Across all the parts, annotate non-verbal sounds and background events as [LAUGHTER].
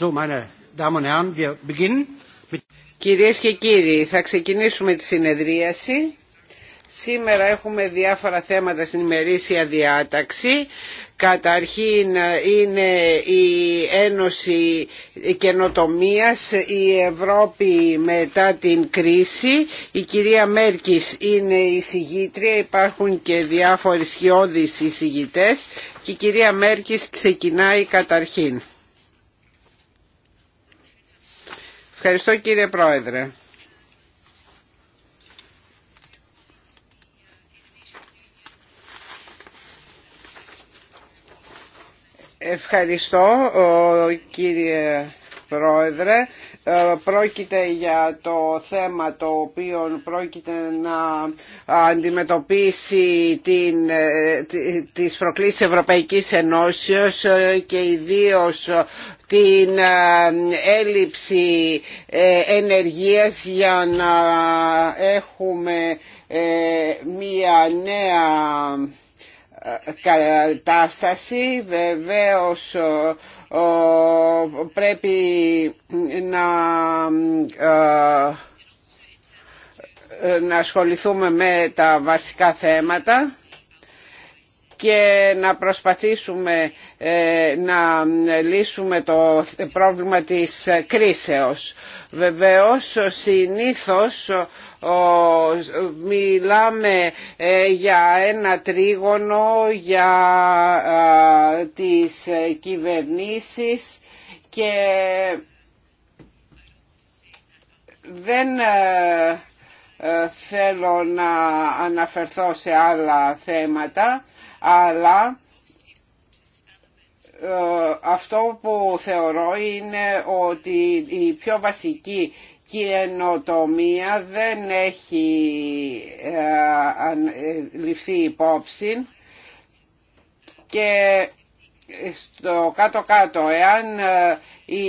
So, Κυρίες και κύριοι, θα ξεκινήσουμε τη συνεδρίαση. Σήμερα έχουμε διάφορα θέματα στην ημερήσια διάταξη. Καταρχήν είναι η Ένωση Καινοτομίας, η Ευρώπη μετά την κρίση. Η κυρία Μέρκης είναι η συγγήτρια, υπάρχουν και διάφοροι σχιώδεις συγγητές και η κυρία Μέρκης ξεκινάει καταρχήν. Ευχαριστώ κύριε Πρόεδρε. Ευχαριστώ κύριε Πρόεδρε. Ε, πρόκειται για το θέμα το οποίο πρόκειται να αντιμετωπίσει την, ε, τις προκλήσεις Ευρωπαϊκής Ενώσεως ε, και ιδίως την έλλειψη ενεργείας για να έχουμε μία νέα κατάσταση. Βεβαίως πρέπει να ε, να ασχοληθούμε με τα βασικά θέματα και να προσπαθήσουμε ε, να λύσουμε το πρόβλημα της κρίσεως. Βεβαίως, συνήθως μιλάμε ε, για ένα τρίγωνο για τις κυβερνήσεις και δεν ε, θέλω να αναφερθώ σε άλλα θέματα αλλά ε, αυτό που θεωρώ είναι ότι η πιο βασική καινοτομία δεν έχει ε, ε, ληφθεί υπόψη και στο κάτω-κάτω, εάν ε, οι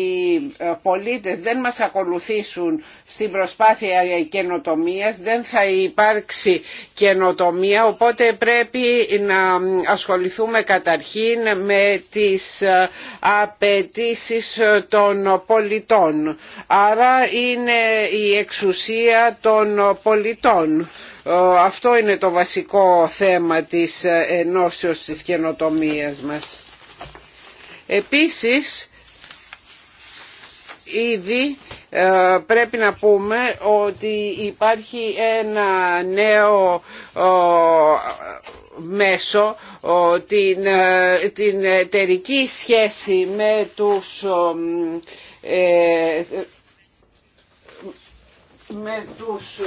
ε, πολίτες δεν μας ακολουθήσουν στην προσπάθεια καινοτομία δεν θα υπάρξει καινοτομία, οπότε πρέπει να ασχοληθούμε καταρχήν με τις ε, απαιτήσει των πολιτών. Άρα είναι η εξουσία των πολιτών. Αυτό είναι το βασικό θέμα της ενώσεως της καινοτομίας μας. Επίσης, ήδη ε, πρέπει να πούμε ότι υπάρχει ένα νέο μέσο την, ε, την εταιρική σχέση με τους ε, με τους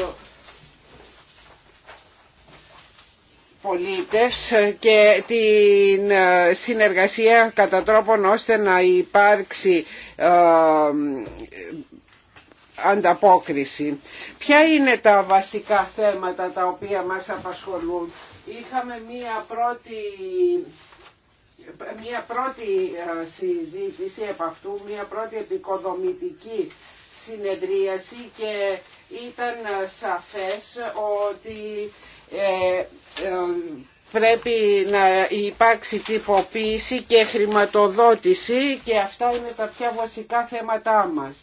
πολίτες και την ε, συνεργασία κατά τρόπον ώστε να υπάρξει ε, ανταπόκριση. Ποια είναι τα βασικά θέματα τα οποία μας απασχολούν. Είχαμε μία πρώτη μια πρώτη ε, συζήτηση επ' αυτού, μια πρώτη επικοδομητική συνεδρίαση και ήταν σαφές ότι ε, πρέπει να υπάρξει τυποποίηση και χρηματοδότηση και αυτά είναι τα πιο βασικά θέματά μας.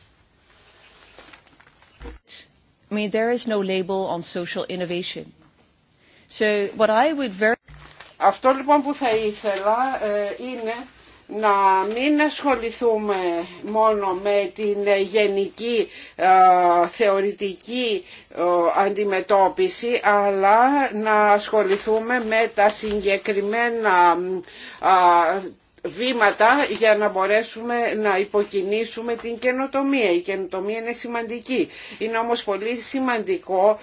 I there is no label on social innovation. So what I would very... Αυτό λοιπόν που θα ήθελα ε, είναι να μην ασχοληθούμε μόνο με την γενική ε, θεωρητική ε, αντιμετώπιση αλλά να ασχοληθούμε με τα συγκεκριμένα ε, βήματα για να μπορέσουμε να υποκινήσουμε την καινοτομία. Η καινοτομία είναι σημαντική. Είναι όμως πολύ σημαντικό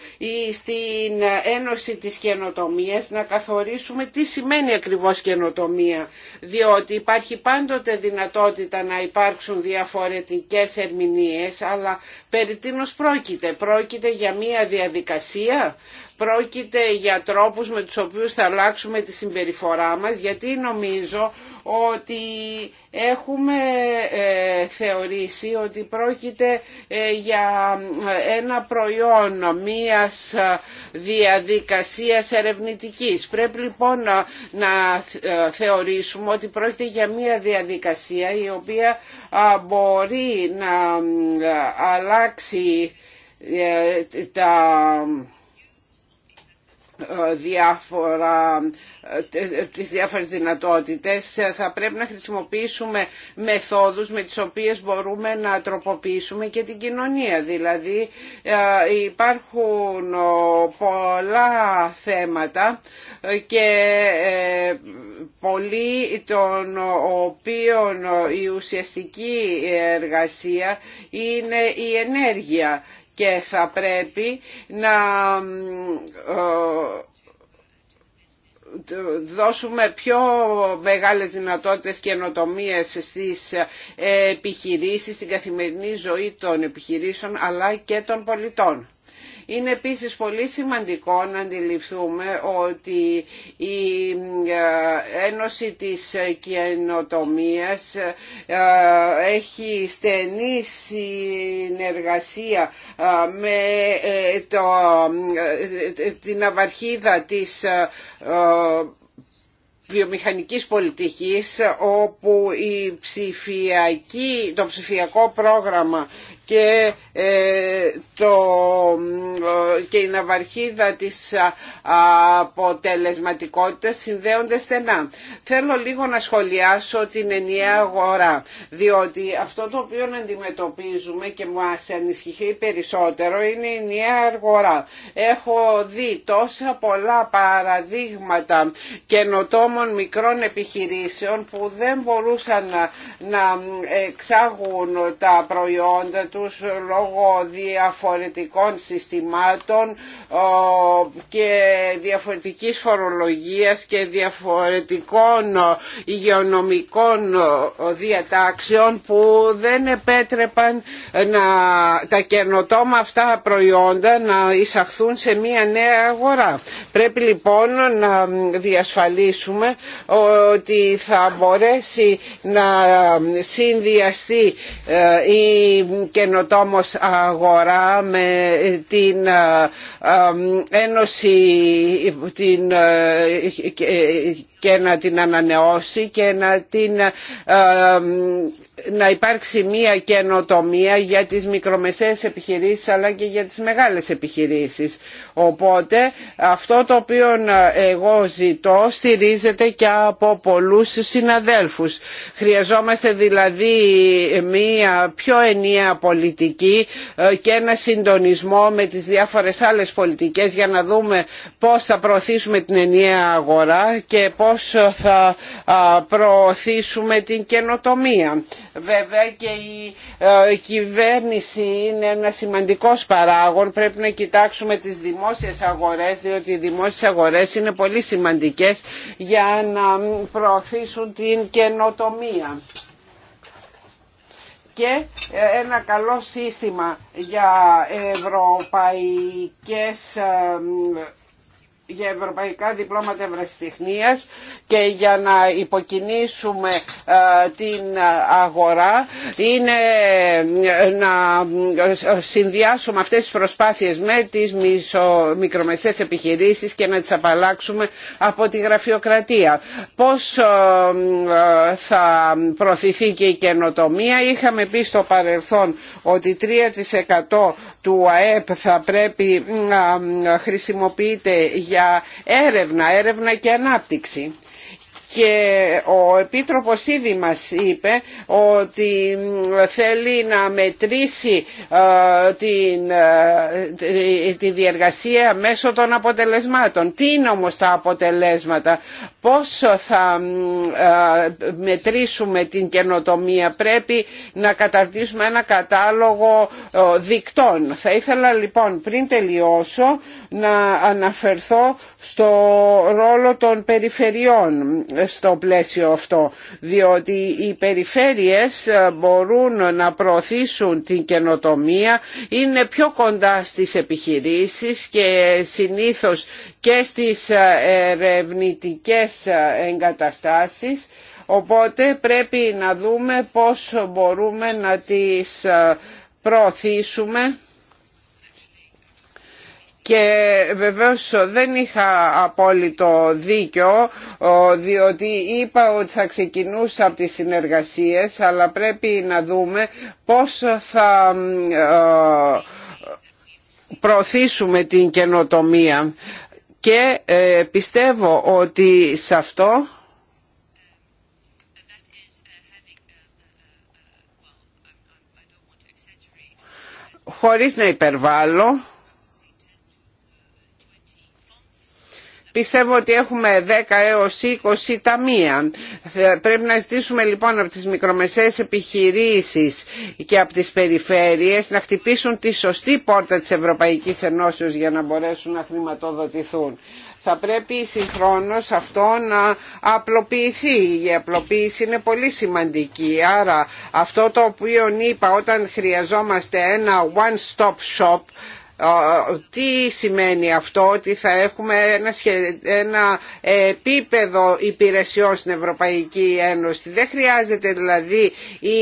στην Ένωση της Καινοτομίας να καθορίσουμε τι σημαίνει ακριβώς καινοτομία. Διότι υπάρχει πάντοτε δυνατότητα να υπάρξουν διαφορετικές ερμηνείες, αλλά περί τίνος πρόκειται. Πρόκειται για μία διαδικασία πρόκειται για τρόπους με τους οποίους θα αλλάξουμε τη συμπεριφορά μας γιατί νομίζω ότι έχουμε ε, θεωρήσει ότι πρόκειται ε, για ε, ένα προϊόν μίας διαδικασίας ερευνητικής. Πρέπει λοιπόν να θεωρήσουμε ότι πρόκειται για μια διαδικασία η οποία μπορεί να αλλάξει τα διάφορα, ε, ε, τις διάφορες δυνατότητες ε, θα πρέπει να χρησιμοποιήσουμε μεθόδους με τις οποίες μπορούμε να τροποποιήσουμε και την κοινωνία δηλαδή υπάρχουν πολλά θέματα και πολλοί των οποίων η ουσιαστική εργασία είναι η ενέργεια και θα πρέπει να ε, δώσουμε πιο μεγάλες δυνατότητες και ενοτομίες στις επιχειρήσεις, στην καθημερινή ζωή των επιχειρήσεων αλλά και των πολιτών. Είναι επίσης πολύ σημαντικό να αντιληφθούμε ότι η ε, Ένωση της Καινοτομίας ε, έχει στενή συνεργασία ε, με το, την αυαρχίδα της βιομηχανικής πολιτικής όπου η ψηφιακή, το ψηφιακό πρόγραμμα και, ε, το, ε, και η ναυαρχίδα της αποτελεσματικότητας συνδέονται στενά. Θέλω λίγο να σχολιάσω την ενιαία αγορά, διότι αυτό το οποίο αντιμετωπίζουμε και μας ανησυχεί περισσότερο είναι η ενιαία αγορά. Έχω δει τόσα πολλά παραδείγματα καινοτόμων μικρών επιχειρήσεων που δεν μπορούσαν να, να ε, εξάγουν τα προϊόντα του τους λόγω διαφορετικών συστημάτων και διαφορετικής φορολογίας και διαφορετικών υγειονομικών διατάξεων που δεν επέτρεπαν να, τα καινοτόμα αυτά προϊόντα να εισαχθούν σε μια νέα αγορά. Πρέπει λοιπόν να διασφαλίσουμε ότι θα μπορέσει να συνδυαστεί ε, η καινοτόμος αγορά με την ε, ε, ε, Ένωση την και να την ανανεώσει και να, την, ε, να υπάρξει μία καινοτομία για τις μικρομεσαίες επιχειρήσεις αλλά και για τις μεγάλες επιχειρήσεις. Οπότε αυτό το οποίο ε, εγώ ζητώ στηρίζεται και από πολλούς συναδέλφους. Χρειαζόμαστε δηλαδή μία πιο ενιαία πολιτική ε, και ένα συντονισμό με τις διάφορες άλλες πολιτικές για να δούμε πώς θα προωθήσουμε την ενιαία αγορά και πώς θα προωθήσουμε την καινοτομία. Βέβαια και η κυβέρνηση είναι ένα σημαντικός παράγον. Πρέπει να κοιτάξουμε τις δημόσιες αγορές, διότι οι δημόσιες αγορές είναι πολύ σημαντικές για να προωθήσουν την καινοτομία και ε, ένα καλό σύστημα για ευρωπαϊκές ε, για ευρωπαϊκά διπλώματα ευρεσιτεχνίας και για να υποκινήσουμε ε, την αγορά είναι ε, να ε, συνδυάσουμε αυτές τις προσπάθειες με τις μικρομεσαίες επιχειρήσεις και να τις απαλλάξουμε από τη γραφειοκρατία. Πώς θα προωθηθεί και η καινοτομία. Είχαμε πει στο παρελθόν ότι 3% του ΑΕΠ θα πρέπει να χρησιμοποιείται για έρευνα, έρευνα και ανάπτυξη και ο Επίτροπος ήδη μας είπε ότι θέλει να μετρήσει ε, την, ε, τη διεργασία μέσω των αποτελεσμάτων. Τι είναι όμως τα αποτελέσματα, πόσο θα ε, μετρήσουμε την καινοτομία, πρέπει να καταρτήσουμε ένα κατάλογο δικτών. Θα ήθελα λοιπόν πριν τελειώσω να αναφερθώ στο ρόλο των περιφερειών στο πλαίσιο αυτό διότι οι περιφέρειες ε, μπορούν να προωθήσουν την καινοτομία είναι πιο κοντά στις επιχειρήσεις και συνήθως και στις ε, ερευνητικές ε, εγκαταστάσεις οπότε πρέπει να δούμε πώς μπορούμε να τις προωθήσουμε και βεβαίως δεν είχα απόλυτο δίκιο διότι είπα ότι θα ξεκινούσα από τις συνεργασίες αλλά πρέπει να δούμε πώς θα προωθήσουμε την καινοτομία και ε, πιστεύω ότι σε αυτό χωρίς να υπερβάλλω Πιστεύω ότι έχουμε 10 έως 20 ταμεία. Πρέπει να ζητήσουμε λοιπόν από τις μικρομεσαίες επιχειρήσεις και από τις περιφέρειες να χτυπήσουν τη σωστή πόρτα της Ευρωπαϊκής Ενώσεως για να μπορέσουν να χρηματοδοτηθούν θα πρέπει συγχρόνως αυτό να απλοποιηθεί. Η απλοποίηση είναι πολύ σημαντική. Άρα αυτό το οποίο είπα όταν χρειαζόμαστε ένα one-stop shop τι σημαίνει αυτό, ότι θα έχουμε ένα, ένα επίπεδο υπηρεσιών στην Ευρωπαϊκή Ένωση. Δεν χρειάζεται δηλαδή οι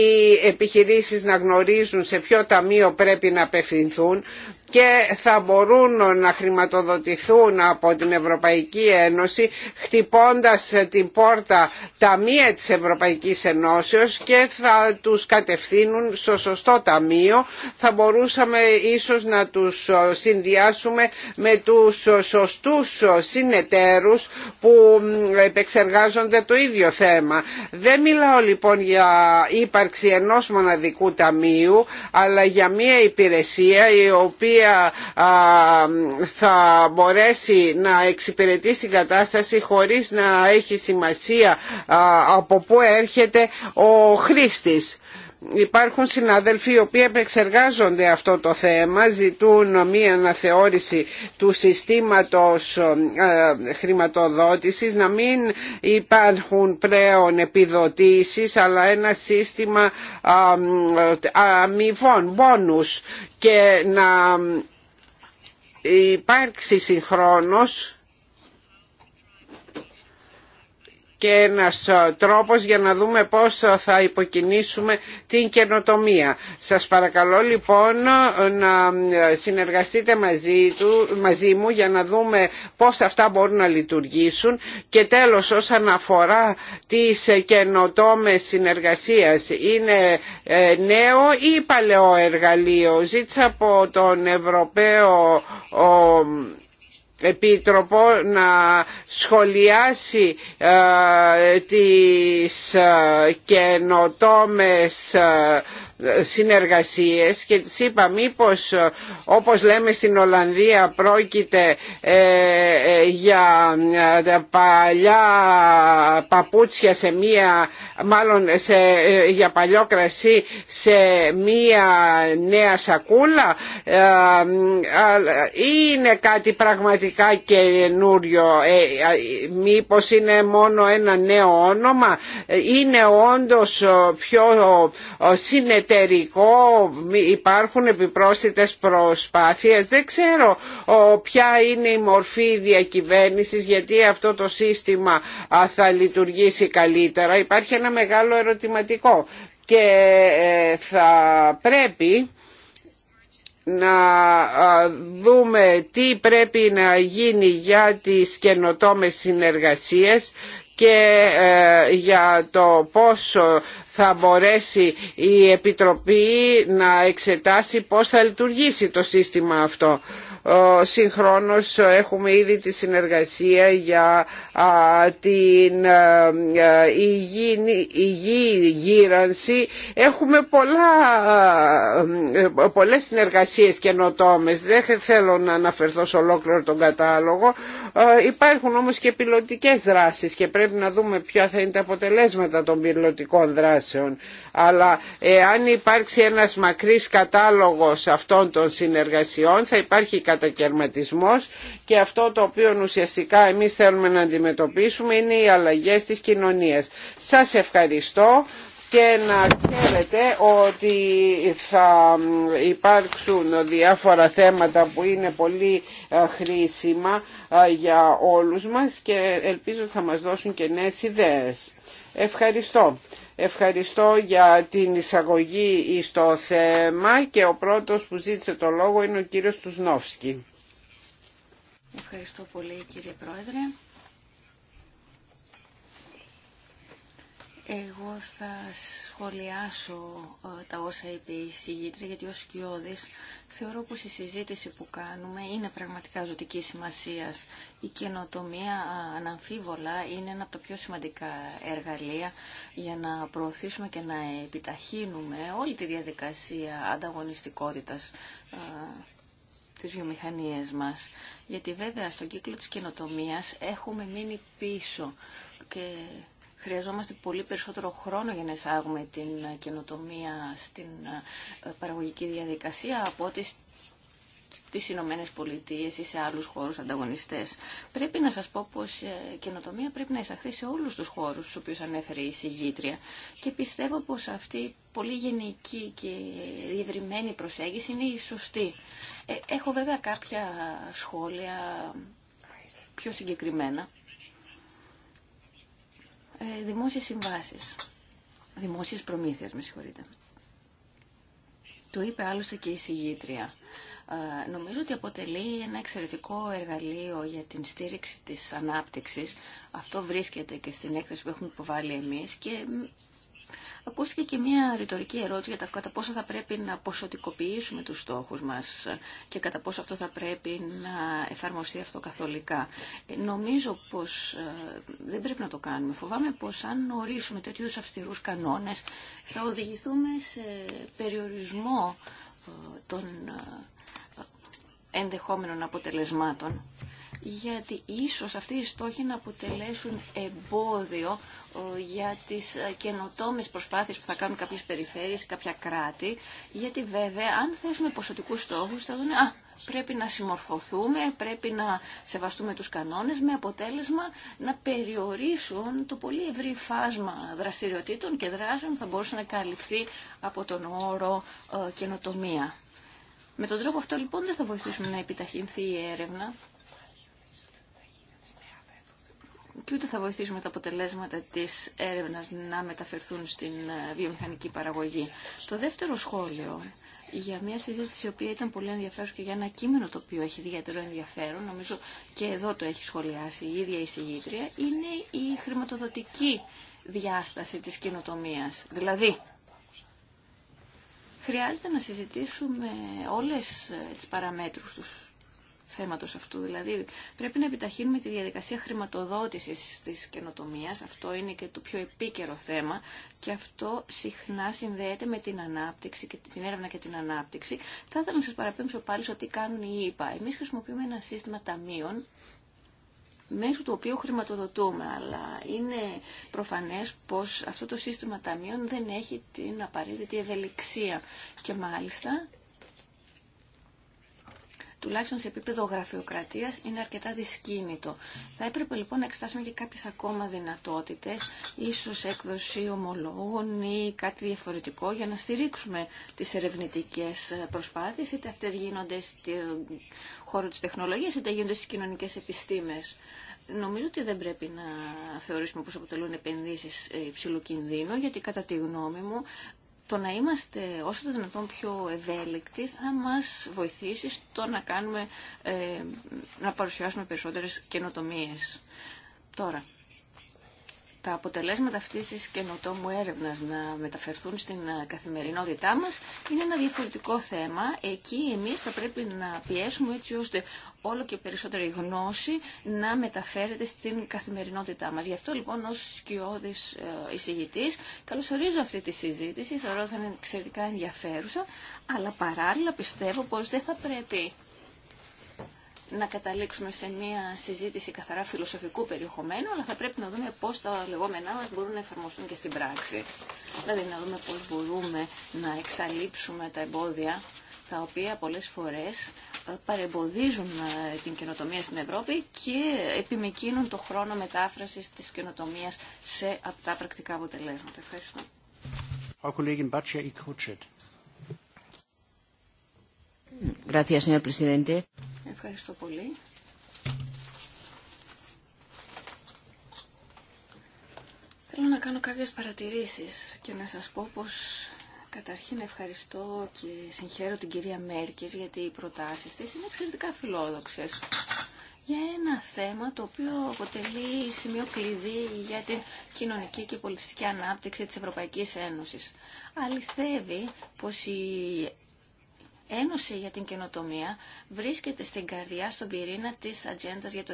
επιχειρήσεις να γνωρίζουν σε ποιο ταμείο πρέπει να απευθυνθούν και θα μπορούν να χρηματοδοτηθούν από την Ευρωπαϊκή Ένωση χτυπώντας την πόρτα ταμεία της Ευρωπαϊκής Ενώσεως και θα τους κατευθύνουν στο σωστό ταμείο. Θα μπορούσαμε ίσως να τους συνδυάσουμε με τους σωστούς συνεταίρους που επεξεργάζονται το ίδιο θέμα. Δεν μιλάω λοιπόν για ύπαρξη ενός μοναδικού ταμείου αλλά για μια υπηρεσία η οποία οποία θα μπορέσει να εξυπηρετήσει την κατάσταση χωρίς να έχει σημασία από πού έρχεται ο χρήστης υπάρχουν συνάδελφοι οι οποίοι επεξεργάζονται αυτό το θέμα, ζητούν μία αναθεώρηση του συστήματος ε, χρηματοδότησης, να μην υπάρχουν πλέον επιδοτήσεις, αλλά ένα σύστημα αμοιβών, μπόνους και να υπάρξει συγχρόνως και ένας ε, τρόπος για να δούμε πώς ε, θα υποκινήσουμε την καινοτομία. Σας παρακαλώ λοιπόν ε, να συνεργαστείτε μαζί, του, μαζί μου για να δούμε πώς αυτά μπορούν να λειτουργήσουν και τέλος όσον αφορά τις καινοτόμες συνεργασίας είναι νέο ή παλαιό εργαλείο. Ζήτησα από τον Ευρωπαίο Επίτροπο να σχολιάσει ε, τις ε, καινοτόμες ε, συνεργασίες και της είπα μήπως ε, όπως λέμε στην Ολλανδία πρόκειται ε, ε, για παλιά παπούτσια σε μία μάλλον σε, για παλιό κρασί σε μία νέα σακούλα είναι κάτι πραγματικά καινούριο μήπως είναι μόνο ένα νέο όνομα είναι όντως πιο συνετό εταιρικό υπάρχουν επιπρόσθετες προσπάθειες. Δεν ξέρω ποια είναι η μορφή διακυβέρνησης γιατί αυτό το σύστημα θα λειτουργήσει καλύτερα. Υπάρχει ένα μεγάλο ερωτηματικό και ε, θα πρέπει να δούμε τι πρέπει να γίνει για τις καινοτόμες συνεργασίες και ε, για το πόσο θα μπορέσει η Επιτροπή να εξετάσει πώς θα λειτουργήσει το σύστημα αυτό. Ε, συγχρόνως έχουμε ήδη τη συνεργασία για την ε, ε, υγιή γύρανση. Έχουμε πολλά, πολλές συνεργασίες καινοτόμες. Δεν θέλω να αναφερθώ σε ολόκληρο τον κατάλογο. Υπάρχουν όμως και πιλωτικές δράσεις και πρέπει να δούμε ποια θα είναι τα αποτελέσματα των πιλωτικών δράσεων. Αλλά αν υπάρξει ένας μακρύς κατάλογος αυτών των συνεργασιών θα υπάρχει κατακαιρματισμός και αυτό το οποίο ουσιαστικά εμείς θέλουμε να αντιμετωπίσουμε είναι οι αλλαγές της κοινωνίας. Σας ευχαριστώ και να ξέρετε ότι θα υπάρξουν διάφορα θέματα που είναι πολύ ε, χρήσιμα ε, για όλους μας και ελπίζω θα μας δώσουν και νέες ιδέες. Ευχαριστώ. Ευχαριστώ για την εισαγωγή στο θέμα και ο πρώτος που ζήτησε το λόγο είναι ο κύριος Τουσνόφσκι. Ευχαριστώ πολύ κύριε Πρόεδρε. Εγώ θα σχολιάσω ε, τα όσα είπε η συγγήτρια, γιατί ως κοιόδης θεωρώ πως η συζήτηση που κάνουμε είναι πραγματικά ζωτική σημασία. Η καινοτομία αναμφίβολα είναι ένα από τα πιο σημαντικά εργαλεία για να προωθήσουμε και να επιταχύνουμε όλη τη διαδικασία ανταγωνιστικότητας τις βιομηχανίες μας. Γιατί βέβαια στον κύκλο της καινοτομία έχουμε μείνει πίσω και χρειαζόμαστε πολύ περισσότερο χρόνο για να εισάγουμε την καινοτομία στην ε, παραγωγική διαδικασία από ό,τι στι Ηνωμένε Πολιτείε ή σε άλλου χώρου ανταγωνιστέ. Πρέπει να σα πω πω ε, η καινοτομία πρέπει να εισαχθεί σε όλου του χώρου στου οποίου ανέφερε η συγγήτρια και πιστεύω πω αυτή η πολύ γενική και διευρυμένη προσέγγιση είναι η σωστή. Ε, έχω βέβαια κάποια σχόλια πιο συγκεκριμένα. Ε, δημόσιες συμβάσεις. Δημόσιες προμήθειες, με συγχωρείτε. Το είπε άλλωστε και η συγγήτρια. Ε, νομίζω ότι αποτελεί ένα εξαιρετικό εργαλείο για την στήριξη της ανάπτυξης. Αυτό βρίσκεται και στην έκθεση που έχουμε υποβάλει εμείς και Ακούστηκε και μια ρητορική ερώτηση για τα κατά πόσο θα πρέπει να ποσοτικοποιήσουμε τους στόχους μας και κατά πόσο αυτό θα πρέπει να εφαρμοστεί αυτοκαθολικά. Ε, νομίζω πως ε, δεν πρέπει να το κάνουμε. Φοβάμαι πως αν ορίσουμε τέτοιου αυστηρούς κανόνες θα οδηγηθούμε σε περιορισμό ε, των ενδεχόμενων αποτελεσμάτων γιατί ίσως αυτοί οι στόχοι να αποτελέσουν εμπόδιο ε, για τις ε, καινοτόμες προσπάθειες που θα κάνουν κάποιες περιφέρειες, κάποια κράτη, γιατί βέβαια αν θέσουμε ποσοτικούς στόχους θα δουν, α, πρέπει να συμμορφωθούμε, πρέπει να σεβαστούμε τους κανόνες με αποτέλεσμα να περιορίσουν το πολύ ευρύ φάσμα δραστηριοτήτων και δράσεων που θα μπορούσε να καλυφθεί από τον όρο ε, καινοτομία. Με τον τρόπο αυτό λοιπόν δεν θα βοηθήσουμε να επιταχυνθεί η έρευνα, και ούτε θα βοηθήσουμε τα αποτελέσματα της έρευνας να μεταφερθούν στην ε, βιομηχανική παραγωγή. Στο δεύτερο σχόλιο για μια συζήτηση η οποία ήταν πολύ ενδιαφέρουσα και για ένα κείμενο το οποίο έχει ιδιαίτερο ενδιαφέρον, νομίζω και εδώ το έχει σχολιάσει η ίδια η συγγήτρια, είναι η χρηματοδοτική διάσταση της κοινοτομίας. Δηλαδή, χρειάζεται να συζητήσουμε όλες ε, τις παραμέτρους τους θέματος αυτού. Δηλαδή πρέπει να επιταχύνουμε τη διαδικασία χρηματοδότησης της καινοτομία. Αυτό είναι και το πιο επίκαιρο θέμα και αυτό συχνά συνδέεται με την ανάπτυξη και την έρευνα και την ανάπτυξη. Θα ήθελα να σας παραπέμψω πάλι στο τι κάνουν οι ΙΠΑ. Εμείς χρησιμοποιούμε ένα σύστημα ταμείων μέσω του οποίου χρηματοδοτούμε, αλλά είναι προφανές πως αυτό το σύστημα ταμείων δεν έχει την απαραίτητη ευελιξία και μάλιστα τουλάχιστον σε επίπεδο γραφειοκρατία, είναι αρκετά δυσκίνητο. Θα έπρεπε λοιπόν να εξετάσουμε και κάποιε ακόμα δυνατότητε, ίσω έκδοση ομολόγων ή κάτι διαφορετικό, για να στηρίξουμε τι ερευνητικέ προσπάθειες, είτε αυτέ γίνονται στον χώρο τη τεχνολογία, είτε γίνονται στι κοινωνικέ επιστήμες. Νομίζω ότι δεν πρέπει να θεωρήσουμε πως αποτελούν επενδύσεις υψηλού κινδύνου, γιατί κατά τη γνώμη μου το να είμαστε όσο το δυνατόν πιο ευέλικτοι θα μας βοηθήσει στο να, κάνουμε, ε, να παρουσιάσουμε περισσότερες καινοτομίες. Τώρα, τα αποτελέσματα αυτής της καινοτόμου έρευνας να μεταφερθούν στην ε, καθημερινότητά μας είναι ένα διαφορετικό θέμα. Εκεί εμείς θα πρέπει να πιέσουμε έτσι ώστε όλο και περισσότερη γνώση να μεταφέρεται στην καθημερινότητά μας. Γι' αυτό λοιπόν ως σκιώδης ε, εισηγητής καλωσορίζω αυτή τη συζήτηση, θεωρώ ότι θα είναι εξαιρετικά ενδιαφέρουσα, αλλά παράλληλα πιστεύω πως δεν θα πρέπει να καταλήξουμε σε μια συζήτηση καθαρά φιλοσοφικού περιεχομένου, αλλά θα πρέπει να δούμε πώς τα λεγόμενά μας μπορούν να εφαρμοστούν και στην πράξη. Δηλαδή να δούμε πώς μπορούμε να εξαλείψουμε τα εμπόδια τα οποία πολλές φορές ε, παρεμποδίζουν ε, την καινοτομία στην Ευρώπη και επιμεκίνουν το χρόνο μετάφρασης της καινοτομίας σε αυτά πρακτικά αποτελέσματα. Ευχαριστώ. Ευχαριστώ πολύ. Θέλω να κάνω κάποιες παρατηρήσεις και να σας πω πως καταρχήν ευχαριστώ και συγχαίρω την κυρία Μέρκης γιατί οι προτάσεις της είναι εξαιρετικά φιλόδοξες για ένα θέμα το οποίο αποτελεί σημείο κλειδί για την κοινωνική και πολιτιστική ανάπτυξη της Ευρωπαϊκής Ένωσης. Αληθεύει πως η Ένωση για την Καινοτομία βρίσκεται στην καρδιά, στον πυρήνα της ατζέντα για το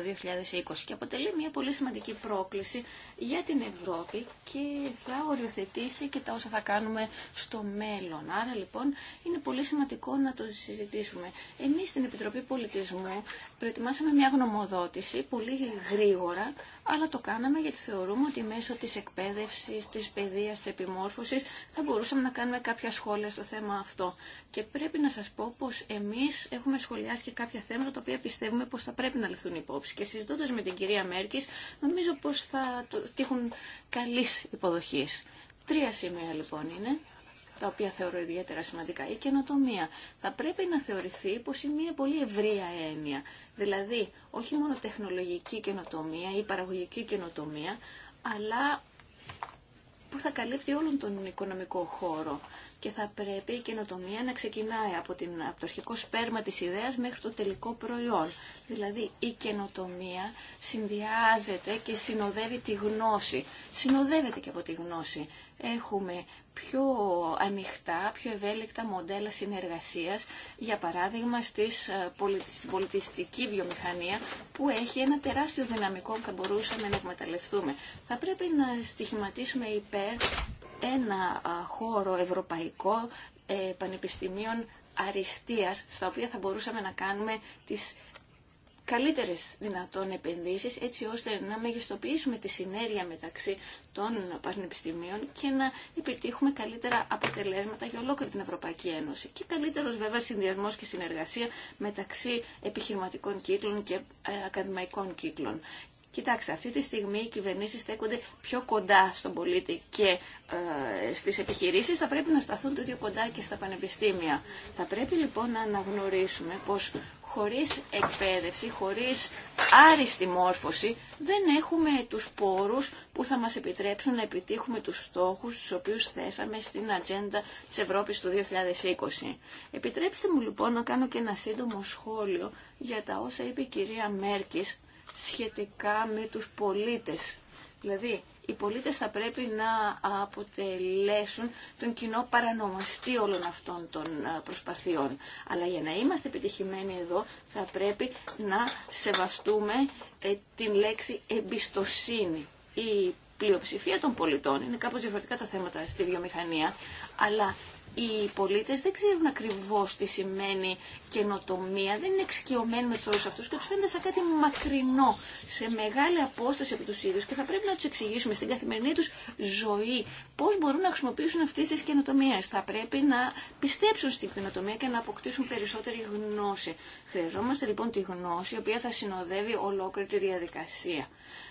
2020 και αποτελεί μια πολύ σημαντική πρόκληση για την Ευρώπη και θα οριοθετήσει και τα όσα θα κάνουμε στο μέλλον. Άρα λοιπόν είναι πολύ σημαντικό να το συζητήσουμε. Εμείς στην Επιτροπή Πολιτισμού προετοιμάσαμε μια γνωμοδότηση πολύ γρήγορα αλλά το κάναμε γιατί θεωρούμε ότι μέσω της εκπαίδευσης, της παιδείας, της επιμόρφωσης θα μπορούσαμε να κάνουμε κάποια σχόλια στο θέμα αυτό. Και πρέπει να σας πω πως εμείς έχουμε σχολιάσει και κάποια θέματα τα οποία πιστεύουμε πως θα πρέπει να ληφθούν υπόψη. Και συζητώντας με την κυρία Μέρκης, νομίζω πως θα τύχουν καλής υποδοχής. Τρία σημεία λοιπόν είναι τα οποία θεωρώ ιδιαίτερα σημαντικά. Η καινοτομία θα πρέπει να θεωρηθεί πως είναι μια πολύ ευρεία έννοια. Δηλαδή, όχι μόνο τεχνολογική καινοτομία ή παραγωγική καινοτομία, αλλά που θα καλύπτει όλον τον οικονομικό χώρο και θα πρέπει η καινοτομία να ξεκινάει από, την, το αρχικό σπέρμα της ιδέας μέχρι το τελικό προϊόν. Δηλαδή η καινοτομία συνδυάζεται και συνοδεύει τη γνώση. Συνοδεύεται και από τη γνώση. Έχουμε πιο ανοιχτά, πιο ευέλικτα μοντέλα συνεργασίας, για παράδειγμα στις, ε, στην πολιτιστική βιομηχανία, που έχει ένα τεράστιο δυναμικό που θα μπορούσαμε να εκμεταλλευτούμε. Θα πρέπει να στοιχηματίσουμε υπέρ ένα χώρο ευρωπαϊκό ε, πανεπιστημίων αριστείας στα οποία θα μπορούσαμε να κάνουμε τις καλύτερες δυνατόν επενδύσεις έτσι ώστε να μεγιστοποιήσουμε τη συνέργεια μεταξύ των πανεπιστημίων και να επιτύχουμε καλύτερα αποτελέσματα για ολόκληρη την Ευρωπαϊκή Ένωση και καλύτερος βέβαια συνδυασμός και συνεργασία μεταξύ επιχειρηματικών κύκλων και ε, ακαδημαϊκών κύκλων. Κοιτάξτε, αυτή τη στιγμή οι κυβερνήσει στέκονται πιο κοντά στον πολίτη και ε, στι επιχειρήσει. Θα πρέπει να σταθούν το ίδιο κοντά και στα πανεπιστήμια. Θα πρέπει λοιπόν να αναγνωρίσουμε πω χωρί εκπαίδευση, χωρί άριστη μόρφωση, δεν έχουμε του πόρου που θα μα επιτρέψουν να επιτύχουμε του στόχου του οποίου θέσαμε στην ατζέντα τη Ευρώπη του 2020. Επιτρέψτε μου λοιπόν να κάνω και ένα σύντομο σχόλιο για τα όσα είπε η κυρία Μέρκης σχετικά με τους πολίτες. Δηλαδή, οι πολίτες θα πρέπει να αποτελέσουν τον κοινό παρανομαστή όλων αυτών των ε, προσπαθειών. Αλλά για να είμαστε επιτυχημένοι εδώ θα πρέπει να σεβαστούμε ε, την λέξη εμπιστοσύνη. Η πλειοψηφία των πολιτών είναι κάπως διαφορετικά τα θέματα στη βιομηχανία, αλλά οι πολίτες δεν ξέρουν ακριβώς τι σημαίνει καινοτομία, δεν είναι εξοικειωμένοι με τους όρους αυτούς και τους φαίνεται σαν κάτι μακρινό, σε μεγάλη απόσταση από τους ίδιους και θα πρέπει να τους εξηγήσουμε στην καθημερινή τους ζωή πώς μπορούν να χρησιμοποιήσουν αυτές τις καινοτομίε. Θα πρέπει να πιστέψουν στην καινοτομία και να αποκτήσουν περισσότερη γνώση. Χρειαζόμαστε λοιπόν τη γνώση η οποία θα συνοδεύει ολόκληρη τη διαδικασία.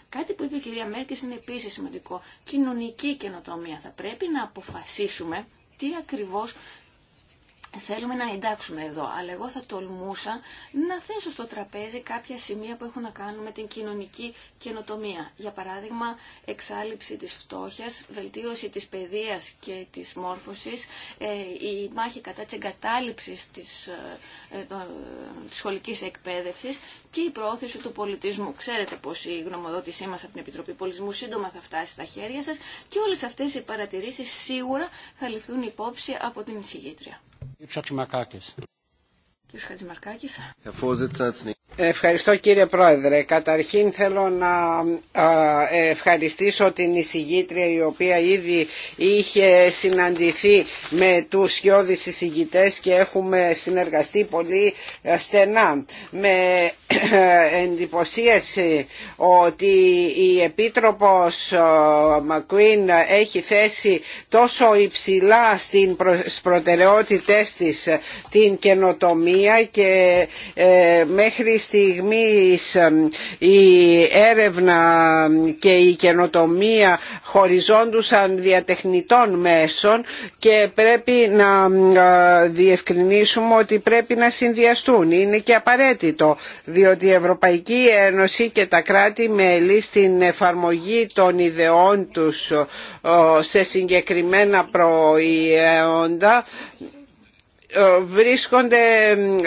Κάτι που είπε η κυρία Μέρκης είναι επίσης σημαντικό. Κοινωνική καινοτομία. Θα πρέπει να αποφασίσουμε τι ακριβώς θέλουμε να εντάξουμε εδώ. Αλλά εγώ θα τολμούσα να θέσω στο τραπέζι κάποια σημεία που έχουν να κάνουν με την κοινωνική καινοτομία. Για παράδειγμα, εξάλληψη της φτώχειας, βελτίωση της παιδείας και της μόρφωσης, ε, η μάχη κατά της εγκατάλειψης της, ε, ε, της σχολικής εκπαίδευσης και η πρόθεση του πολιτισμού. Ξέρετε πως η γνωμοδότησή μας από την Επιτροπή Πολιτισμού σύντομα θα φτάσει στα χέρια σας και όλες αυτές οι παρατηρήσεις σίγουρα θα ληφθούν υπόψη από την εισηγήτρια. Τσατσιμακάκης. Ευχαριστώ κύριε Πρόεδρε. Καταρχήν θέλω να ευχαριστήσω την εισηγήτρια η οποία ήδη είχε συναντηθεί με τους σιώδης εισηγητές και έχουμε συνεργαστεί πολύ ε, στενά. Με ε, εντυπωσίαση ότι η Επίτροπος ε, Μακουίν έχει θέσει τόσο υψηλά στις προτεραιότητές της την καινοτομία και ε, μέχρι στιγμής ε, η έρευνα και η καινοτομία χωριζόντουσαν διατεχνητών μέσων και πρέπει να ε, διευκρινίσουμε ότι πρέπει να συνδυαστούν. Είναι και απαραίτητο διότι η Ευρωπαϊκή Ένωση και τα κράτη-μέλη στην εφαρμογή των ιδεών τους σε συγκεκριμένα προϊόντα ε, βρίσκονται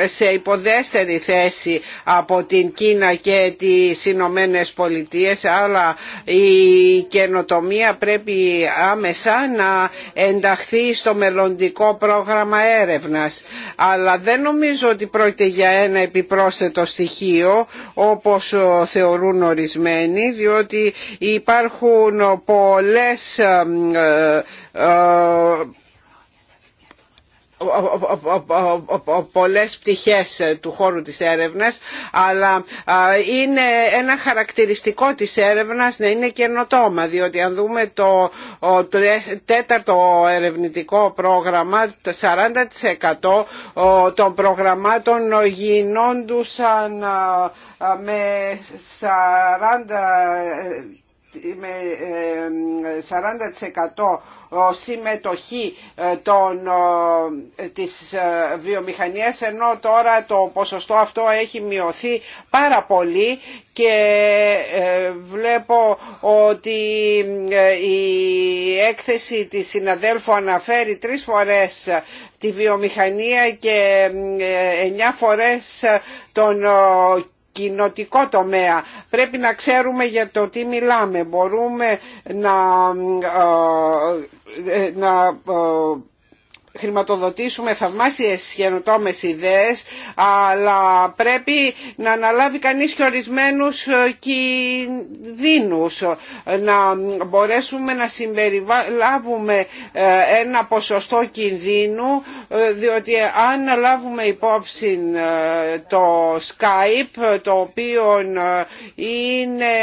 σε υποδέστερη θέση από την Κίνα και τις Ηνωμένε Πολιτείες αλλά η καινοτομία πρέπει άμεσα να ενταχθεί στο μελλοντικό πρόγραμμα έρευνας αλλά δεν νομίζω ότι πρόκειται για ένα επιπρόσθετο στοιχείο όπως ε, θεωρούν ορισμένοι διότι υπάρχουν πολλές ε, πολλές πτυχές ε, του χώρου της έρευνας αλλά είναι ένα χαρακτηριστικό της έρευνας να είναι καινοτόμα διότι αν δούμε το τέταρτο ερευνητικό πρόγραμμα το 40% των προγραμμάτων γινόντουσαν με 40 με 40% ε, ε, συμμετοχή ε, των, της βιομηχανίας ενώ τώρα το ποσοστό αυτό έχει μειωθεί πάρα πολύ και βλέπω ότι η έκθεση της συναδέλφου αναφέρει τρεις φορές τη βιομηχανία και εννιά φορές τον κοινοτικό τομέα. Πρέπει να ξέρουμε για το τι μιλάμε. Μπορούμε να, ε, ε, να ε, χρηματοδοτήσουμε θαυμάσιες χαιρετόμες ιδέες αλλά πρέπει να αναλάβει κανείς και ορισμένους ε, κινδύνους να μπορέσουμε να συμπεριλάβουμε ε, ένα ποσοστό κινδύνου ε, διότι αν λάβουμε υπόψη το Skype το οποίο είναι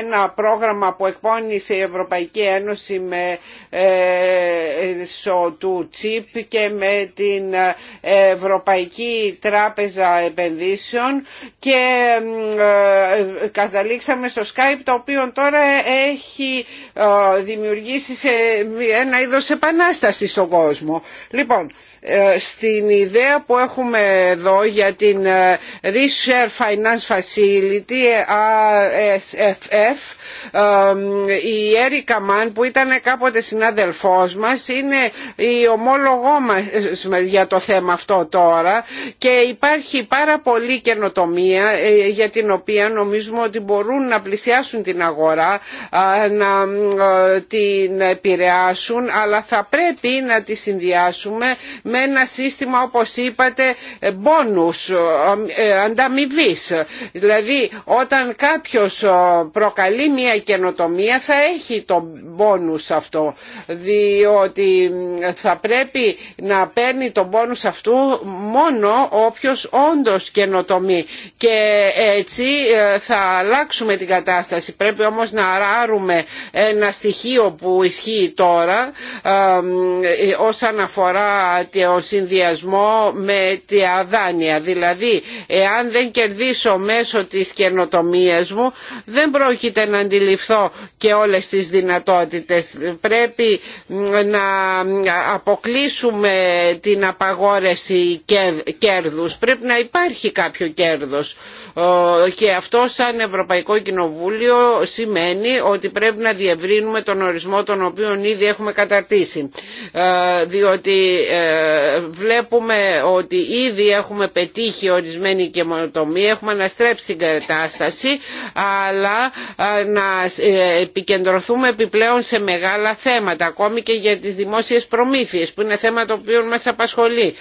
ένα πρόγραμμα που εκπώνησε η Ευρωπαϊκή Ένωση με μέσω του ΤΣΙΠ και με την Ευρωπαϊκή Τράπεζα Επενδύσεων και ε, καταλήξαμε στο Skype το οποίο τώρα έχει ε, δημιουργήσει σε ένα είδος επανάσταση στον κόσμο. Λοιπόν, ε, στην ιδέα που έχουμε εδώ για την ε, Research Finance Facility RSFF ε, η Έρικα Μάν, που ήταν κάποτε συνάδελφός μας είναι η ομόλογό μας για το θέμα αυτό τώρα και υπάρχει πάρα πολλή καινοτομία για την οποία νομίζουμε ότι μπορούν να πλησιάσουν την αγορά να την επηρεάσουν αλλά θα πρέπει να τη συνδυάσουμε με ένα σύστημα όπως είπατε μπόνους ε, ανταμοιβή. Δηλαδή όταν κάποιος προκαλεί μια καινοτομία θα έχει το μπόνους αυτό διότι θα πρέπει να παίρνει το μπόνους αυτού μόνο όποιος όντως καινοτομεί και έτσι ε, θα αλλάξουμε την κατάσταση πρέπει όμως να αράρουμε ένα στοιχείο που ισχύει τώρα ε, όσον αφορά τη ο συνδυασμό με τη αδάνεια. Δηλαδή, εάν δεν κερδίσω μέσω της καινοτομία μου, δεν πρόκειται να αντιληφθώ και όλες τις δυνατότητες. Πρέπει να αποκλείσουμε την απαγόρευση κέρδους. Πρέπει να υπάρχει κάποιο κέρδος. Και αυτό σαν Ευρωπαϊκό Κοινοβούλιο σημαίνει ότι πρέπει να διευρύνουμε τον ορισμό τον οποίο ήδη έχουμε καταρτήσει. Ε, διότι ε, βλέπουμε ότι ήδη έχουμε πετύχει ορισμένη μονοτομία, έχουμε αναστρέψει την κατάσταση, αλλά να ε, επικεντρωθούμε επιπλέον σε μεγάλα θέματα, ακόμη και για τις δημόσιες προμήθειες, που είναι θέμα το οποίο μας απασχολεί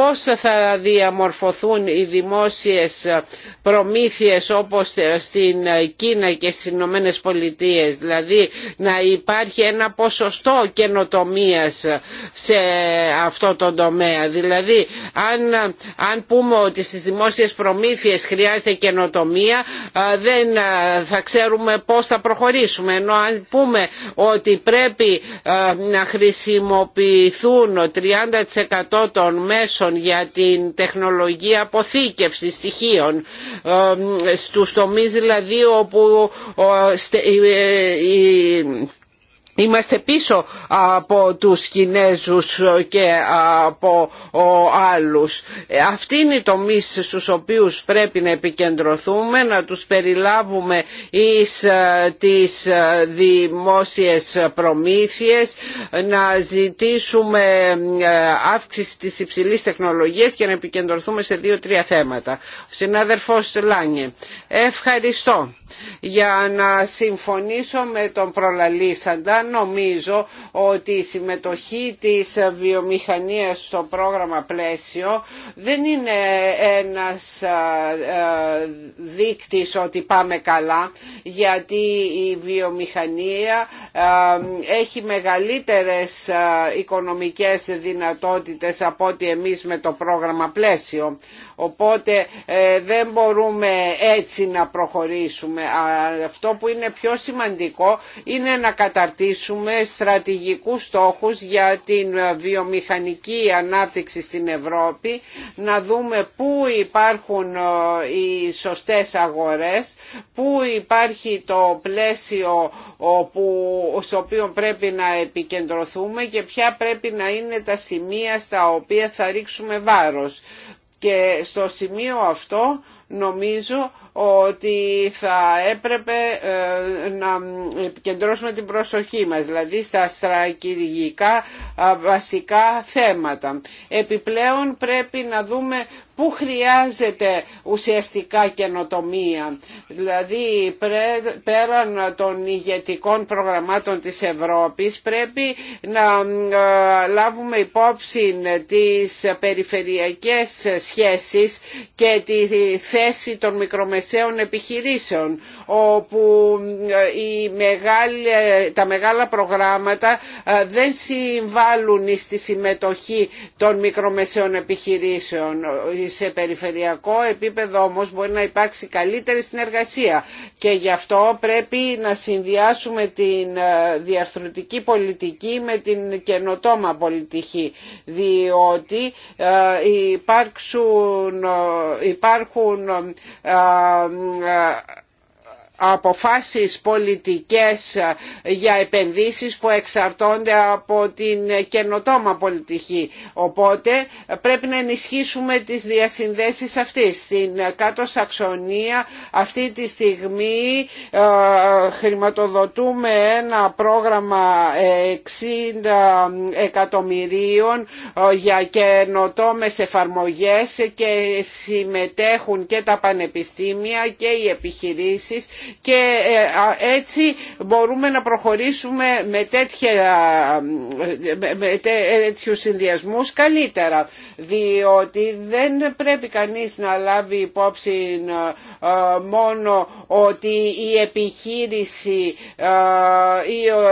πώς θα διαμορφωθούν οι δημόσιες προμήθειες όπως στην Κίνα και στις Ηνωμένε Πολιτείε, δηλαδή να υπάρχει ένα ποσοστό καινοτομία σε αυτό το τομέα. Δηλαδή αν, αν πούμε ότι στις δημόσιες προμήθειες χρειάζεται καινοτομία δεν θα ξέρουμε πώς θα προχωρήσουμε. Ενώ αν πούμε ότι πρέπει να χρησιμοποιηθούν 30% των μέσων για την τεχνολογία αποθήκευση στοιχείων ε, στους τομείς δηλαδή όπου ε, ε, Είμαστε πίσω από τους Κινέζους και από άλλους. Ε, αυτοί είναι οι τομείς στους οποίους πρέπει να επικεντρωθούμε, να τους περιλάβουμε εις ε, τις ε, δημόσιες προμήθειες, να ζητήσουμε αύξηση της υψηλής τεχνολογίας και να επικεντρωθούμε σε δύο-τρία θέματα. Ο συνάδελφος Λάνιε, ευχαριστώ για να συμφωνήσω με τον προλαλήσαντα νομίζω ότι η συμμετοχή της βιομηχανίας στο πρόγραμμα πλαίσιο δεν είναι ένας ε, δείκτης ότι πάμε καλά γιατί η βιομηχανία ε, έχει μεγαλύτερες ε, οικονομικές δυνατότητες από ό,τι εμείς με το πρόγραμμα πλαίσιο. Οπότε δεν μπορούμε έτσι να προχωρήσουμε. Αυτό που είναι πιο σημαντικό είναι να καταρτήσουμε στρατηγικούς στόχους για την βιομηχανική ανάπτυξη στην Ευρώπη, να δούμε πού υπάρχουν ε, οι σωστές αγορές, πού υπάρχει το πλαίσιο που, στο οποίο πρέπει να επικεντρωθούμε και ποια πρέπει να είναι τα σημεία στα οποία θα ρίξουμε βάρος. Και στο σημείο αυτό νομίζω ότι θα έπρεπε ε, να επικεντρώσουμε την προσοχή μας, δηλαδή στα στρατηγικά βασικά θέματα. Επιπλέον πρέπει να δούμε Πού χρειάζεται ουσιαστικά καινοτομία. Δηλαδή πέραν των ηγετικών προγραμμάτων της Ευρώπης πρέπει να ε, λάβουμε υπόψη τις περιφερειακές σχέσεις και τη θέση των μικρομεσαίων επιχειρήσεων όπου ε, οι μεγάλη, τα μεγάλα προγράμματα ε, δεν συμβάλλουν στη συμμετοχή των μικρομεσαίων επιχειρήσεων σε περιφερειακό επίπεδο όμως μπορεί να υπάρξει καλύτερη συνεργασία και γι' αυτό πρέπει να συνδυάσουμε την ε, διαρθρωτική πολιτική με την καινοτόμα πολιτική διότι ε, ε, υπάρχουν αποφάσεις πολιτικές ε, για επενδύσεις που εξαρτώνται από την καινοτόμα πολιτική. Οπότε ε, πρέπει να ενισχύσουμε τις διασυνδέσεις αυτές. Στην ε, κάτω Σαξονία αυτή τη στιγμή χρηματοδοτούμε ένα πρόγραμμα 60 εκατομμυρίων για καινοτόμες εφαρμογές και συμμετέχουν και τα πανεπιστήμια και οι επιχειρήσεις και ε, έτσι μπορούμε να προχωρήσουμε με, τέτοια, με τέτοιους συνδυασμούς καλύτερα διότι δεν πρέπει κανείς να λάβει υπόψη ε, ε, μόνο ότι η επιχείρηση ή ο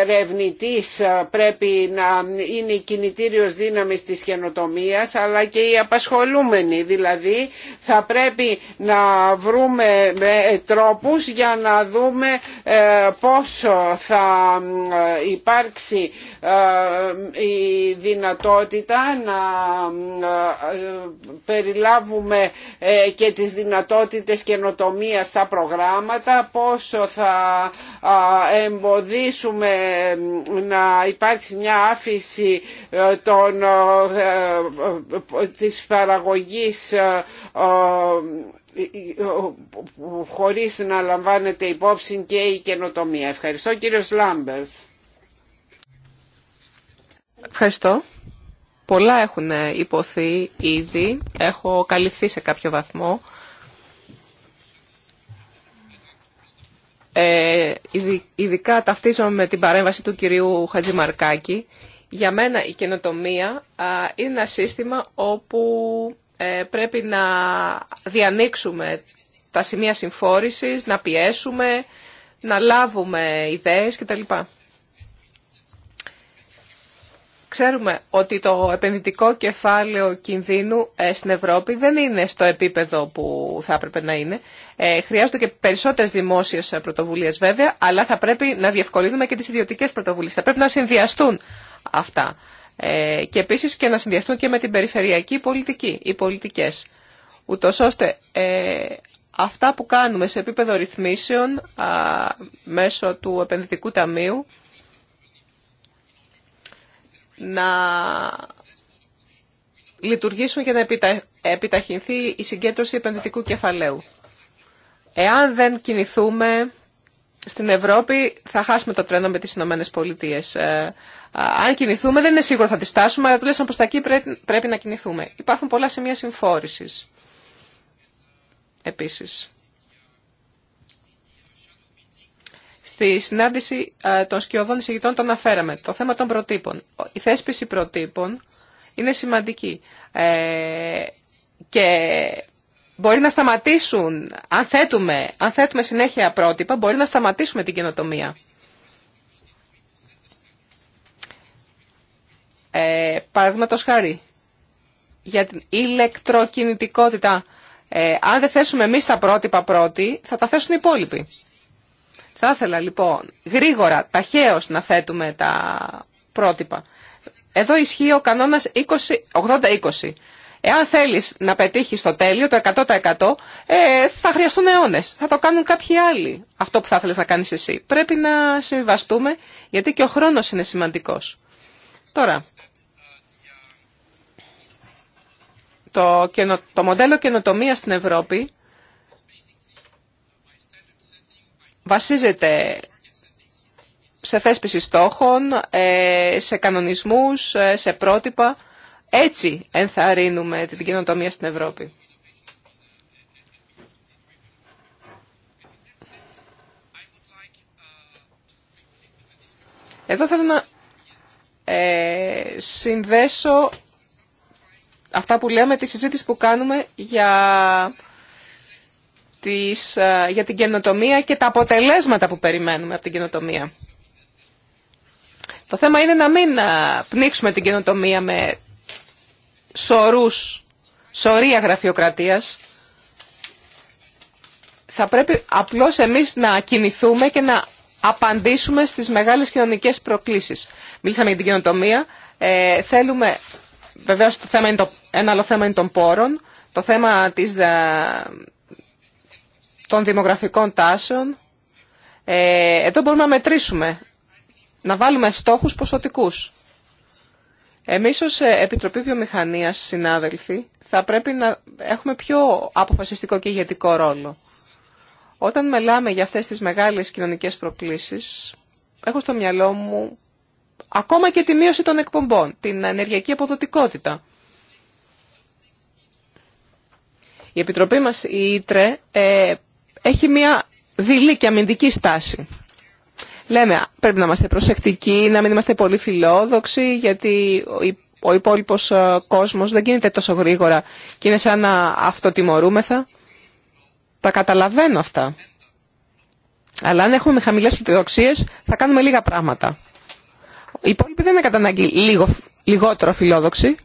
ερευνητής πρέπει να είναι η κινητήριος δύναμης της καινοτομίας αλλά και οι απασχολούμενοι δηλαδή θα πρέπει να βρούμε με τρόπο για να δούμε ε, πόσο θα ε, υπάρξει ε, η δυνατότητα να περιλάβουμε και τις δυνατότητες καινοτομία στα προγράμματα, πόσο θα εμποδίσουμε να υπάρξει μια άφηση των, της παραγωγής χωρίς να λαμβάνεται υπόψη και η καινοτομία. Ευχαριστώ κύριος Λάμπερς. Ευχαριστώ. Πολλά έχουν υποθεί ήδη. Έχω καλυφθεί σε κάποιο βαθμό. Ε, ειδικά ταυτίζομαι με την παρέμβαση του κυρίου Χατζημαρκάκη. Για μένα η καινοτομία είναι ένα σύστημα όπου ε, πρέπει να διανοίξουμε τα σημεία συμφόρησης, να πιέσουμε, να λάβουμε ιδέες κτλ. Ξέρουμε ότι το επενδυτικό κεφάλαιο κινδύνου ε, στην Ευρώπη δεν είναι στο επίπεδο που θα έπρεπε να είναι. Ε, χρειάζονται και περισσότερες δημόσιες πρωτοβουλίες βέβαια, αλλά θα πρέπει να διευκολύνουμε και τις ιδιωτικές πρωτοβουλίες. Θα πρέπει να συνδυαστούν αυτά. Ε, και επίσης και να συνδυαστούν και με την περιφερειακή πολιτική, οι πολιτικές, ούτως ώστε ε, αυτά που κάνουμε σε επίπεδο ρυθμίσεων μέσω του επενδυτικού ταμείου να λειτουργήσουν και να επιταχυνθεί η συγκέντρωση επενδυτικού κεφαλαίου. Εάν δεν κινηθούμε στην Ευρώπη θα χάσουμε το τρένο με τις Ηνωμένες Πολιτείες. Ε, αν κινηθούμε δεν είναι σίγουρο θα τη στάσουμε, αλλά τουλάχιστον προ τα εκεί πρέπει, να κινηθούμε. Υπάρχουν πολλά σημεία συμφόρηση. επίσης. Στη συνάντηση των σκιωδών εισηγητών το αναφέραμε. Το θέμα των προτύπων. Η θέσπιση προτύπων είναι σημαντική. Ε, και μπορεί να σταματήσουν, αν θέτουμε, αν θέτουμε συνέχεια πρότυπα, μπορεί να σταματήσουμε την καινοτομία. Ε, Παραδείγματο χάρη, για την ηλεκτροκινητικότητα. Ε, αν δεν θέσουμε εμεί τα πρότυπα πρώτοι, θα τα θέσουν οι υπόλοιποι. Θα ήθελα λοιπόν γρήγορα, ταχαίω να θέτουμε τα πρότυπα. Εδώ ισχύει ο κανόνας 80-20. Εάν θέλεις να πετύχεις το τέλειο, το 100% ε, θα χρειαστούν αιώνε. Θα το κάνουν κάποιοι άλλοι αυτό που θα θέλει να κάνει εσύ. Πρέπει να συμβιβαστούμε γιατί και ο χρόνο είναι σημαντικό. Τώρα, το, καινο, το μοντέλο καινοτομίας στην Ευρώπη βασίζεται σε θέσπιση στόχων, ε, σε κανονισμούς, ε, σε πρότυπα. Έτσι ενθαρρύνουμε την καινοτομία στην Ευρώπη. Εδώ θέλω να ε, συνδέσω αυτά που λέμε τη συζήτηση που κάνουμε για, τις, ε, για την καινοτομία και τα αποτελέσματα που περιμένουμε από την καινοτομία. Το θέμα είναι να μην ε, πνίξουμε την καινοτομία με σωρούς, σωρία γραφειοκρατίας. Θα πρέπει απλώς εμείς να κινηθούμε και να απαντήσουμε στις μεγάλες κοινωνικές προκλήσεις. Μίλησαμε για την καινοτομία. Ε, θέλουμε, βεβαίως το θέμα το, ένα άλλο θέμα είναι των πόρων, το θέμα της, ε, των δημογραφικών τάσεων. Ε, εδώ μπορούμε να μετρήσουμε, να βάλουμε στόχους ποσοτικούς. Εμείς ως ε, Επιτροπή Βιομηχανίας, συνάδελφοι, θα πρέπει να έχουμε πιο αποφασιστικό και ηγετικό ρόλο. Όταν μιλάμε για αυτές τις μεγάλες κοινωνικές προκλήσεις, έχω στο μυαλό μου ακόμα και τη μείωση των εκπομπών, την ενεργειακή αποδοτικότητα. Η Επιτροπή μας, η Ήτρε, ε, έχει μια δειλή και αμυντική στάση. Λέμε, πρέπει να είμαστε προσεκτικοί, να μην είμαστε πολύ φιλόδοξοι, γιατί ο υπόλοιπος ε, κόσμος δεν κινείται τόσο γρήγορα και είναι σαν να αυτοτιμωρούμεθα. Τα καταλαβαίνω αυτά. Αλλά αν έχουμε χαμηλέ φιλοδοξίε, θα κάνουμε λίγα πράγματα. Οι υπόλοιποι δεν είναι κατά ανάγκη λίγο, λιγότερο φιλόδοξοι.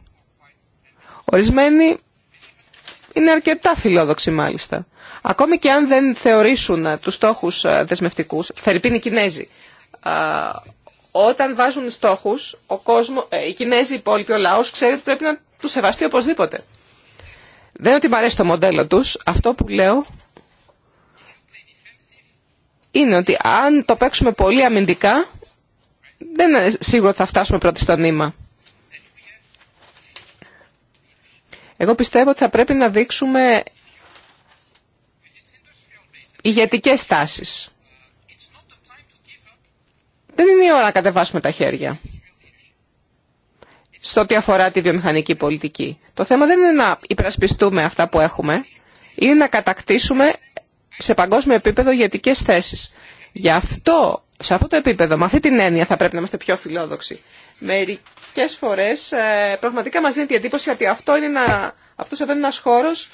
Ορισμένοι είναι αρκετά φιλόδοξοι μάλιστα. Ακόμη και αν δεν θεωρήσουν ε, τους στόχους ε, δεσμευτικούς, θερυπίνοι οι Κινέζοι, όταν βάζουν στόχους, ε, οι Κινέζοι, οι υπόλοιποι, ο λαός ξέρει ότι πρέπει να τους σεβαστεί οπωσδήποτε. Δεν είναι ότι μου αρέσει το μοντέλο τους. Αυτό που λέω είναι ότι αν το παίξουμε πολύ αμυντικά, δεν είναι σίγουρο ότι θα φτάσουμε πρώτοι στο νήμα. Εγώ πιστεύω ότι θα πρέπει να δείξουμε ηγετικέ τάσει. Δεν είναι η ώρα να κατεβάσουμε τα χέρια στο ό,τι αφορά τη βιομηχανική πολιτική. Το θέμα δεν είναι να υπερασπιστούμε αυτά που έχουμε, είναι να κατακτήσουμε σε παγκόσμιο επίπεδο ηγετικέ θέσει. Γι' αυτό, σε αυτό το επίπεδο, με αυτή την έννοια θα πρέπει να είμαστε πιο φιλόδοξοι. Μερικές φορές ε, πραγματικά μας δίνει την εντύπωση ότι αυτό είναι ένα, αυτός εδώ είναι ένας χώρος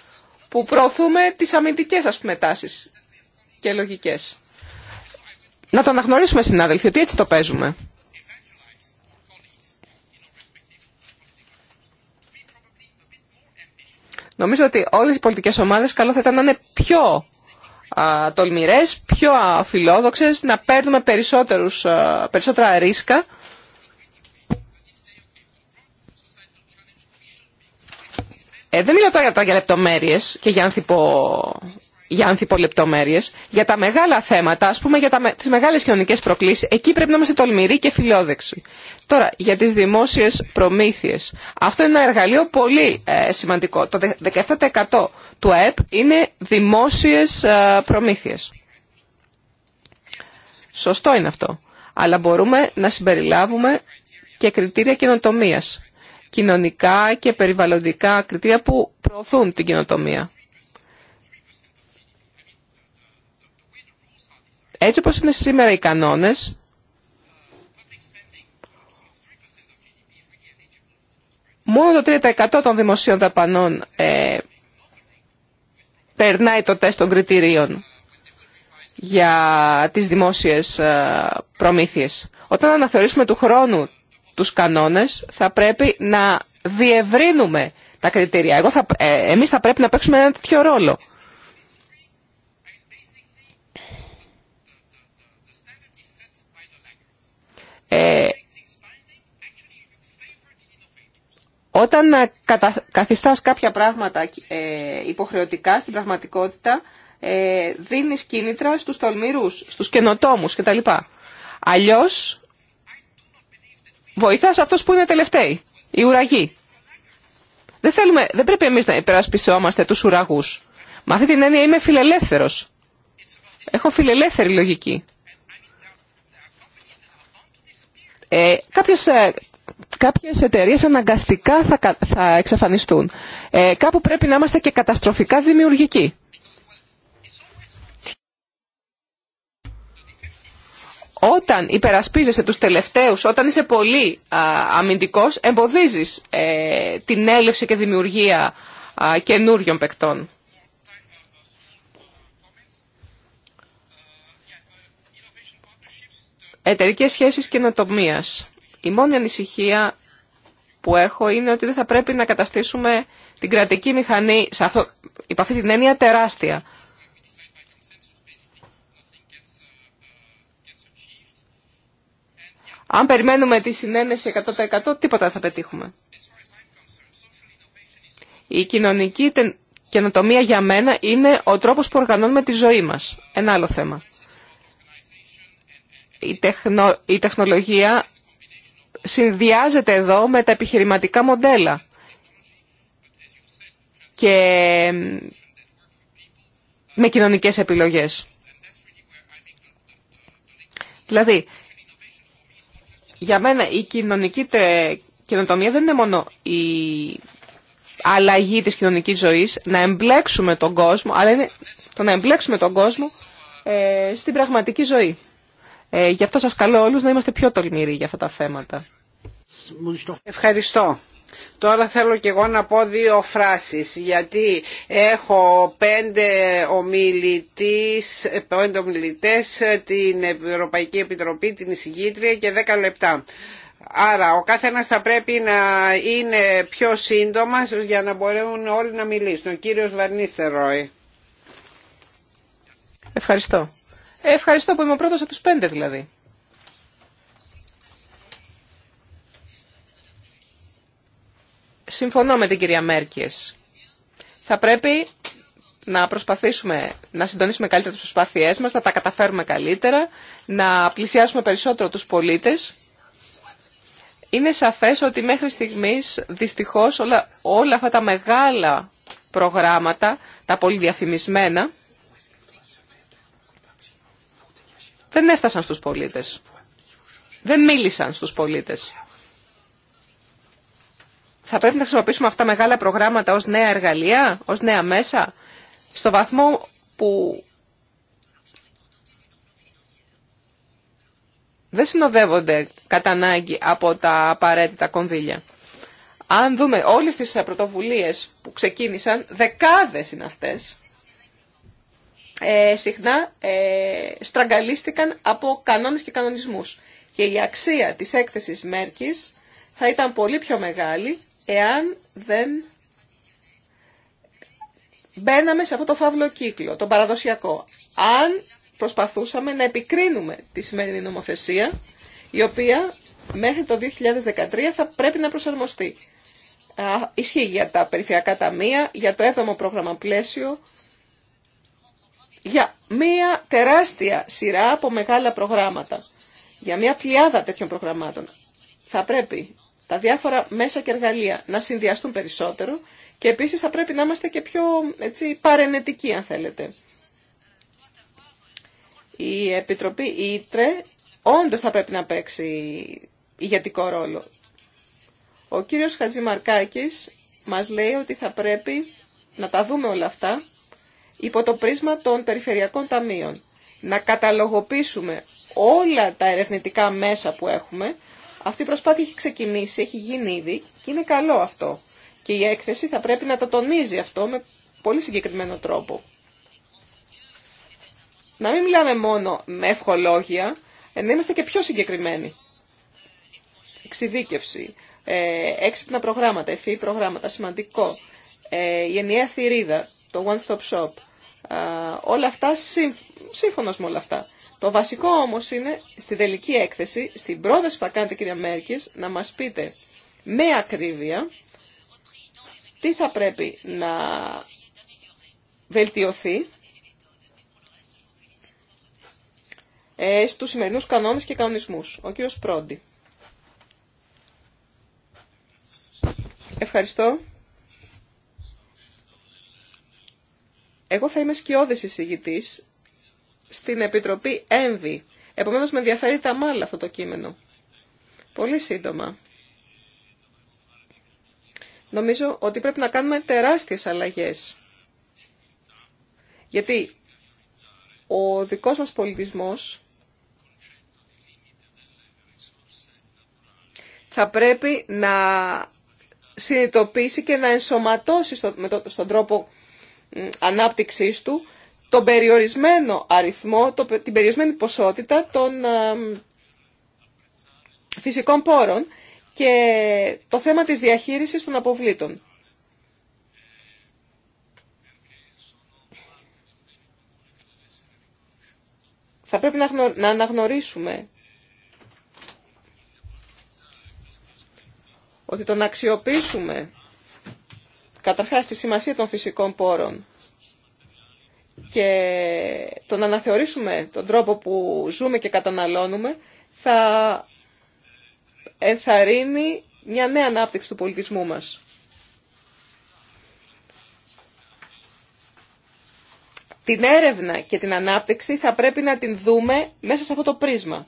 που προωθούμε τις αμυντικέ α πούμε τάσει και λογικέ. Να το αναγνωρίσουμε συνάδελφοι ότι έτσι το παίζουμε. Νομίζω ότι όλες οι πολιτικές ομάδες καλό θα ήταν να είναι πιο α, τολμηρές, πιο αφιλόδοξες, να παίρνουμε περισσότερους, περισσότερα ρίσκα. Ε, δεν μιλάω τώρα για λεπτομέρειες και για ανθυπο για ανθιπολεπτομέρειε. Για τα μεγάλα θέματα, α πούμε, για τι μεγάλε κοινωνικέ προκλήσει, εκεί πρέπει να είμαστε τολμηροί και φιλόδεξοι. Τώρα, για τι δημόσιε προμήθειε. Αυτό είναι ένα εργαλείο πολύ ε, σημαντικό. Το 17% του ΑΕΠ είναι δημόσιε ε, προμήθειες. προμήθειε. Σωστό είναι αυτό. Αλλά μπορούμε να συμπεριλάβουμε και κριτήρια καινοτομία. Κοινωνικά και περιβαλλοντικά κριτήρια που προωθούν την καινοτομία. Έτσι όπως είναι σήμερα οι κανόνες, μόνο το 3% των δημοσίων δαπανών ε, περνάει το τεστ των κριτηρίων για τις δημόσιες ε, προμήθειες. Όταν αναθεωρήσουμε του χρόνου τους κανόνες, θα πρέπει να διευρύνουμε τα κριτήρια. Εγώ θα, ε, εμείς θα πρέπει να παίξουμε ένα τέτοιο ρόλο. Ε, όταν καθιστάς κάποια πράγματα ε, υποχρεωτικά στην πραγματικότητα, ε, δίνεις κίνητρα στους τολμηρούς, στους καινοτόμους κτλ. Αλλιώς βοηθάς αυτός που είναι τελευταίοι, οι ουραγοί. Δεν, θέλουμε, δεν πρέπει εμείς να υπερασπισόμαστε τους ουραγούς. Με αυτή την έννοια είμαι φιλελεύθερος. Έχω φιλελεύθερη λογική. ε, κάποιες, ε, κάποιες εταιρείες αναγκαστικά θα, θα εξαφανιστούν. Ε, κάπου πρέπει να είμαστε και καταστροφικά δημιουργικοί. Όταν υπερασπίζεσαι τους τελευταίους, όταν είσαι πολύ α, αμυντικός, εμποδίζεις ε, την έλευση και δημιουργία α, καινούριων παικτών. Εταιρικές σχέσεις καινοτομία. Η μόνη ανησυχία που έχω είναι ότι δεν θα πρέπει να καταστήσουμε την κρατική μηχανή, σε υπ' αυτή την έννοια, τεράστια. Αν περιμένουμε τη συνένεση 100% τίποτα θα πετύχουμε. Η κοινωνική καινοτομία για μένα είναι ο τρόπος που οργανώνουμε τη ζωή μας. Ένα άλλο θέμα η, τεχνο, η τεχνολογία συνδυάζεται εδώ με τα επιχειρηματικά μοντέλα. Και με κοινωνικές επιλογές. Δηλαδή, για μένα η κοινωνική τε... καινοτομία δεν είναι μόνο η αλλαγή της κοινωνικής ζωής, να εμπλέξουμε τον κόσμο, αλλά είναι το να εμπλέξουμε τον κόσμο ε, στην πραγματική ζωή. Ε, γι' αυτό σας καλώ όλους να είμαστε πιο τολμηροί για αυτά τα θέματα. Ευχαριστώ. Τώρα θέλω και εγώ να πω δύο φράσεις γιατί έχω πέντε, ομιλητής, πέντε ομιλητές την Ευρωπαϊκή Επιτροπή, την εισηγήτρια και δέκα λεπτά. Άρα ο καθένας θα πρέπει να είναι πιο σύντομα για να μπορούν όλοι να μιλήσουν. Ο κύριος Ευχαριστώ. Ευχαριστώ που είμαι ο πρώτος από τους πέντε δηλαδή. Συμφωνώ με την κυρία Μέρκες. Θα πρέπει να προσπαθήσουμε να συντονίσουμε καλύτερα τις προσπάθειές μας, να τα καταφέρουμε καλύτερα, να πλησιάσουμε περισσότερο τους πολίτες. Είναι σαφές ότι μέχρι στιγμής δυστυχώς όλα, όλα αυτά τα μεγάλα προγράμματα, τα πολύ διαφημισμένα, δεν έφτασαν στους πολίτες. Δεν μίλησαν στους πολίτες. Θα πρέπει να χρησιμοποιήσουμε αυτά μεγάλα προγράμματα ως νέα εργαλεία, ως νέα μέσα, στο βαθμό που δεν συνοδεύονται κατά ανάγκη από τα απαραίτητα κονδύλια. Αν δούμε όλες τις πρωτοβουλίες που ξεκίνησαν, δεκάδες είναι αυτές, ε, συχνά ε, στραγγαλίστηκαν από κανόνες και κανονισμούς. Και η αξία της έκθεσης Μέρκης θα ήταν πολύ πιο μεγάλη εάν δεν μπαίναμε σε αυτό το φαύλο κύκλο, τον παραδοσιακό. Αν προσπαθούσαμε να επικρίνουμε τη σημερινή νομοθεσία, η οποία μέχρι το 2013 θα πρέπει να προσαρμοστεί. Ισχύει για τα περιφερειακά ταμεία, για το 7ο πρόγραμμα πλαίσιο, για μία τεράστια σειρά από μεγάλα προγράμματα, για μία πλειάδα τέτοιων προγραμμάτων. Θα πρέπει τα διάφορα μέσα και εργαλεία να συνδυαστούν περισσότερο και επίσης θα πρέπει να είμαστε και πιο έτσι, παρενετικοί, αν θέλετε. Η Επιτροπή Ίτρε όντως θα πρέπει να παίξει ηγετικό ρόλο. Ο κύριος Χατζημαρκάκης μας λέει ότι θα πρέπει να τα δούμε όλα αυτά υπό το πρίσμα των περιφερειακών ταμείων. Να καταλογοποιήσουμε όλα τα ερευνητικά μέσα που έχουμε. Αυτή η προσπάθεια έχει ξεκινήσει, έχει γίνει ήδη και είναι καλό αυτό. Και η έκθεση θα πρέπει να το τονίζει αυτό με πολύ συγκεκριμένο τρόπο. Να μην μιλάμε μόνο με ευχολόγια, ε, να είμαστε και πιο συγκεκριμένοι. Εξειδίκευση, ε, έξυπνα προγράμματα, ευφύ προγράμματα, σημαντικό. Ε, η ενιαία θηρίδα, το One Stop Shop. όλα αυτά, σύμφωνο με όλα αυτά. Το βασικό όμως είναι, στη τελική έκθεση, στην πρόταση που θα κάνετε κυρία Μέρκης, να μας πείτε με ακρίβεια τι θα πρέπει να βελτιωθεί ε, στους σημερινούς κανόνες και κανονισμούς. Ο κύριος Πρόντι. Ευχαριστώ. Εγώ θα είμαι σκιώδης εισηγητής στην Επιτροπή ΕΜΒΗ. Επομένως με ενδιαφέρει τα μάλλα αυτό το κείμενο. Πολύ σύντομα. Νομίζω ότι πρέπει να κάνουμε τεράστιες αλλαγές. Γιατί ο δικός μας πολιτισμός θα πρέπει να συνειδητοποιήσει και να ενσωματώσει με στον τρόπο ανάπτυξής του τον περιορισμένο αριθμό, την περιορισμένη ποσότητα των ε, φυσικών πόρων και το θέμα της διαχείρισης των αποβλήτων. Θα πρέπει να αναγνωρίσουμε ότι τον αξιοποιήσουμε Καταρχάς, τη σημασία των φυσικών πόρων και το να αναθεωρήσουμε τον τρόπο που ζούμε και καταναλώνουμε θα ενθαρρύνει μια νέα ανάπτυξη του πολιτισμού μας. Την έρευνα και την ανάπτυξη θα πρέπει να την δούμε μέσα σε αυτό το πρίσμα.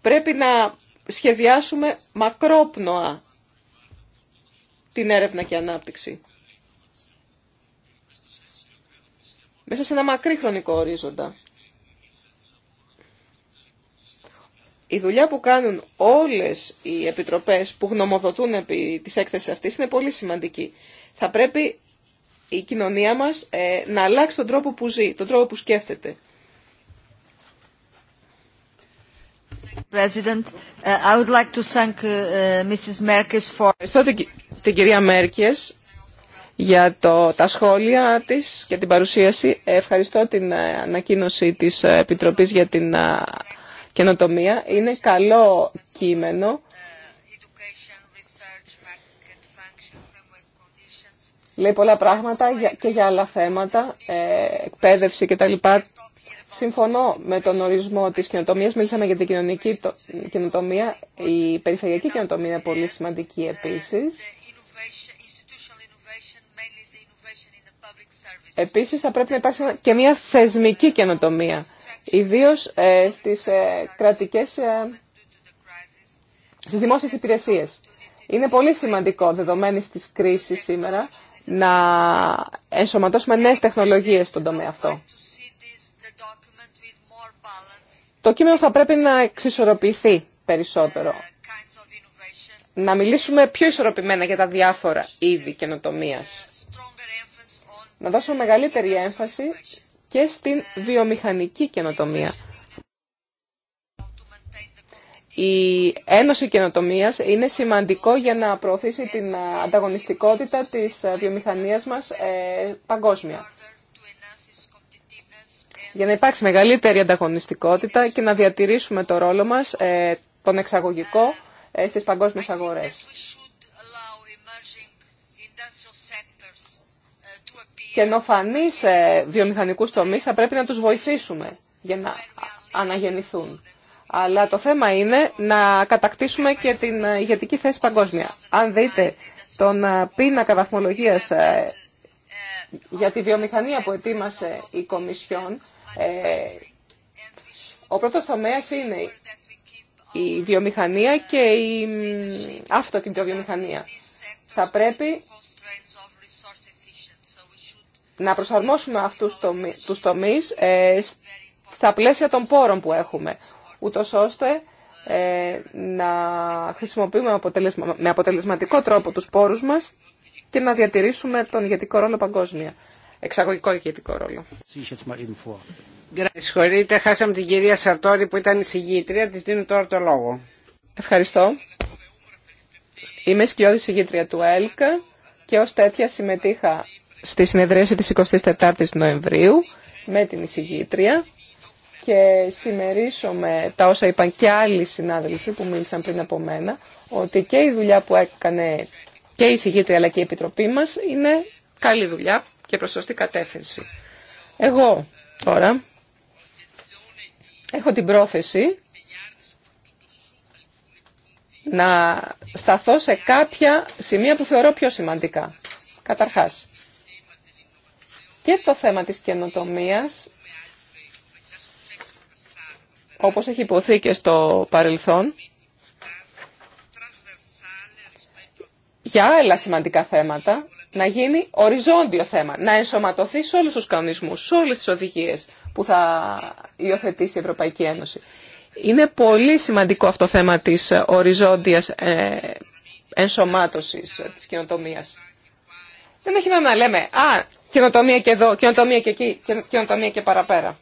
Πρέπει να σχεδιάσουμε μακρόπνοα την έρευνα και ανάπτυξη. Μέσα σε ένα μακρύ χρονικό ορίζοντα. Η δουλειά που κάνουν όλες οι επιτροπές που γνωμοδοτούν επί της έκθεσης αυτής είναι πολύ σημαντική. Θα πρέπει η κοινωνία μας ε, να αλλάξει τον τρόπο που ζει, τον τρόπο που σκέφτεται. Ευχαριστώ την, κυρία Μέρκες για τα σχόλια της και την παρουσίαση. Ευχαριστώ την ε, ανακοίνωση της ε, Επιτροπής για την ε, καινοτομία. Είναι καλό κείμενο. Λέει πολλά πράγματα και για άλλα θέματα, εκπαίδευση κτλ. Συμφωνώ με τον ορισμό της καινοτομία, Μίλησαμε για την κοινωνική καινοτομία, Η περιφερειακή καινοτομία είναι πολύ σημαντική επίσης. Επίσης θα πρέπει να υπάρξει και μια θεσμική καινοτομία, ιδίως ε, στις ε, κρατικές, ε, στις δημόσιες υπηρεσίες. Είναι πολύ σημαντικό, δεδομένης της κρίσης σήμερα, να ενσωματώσουμε νέες τεχνολογίες στον τομέα αυτό. Το κείμενο θα πρέπει να εξισορροπηθεί περισσότερο. Να μιλήσουμε πιο ισορροπημένα για τα διάφορα είδη καινοτομία. Να δώσω μεγαλύτερη έμφαση και στην βιομηχανική καινοτομία. Η Ένωση Καινοτομία είναι σημαντικό για να προωθήσει την ανταγωνιστικότητα της βιομηχανίας μας ε, παγκόσμια για να υπάρξει μεγαλύτερη ανταγωνιστικότητα και να διατηρήσουμε το ρόλο μας, ε, τον εξαγωγικό, ε, στις παγκόσμιες αγορές. Και ενώ σε βιομηχανικούς τομείς θα πρέπει να τους βοηθήσουμε για να αναγεννηθούν. Αλλά το θέμα είναι να κατακτήσουμε και την ηγετική θέση παγκόσμια. Αν δείτε τον ε, πίνακα βαθμολογίας για τη βιομηχανία που ετοίμασε η Κομισιόν, ε, ο πρώτος τομέας είναι η βιομηχανία και η αυτοκινητοβιομηχανία. Θα πρέπει να προσαρμόσουμε αυτούς τους τομείς ε, στα πλαίσια των πόρων που έχουμε, ούτως ώστε ε, να χρησιμοποιούμε με αποτελεσματικό τρόπο τους πόρους μας και να διατηρήσουμε τον ηγετικό ρόλο παγκόσμια. Εξαγωγικό ηγετικό ρόλο. Συγχωρείτε, χάσαμε την κυρία Σαρτόρη που ήταν η συγγήτρια. Της δίνω τώρα το λόγο. Ευχαριστώ. Είμαι σκιώδη συγγήτρια του ΕΛΚΑ και ω τέτοια συμμετείχα στη συνεδρίαση τη 24 η Νοεμβρίου με την εισηγήτρια και συμμερίσομαι τα όσα είπαν και άλλοι συνάδελφοι που μίλησαν πριν από μένα ότι και η δουλειά που έκανε και η συγγήτρια αλλά και η Επιτροπή μας είναι καλή δουλειά και προς κατεύθυνση. Εγώ τώρα έχω την πρόθεση να σταθώ σε κάποια σημεία που θεωρώ πιο σημαντικά. Καταρχάς, και το θέμα της καινοτομίας, όπως έχει υποθεί και στο παρελθόν, για άλλα σημαντικά θέματα να γίνει οριζόντιο θέμα, να ενσωματωθεί σε όλους τους κανονισμούς, σε όλες τις οδηγίες που θα υιοθετήσει η Ευρωπαϊκή Ένωση. Είναι πολύ σημαντικό αυτό το θέμα της ε, οριζόντιας ε, ενσωμάτωσης ε, της Δεν έχει να λέμε «Α, καινοτομία και εδώ, καινοτομία και εκεί, καινοτομία και παραπέρα».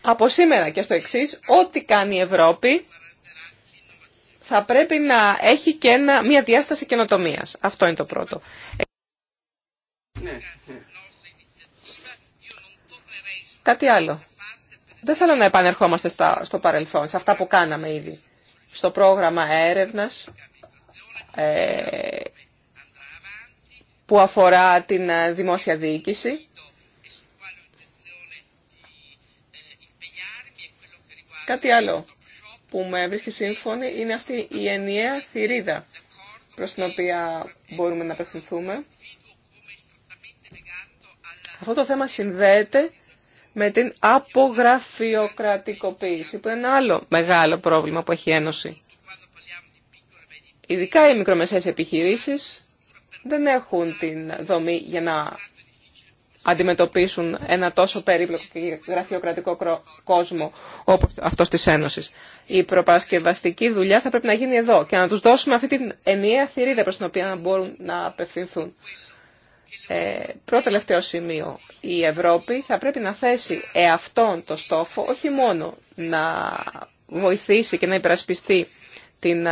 Από σήμερα και στο εξής, ό,τι κάνει η Ευρώπη θα πρέπει να έχει και μια διάσταση καινοτομία. Αυτό είναι το πρώτο. Κάτι άλλο. Δεν θέλω να επανερχόμαστε στο παρελθόν, σε αυτά που κάναμε ήδη. Στο πρόγραμμα έρευνας ε, που αφορά την ε, δημόσια διοίκηση. Κάτι άλλο που με βρίσκει σύμφωνη είναι αυτή η ενιαία θηρίδα προς την οποία μπορούμε να απευθυνθούμε. Αυτό το θέμα συνδέεται με την απογραφειοκρατικοποίηση, που είναι ένα άλλο μεγάλο πρόβλημα που έχει η Ένωση. Ειδικά οι μικρομεσαίες επιχειρήσεις δεν έχουν την δομή για να αντιμετωπίσουν ένα τόσο περίπλοκο και γραφειοκρατικό κόσμο όπως αυτός της Ένωσης. Η προπαρασκευαστική δουλειά θα πρέπει να γίνει εδώ και να τους δώσουμε αυτή την ενιαία θηρίδα προς την οποία να μπορούν να απευθυνθούν. Ε, πρώτο τελευταίο σημείο. Η Ευρώπη θα πρέπει να θέσει εαυτόν το στόχο όχι μόνο να βοηθήσει και να υπερασπιστεί την,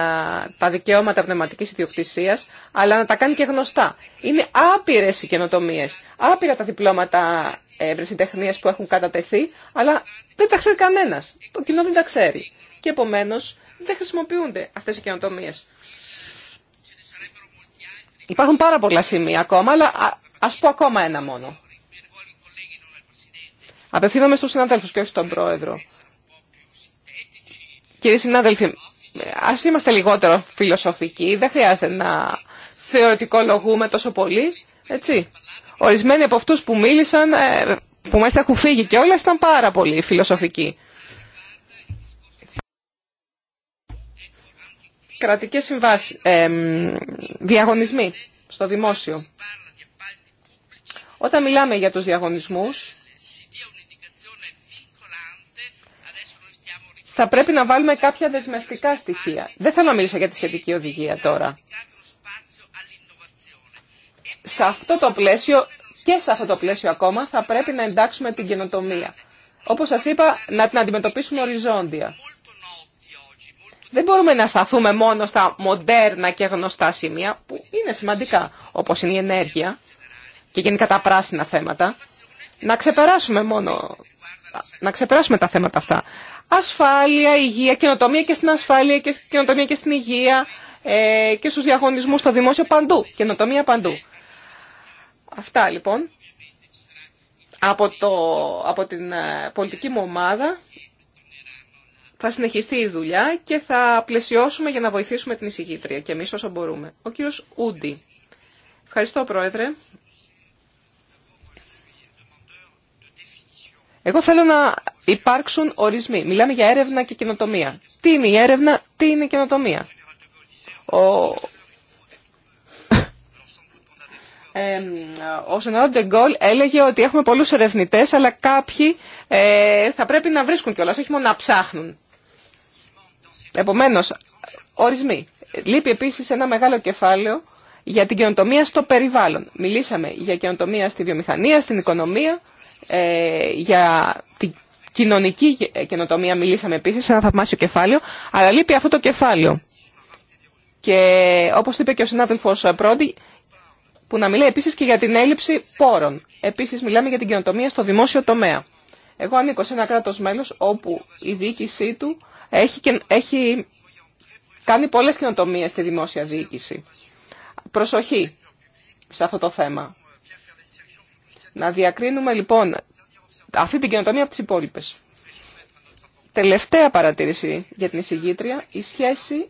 τα δικαιώματα πνευματική ιδιοκτησία, αλλά να τα κάνει και γνωστά. Είναι άπειρε οι καινοτομίε, άπειρα τα διπλώματα ε, ευρεσιτεχνία που έχουν κατατεθεί, αλλά δεν τα ξέρει κανένας. Το κοινό δεν τα ξέρει. Και επομένω δεν χρησιμοποιούνται αυτέ οι καινοτομίε. Υπάρχουν πάρα πολλά σημεία ακόμα, αλλά ας πω ακόμα ένα μόνο. Απευθύνομαι στους συναδέλφους και όχι στον πρόεδρο. Κύριοι συνάδελφοι, ας είμαστε λιγότερο φιλοσοφικοί, δεν χρειάζεται να θεωρητικολογούμε τόσο πολύ, έτσι. Ορισμένοι από αυτούς που μίλησαν, ε, που μέσα έχουν φύγει και όλα, ήταν πάρα πολύ φιλοσοφικοί. Κρατικές συμβάσεις, διαγωνισμοί στο δημόσιο. Όταν μιλάμε για τους διαγωνισμούς, θα πρέπει να βάλουμε κάποια δεσμευτικά στοιχεία. Δεν θέλω να μιλήσω για τη σχετική οδηγία τώρα. Σε αυτό το πλαίσιο και σε αυτό το πλαίσιο ακόμα θα πρέπει να εντάξουμε την καινοτομία. Όπως σας είπα, να την αντιμετωπίσουμε οριζόντια. Δεν μπορούμε να σταθούμε μόνο στα μοντέρνα και γνωστά σημεία, που είναι σημαντικά, όπως είναι η ενέργεια και γενικά τα πράσινα θέματα. Να ξεπεράσουμε μόνο, να ξεπεράσουμε τα θέματα αυτά ασφάλεια, υγεία, καινοτομία και στην ασφάλεια και καινοτομία και στην υγεία ε, και στους διαγωνισμούς στο δημόσιο παντού, καινοτομία παντού. Αυτά λοιπόν από, το, από την ε, πολιτική μου ομάδα θα συνεχιστεί η δουλειά και θα πλαισιώσουμε για να βοηθήσουμε την εισηγήτρια και εμείς όσο μπορούμε. Ο κύριος Ούντι. Ευχαριστώ Πρόεδρε. Εγώ θέλω να υπάρξουν ορισμοί. Μιλάμε για έρευνα και καινοτομία. Τι είναι η έρευνα, τι είναι η καινοτομία. Ο, [LAUGHS] ε, ο Σενάδο Ντεγκόλ έλεγε ότι έχουμε πολλούς ερευνητές, αλλά κάποιοι ε, θα πρέπει να βρίσκουν κιόλας, όχι μόνο να ψάχνουν. Επομένως, ορισμοί. Λείπει επίσης ένα μεγάλο κεφάλαιο για την καινοτομία στο περιβάλλον. Μιλήσαμε για καινοτομία στη βιομηχανία, στην οικονομία, ε, για την κοινωνική καινοτομία μιλήσαμε επίσης ένα θαυμάσιο κεφάλαιο, αλλά λείπει αυτό το κεφάλαιο. Και όπως είπε και ο συνάδελφος πρώτη, που να μιλάει επίσης και για την έλλειψη πόρων. Επίσης μιλάμε για την καινοτομία στο δημόσιο τομέα. Εγώ ανήκω σε ένα κράτος μέλος όπου η διοίκησή του έχει, έχει κάνει πολλές καινοτομίες στη δημόσια διοίκηση προσοχή σε αυτό το θέμα. Να διακρίνουμε λοιπόν αυτή την καινοτομία από τις υπόλοιπε. Τελευταία παρατήρηση για την εισηγήτρια, η σχέση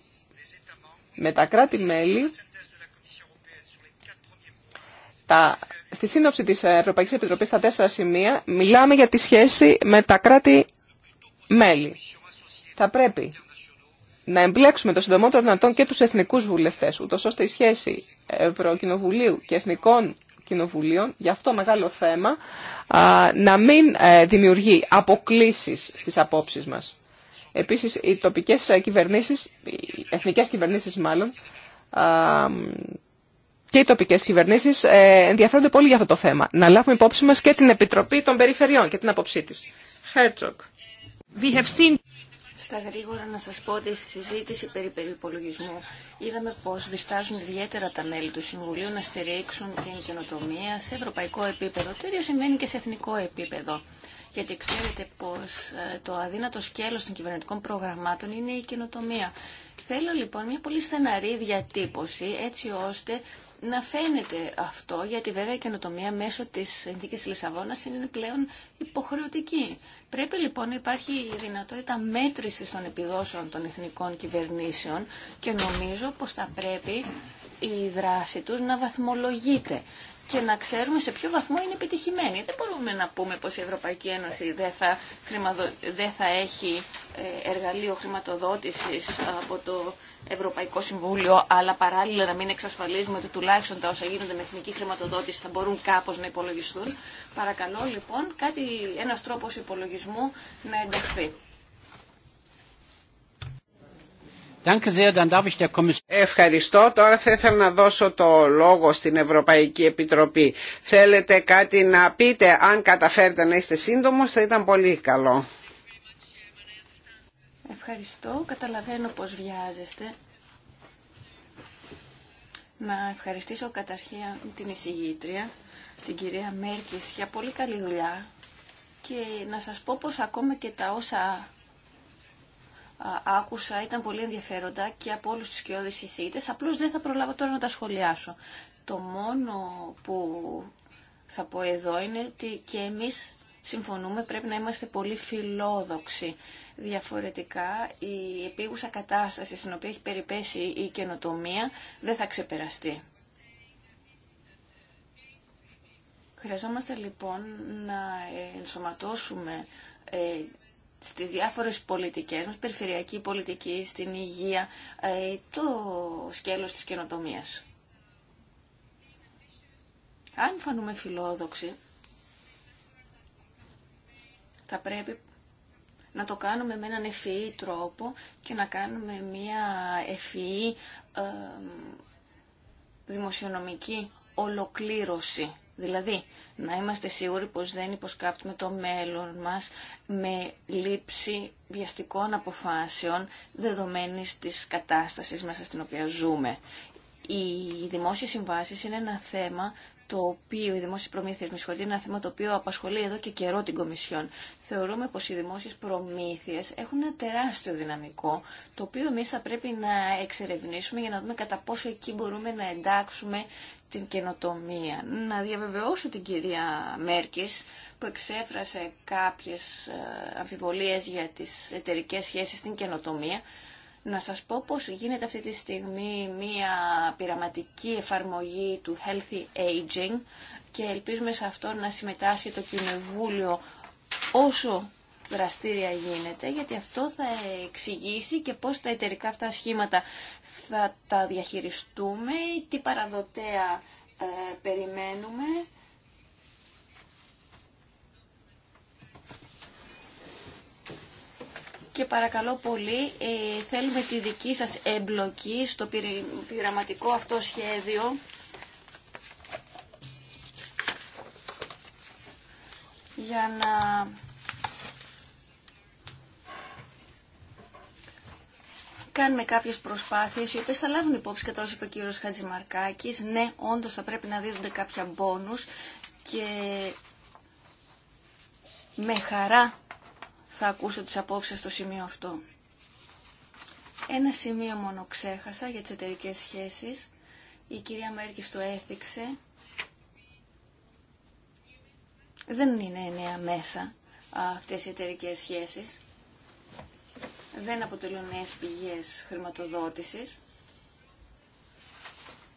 με τα κράτη-μέλη τα, στη σύνοψη της Ευρωπαϊκής Επιτροπής στα τέσσερα σημεία μιλάμε για τη σχέση με τα κράτη-μέλη. Θα πρέπει να εμπλέξουμε το συντομότερο δυνατόν και τους εθνικούς βουλευτές, ούτως ώστε η σχέση Ευρωκοινοβουλίου και Εθνικών Κοινοβουλίων, για αυτό μεγάλο θέμα, να μην ε, δημιουργεί αποκλήσεις στις απόψεις μας. Επίσης, οι τοπικές ε, κυβερνήσεις, οι εθνικές κυβερνήσεις μάλλον, και οι τοπικές κυβερνήσεις ε, ενδιαφέρονται πολύ για αυτό το θέμα. Να λάβουμε υπόψη μας και την Επιτροπή των Περιφερειών και την απόψή της. Herzog. We have seen... Στα γρήγορα να σας πω ότι στη συζήτηση περί περιπολογισμού είδαμε πως διστάζουν ιδιαίτερα τα μέλη του Συμβουλίου να στηρίξουν την καινοτομία σε ευρωπαϊκό επίπεδο. Το ίδιο σημαίνει και σε εθνικό επίπεδο. Γιατί ξέρετε πως ε, το αδύνατο σκέλος των κυβερνητικών προγραμμάτων είναι η καινοτομία. Θέλω λοιπόν μια πολύ στεναρή διατύπωση έτσι ώστε να φαίνεται αυτό, γιατί βέβαια η καινοτομία μέσω της συνθήκη Λισαβόνα είναι πλέον υποχρεωτική. Πρέπει λοιπόν να υπάρχει η δυνατότητα μέτρησης των επιδόσεων των εθνικών κυβερνήσεων και νομίζω πως θα πρέπει η δράση τους να βαθμολογείται και να ξέρουμε σε ποιο βαθμό είναι επιτυχημένη. Δεν μπορούμε να πούμε πως η Ευρωπαϊκή Ένωση δεν θα, δεν θα έχει ε, εργαλείο χρηματοδότησης από το Ευρωπαϊκό Συμβούλιο, αλλά παράλληλα να μην εξασφαλίζουμε ότι τουλάχιστον τα όσα γίνονται με εθνική χρηματοδότηση θα μπορούν κάπως να υπολογιστούν. Παρακαλώ λοιπόν κάτι, ένας τρόπος υπολογισμού να ενταχθεί. Ευχαριστώ. Τώρα θα ήθελα να δώσω το λόγο στην Ευρωπαϊκή Επιτροπή. Θέλετε κάτι να πείτε, αν καταφέρετε να είστε σύντομος θα ήταν πολύ καλό. Ευχαριστώ. Καταλαβαίνω πως βιάζεστε. Να ευχαριστήσω καταρχήν την εισηγήτρια, την κυρία Μέρκης, για πολύ καλή δουλειά και να σας πω πως ακόμα και τα όσα άκουσα ήταν πολύ ενδιαφέροντα και από όλους τους κοιόδης εισηγητές. Απλώς δεν θα προλάβω τώρα να τα σχολιάσω. Το μόνο που θα πω εδώ είναι ότι και εμείς συμφωνούμε πρέπει να είμαστε πολύ φιλόδοξοι. Διαφορετικά η επίγουσα κατάσταση στην οποία έχει περιπέσει η καινοτομία δεν θα ξεπεραστεί. Χρειαζόμαστε λοιπόν να ενσωματώσουμε ε, στις διάφορες πολιτικές μας, περιφερειακή πολιτική, στην υγεία, ε, το σκέλος της καινοτομίας. Αν φανούμε φιλόδοξοι, θα πρέπει να το κάνουμε με έναν ευφυή τρόπο και να κάνουμε μια ευφυή ε, δημοσιονομική ολοκλήρωση. Δηλαδή, να είμαστε σίγουροι πως δεν υποσκάπτουμε το μέλλον μας με λήψη βιαστικών αποφάσεων δεδομένης της κατάστασης μέσα στην οποία ζούμε. Οι δημόσιες συμβάσεις είναι ένα θέμα το οποίο, οι δημόσιε προμήθειες, με είναι ένα θέμα το οποίο απασχολεί εδώ και καιρό την Κομισιόν. Θεωρούμε πως οι δημόσιες προμήθειες έχουν ένα τεράστιο δυναμικό, το οποίο εμεί θα πρέπει να εξερευνήσουμε για να δούμε κατά πόσο εκεί μπορούμε να εντάξουμε την καινοτομία. Να διαβεβαιώσω την κυρία Μέρκης που εξέφρασε κάποιες ε, αμφιβολίες για τις εταιρικές σχέσεις στην καινοτομία. Να σας πω πως γίνεται αυτή τη στιγμή μία πειραματική εφαρμογή του Healthy Aging και ελπίζουμε σε αυτό να συμμετάσχει το Κοινοβούλιο όσο δραστήρια γίνεται, γιατί αυτό θα εξηγήσει και πώς τα εταιρικά αυτά σχήματα θα τα διαχειριστούμε, τι παραδοτέα ε, περιμένουμε. Και παρακαλώ πολύ, ε, θέλουμε τη δική σας εμπλοκή στο πειραματικό αυτό σχέδιο. για να κάνουμε κάποιε προσπάθειε οι οποίε θα λάβουν υπόψη, κατά όσο είπε ο κύριο Χατζημαρκάκη. Ναι, όντω θα πρέπει να δίδονται κάποια μπόνου και με χαρά θα ακούσω τις απόψει στο σημείο αυτό. Ένα σημείο μόνο ξέχασα για τι εταιρικέ σχέσεις. Η κυρία Μέρκη το έθιξε. Δεν είναι νέα μέσα αυτές οι εταιρικέ σχέσεις δεν αποτελούν νέες πηγές χρηματοδότησης.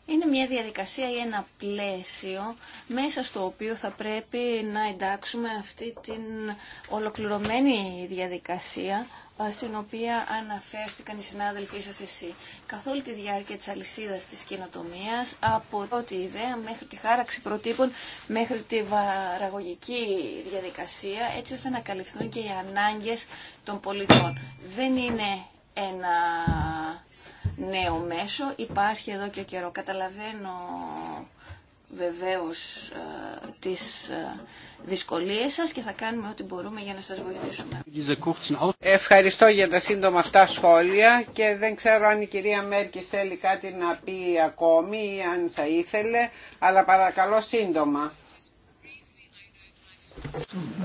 Είναι μια διαδικασία ή ένα πλαίσιο μέσα στο οποίο θα πρέπει να εντάξουμε αυτή την ολοκληρωμένη διαδικασία στην οποία αναφέρθηκαν οι συνάδελφοί σας εσύ. Καθ' όλη τη διάρκεια της αλυσίδας της κοινοτομίας, από πρώτη ιδέα μέχρι τη χάραξη προτύπων, μέχρι τη βαραγωγική διαδικασία, έτσι ώστε να καλυφθούν και οι ανάγκες των πολιτών. Δεν είναι ένα νέο μέσο, υπάρχει εδώ και καιρό. Καταλαβαίνω βεβαίως ε, τις ε, δυσκολίες σας και θα κάνουμε ό,τι μπορούμε για να σας βοηθήσουμε. Ευχαριστώ για τα σύντομα αυτά σχόλια και δεν ξέρω αν η κυρία Μέρκης θέλει κάτι να πει ακόμη ή αν θα ήθελε, αλλά παρακαλώ σύντομα.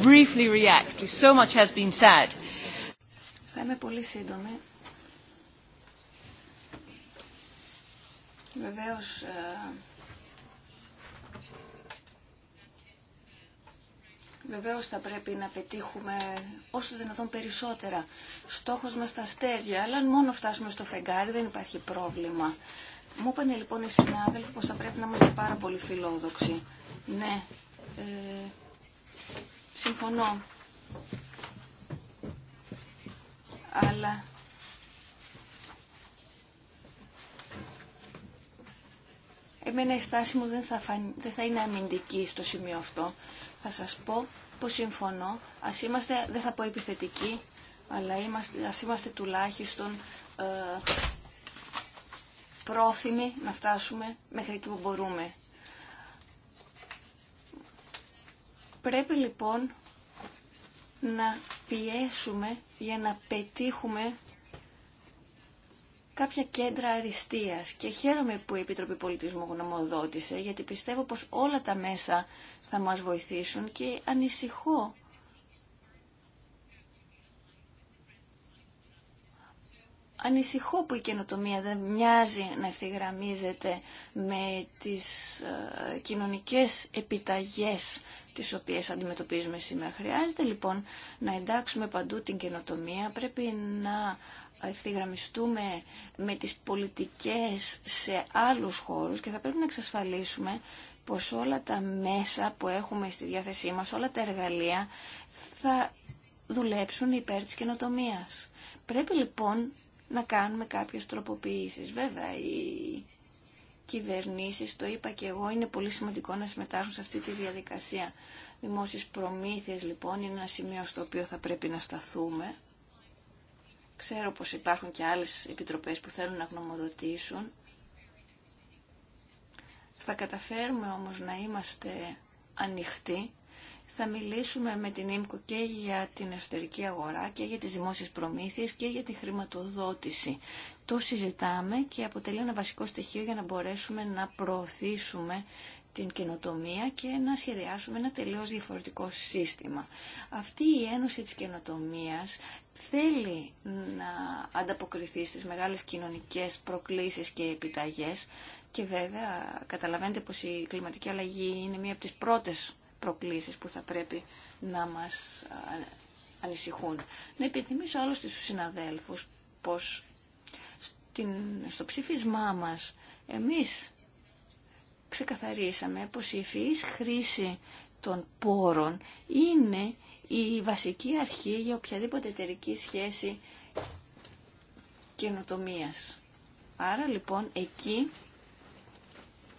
Briefly react. So much has been said. Θα είμαι πολύ σύντομη. Βεβαίως, ε, Βεβαίως θα πρέπει να πετύχουμε όσο δυνατόν περισσότερα. Στόχος μας τα αστέρια, αλλά αν μόνο φτάσουμε στο φεγγάρι δεν υπάρχει πρόβλημα. Μου είπαν λοιπόν οι συνάδελφοι πως θα πρέπει να είμαστε πάρα πολύ φιλόδοξοι. Ναι, ε, συμφωνώ. Αλλά εμένα η στάση μου δεν θα, δεν θα είναι αμυντική στο σημείο αυτό. Θα σας πω που συμφωνώ, ας είμαστε, δεν θα πω επιθετικοί, αλλά είμαστε, ας είμαστε τουλάχιστον ε, πρόθυμοι να φτάσουμε μέχρι εκεί που μπορούμε. Πρέπει λοιπόν να πιέσουμε για να πετύχουμε κάποια κέντρα αριστείας και χαίρομαι που η Επιτροπή Πολιτισμού γνωμοδότησε γιατί πιστεύω πως όλα τα μέσα θα μας βοηθήσουν και ανησυχώ ανησυχώ που η καινοτομία δεν μοιάζει να ευθυγραμμίζεται με τις ε, κοινωνικές επιταγές τις οποίες αντιμετωπίζουμε σήμερα. Χρειάζεται λοιπόν να εντάξουμε παντού την καινοτομία, πρέπει να ευθυγραμμιστούμε με τις πολιτικές σε άλλους χώρους και θα πρέπει να εξασφαλίσουμε πως όλα τα μέσα που έχουμε στη διάθεσή μας, όλα τα εργαλεία θα δουλέψουν υπέρ της καινοτομία. Πρέπει λοιπόν να κάνουμε κάποιες τροποποιήσεις. Βέβαια, οι κυβερνήσεις, το είπα και εγώ, είναι πολύ σημαντικό να συμμετάσχουν σε αυτή τη διαδικασία. Δημόσιες προμήθειες λοιπόν είναι ένα σημείο στο οποίο θα πρέπει να σταθούμε. Ξέρω πως υπάρχουν και άλλες επιτροπές που θέλουν να γνωμοδοτήσουν. Θα καταφέρουμε όμως να είμαστε ανοιχτοί. Θα μιλήσουμε με την ΕΜΚΟ και για την εσωτερική αγορά και για τις δημόσιες προμήθειες και για τη χρηματοδότηση. Το συζητάμε και αποτελεί ένα βασικό στοιχείο για να μπορέσουμε να προωθήσουμε την καινοτομία και να σχεδιάσουμε ένα τελείως διαφορετικό σύστημα. Αυτή η ένωση της καινοτομίας θέλει να ανταποκριθεί στις μεγάλες κοινωνικές προκλήσεις και επιταγές και βέβαια καταλαβαίνετε πως η κλιματική αλλαγή είναι μία από τις πρώτες προκλήσεις που θα πρέπει να μας ανησυχούν. Να επιθυμίσω άλλωστε στους συναδέλφους πως στο ψήφισμά μας εμείς ξεκαθαρίσαμε πως η ευφυής χρήση των πόρων είναι η βασική αρχή για οποιαδήποτε εταιρική σχέση καινοτομίας. Άρα λοιπόν εκεί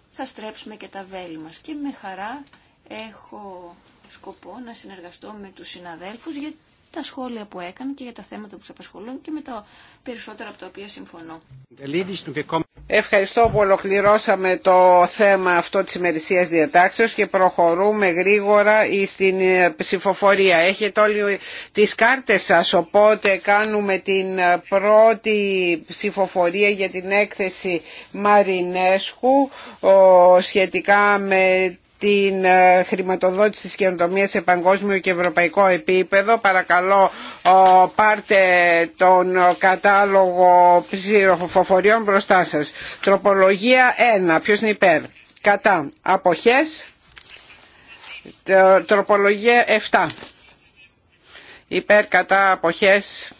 θα στρέψουμε και τα βέλη μας και με χαρά έχω σκοπό να συνεργαστώ με τους συναδέλφους για τα σχόλια που έκαναν και για τα θέματα που σε απασχολούν και με τα περισσότερα από τα οποία συμφωνώ. Ευχαριστώ που ολοκληρώσαμε το θέμα αυτό της ημερησίας διατάξεως και προχωρούμε γρήγορα στην ε, ψηφοφορία. Έχετε όλοι τις κάρτες σας, οπότε κάνουμε την ε, πρώτη ψηφοφορία για την έκθεση Μαρινέσκου σχετικά με την ε, χρηματοδότηση της καινοτομίας σε παγκόσμιο και ευρωπαϊκό επίπεδο. Παρακαλώ πάρτε τον κατάλογο ψηφοφοριών μπροστά σας. Τροπολογία 1. Ποιος είναι υπέρ. Κατά. Αποχές. Τροπολογία 7. Υπέρ κατά αποχές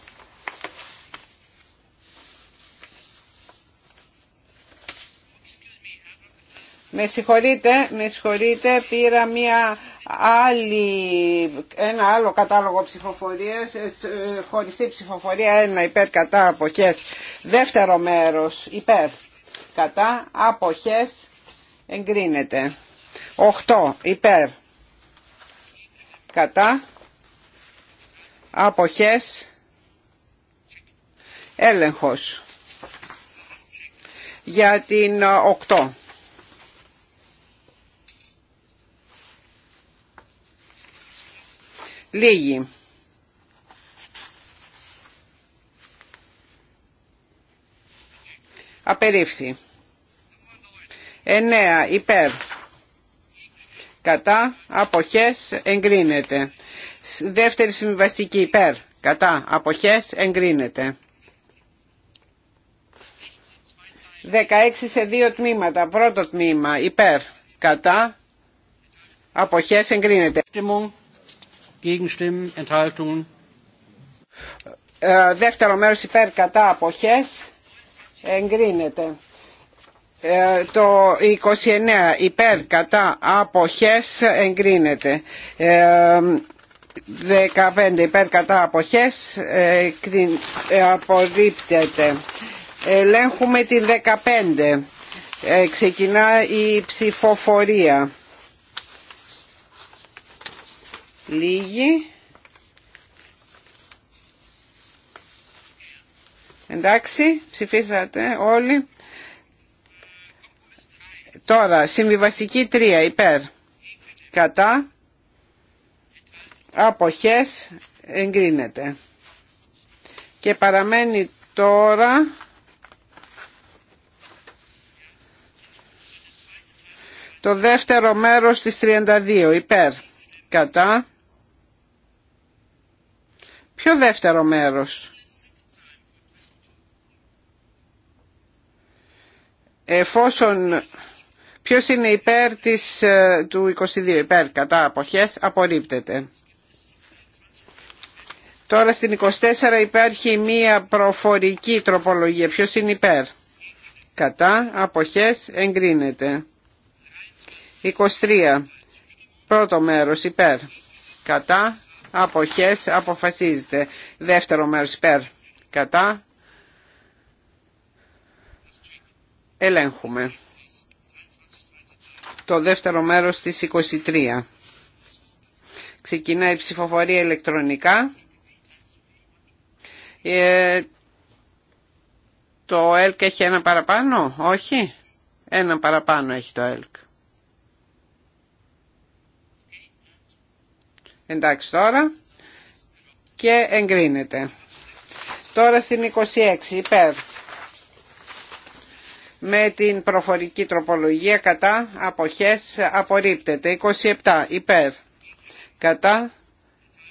Με συγχωρείτε, με πήρα άλλη, ένα άλλο κατάλογο ψηφοφορίες, ε, ε, χωριστή ψηφοφορία, ένα υπέρ κατά αποχές, δεύτερο μέρος υπέρ κατά αποχές, εγκρίνεται. 8 υπέρ κατά αποχές, έλεγχος για την 8. Ε, Λίγοι, Απερίφθη. 9 υπέρ. Κατά αποχές εγκρίνεται. Δεύτερη συμβιβαστική υπέρ. Κατά αποχές εγκρίνεται. 16 σε δύο τμήματα. Πρώτο τμήμα υπέρ. Κατά αποχές εγκρίνεται. Ε, δεύτερο μέρος υπέρ κατά αποχές εγκρίνεται. Ε, το 29 υπέρ κατά αποχές εγκρίνεται. 15 ε, υπέρ κατά αποχές απορρίπτεται. Ελέγχουμε την 15. Ξεκινά η ψηφοφορία. Λίγη. Εντάξει, ψηφίσατε όλοι. Τώρα, συμβιβαστική 3 υπέρ. Κατά. Αποχές εγκρίνεται. Και παραμένει τώρα... Το δεύτερο μέρος της 32 υπέρ. Κατά. Ποιο δεύτερο μέρος. Εφόσον ποιος είναι υπέρ της, ε, του 22 υπέρ κατά αποχές απορρίπτεται. Τώρα στην 24 υπάρχει μία προφορική τροπολογία. Ποιος είναι υπέρ. Κατά αποχές εγκρίνεται. 23. Πρώτο μέρος υπέρ. Κατά αποχές αποφασίζεται. Δεύτερο μέρος υπέρ κατά ελέγχουμε το δεύτερο μέρος της 23. Ξεκινάει η ψηφοφορία ηλεκτρονικά. Ε, το ΕΛΚ έχει ένα παραπάνω, όχι. Ένα παραπάνω έχει το ΕΛΚ. Εντάξει τώρα. Και εγκρίνεται. Τώρα στην 26 υπέρ. Με την προφορική τροπολογία κατά αποχές απορρίπτεται. 27 υπέρ. Κατά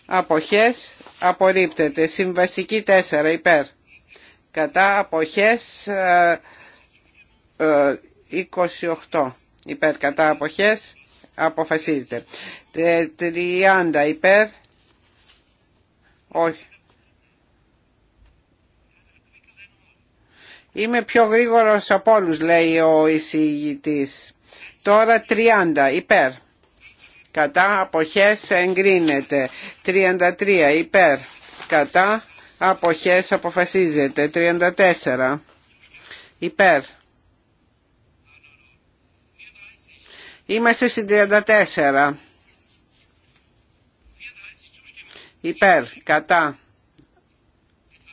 αποχές απορρίπτεται. Συμβαστική 4 υπέρ. Κατά αποχές 28 ε, ε, υπέρ. Κατά αποχές αποφασίζεται. 30 υπέρ. Όχι. Είμαι πιο γρήγορος από όλους λέει ο εισηγητής. Τώρα 30 υπέρ. Κατά αποχές εγκρίνεται. 33 υπέρ. Κατά αποχές αποφασίζεται. 34 υπέρ. Είμαστε στην 34. Υπέρ, κατά.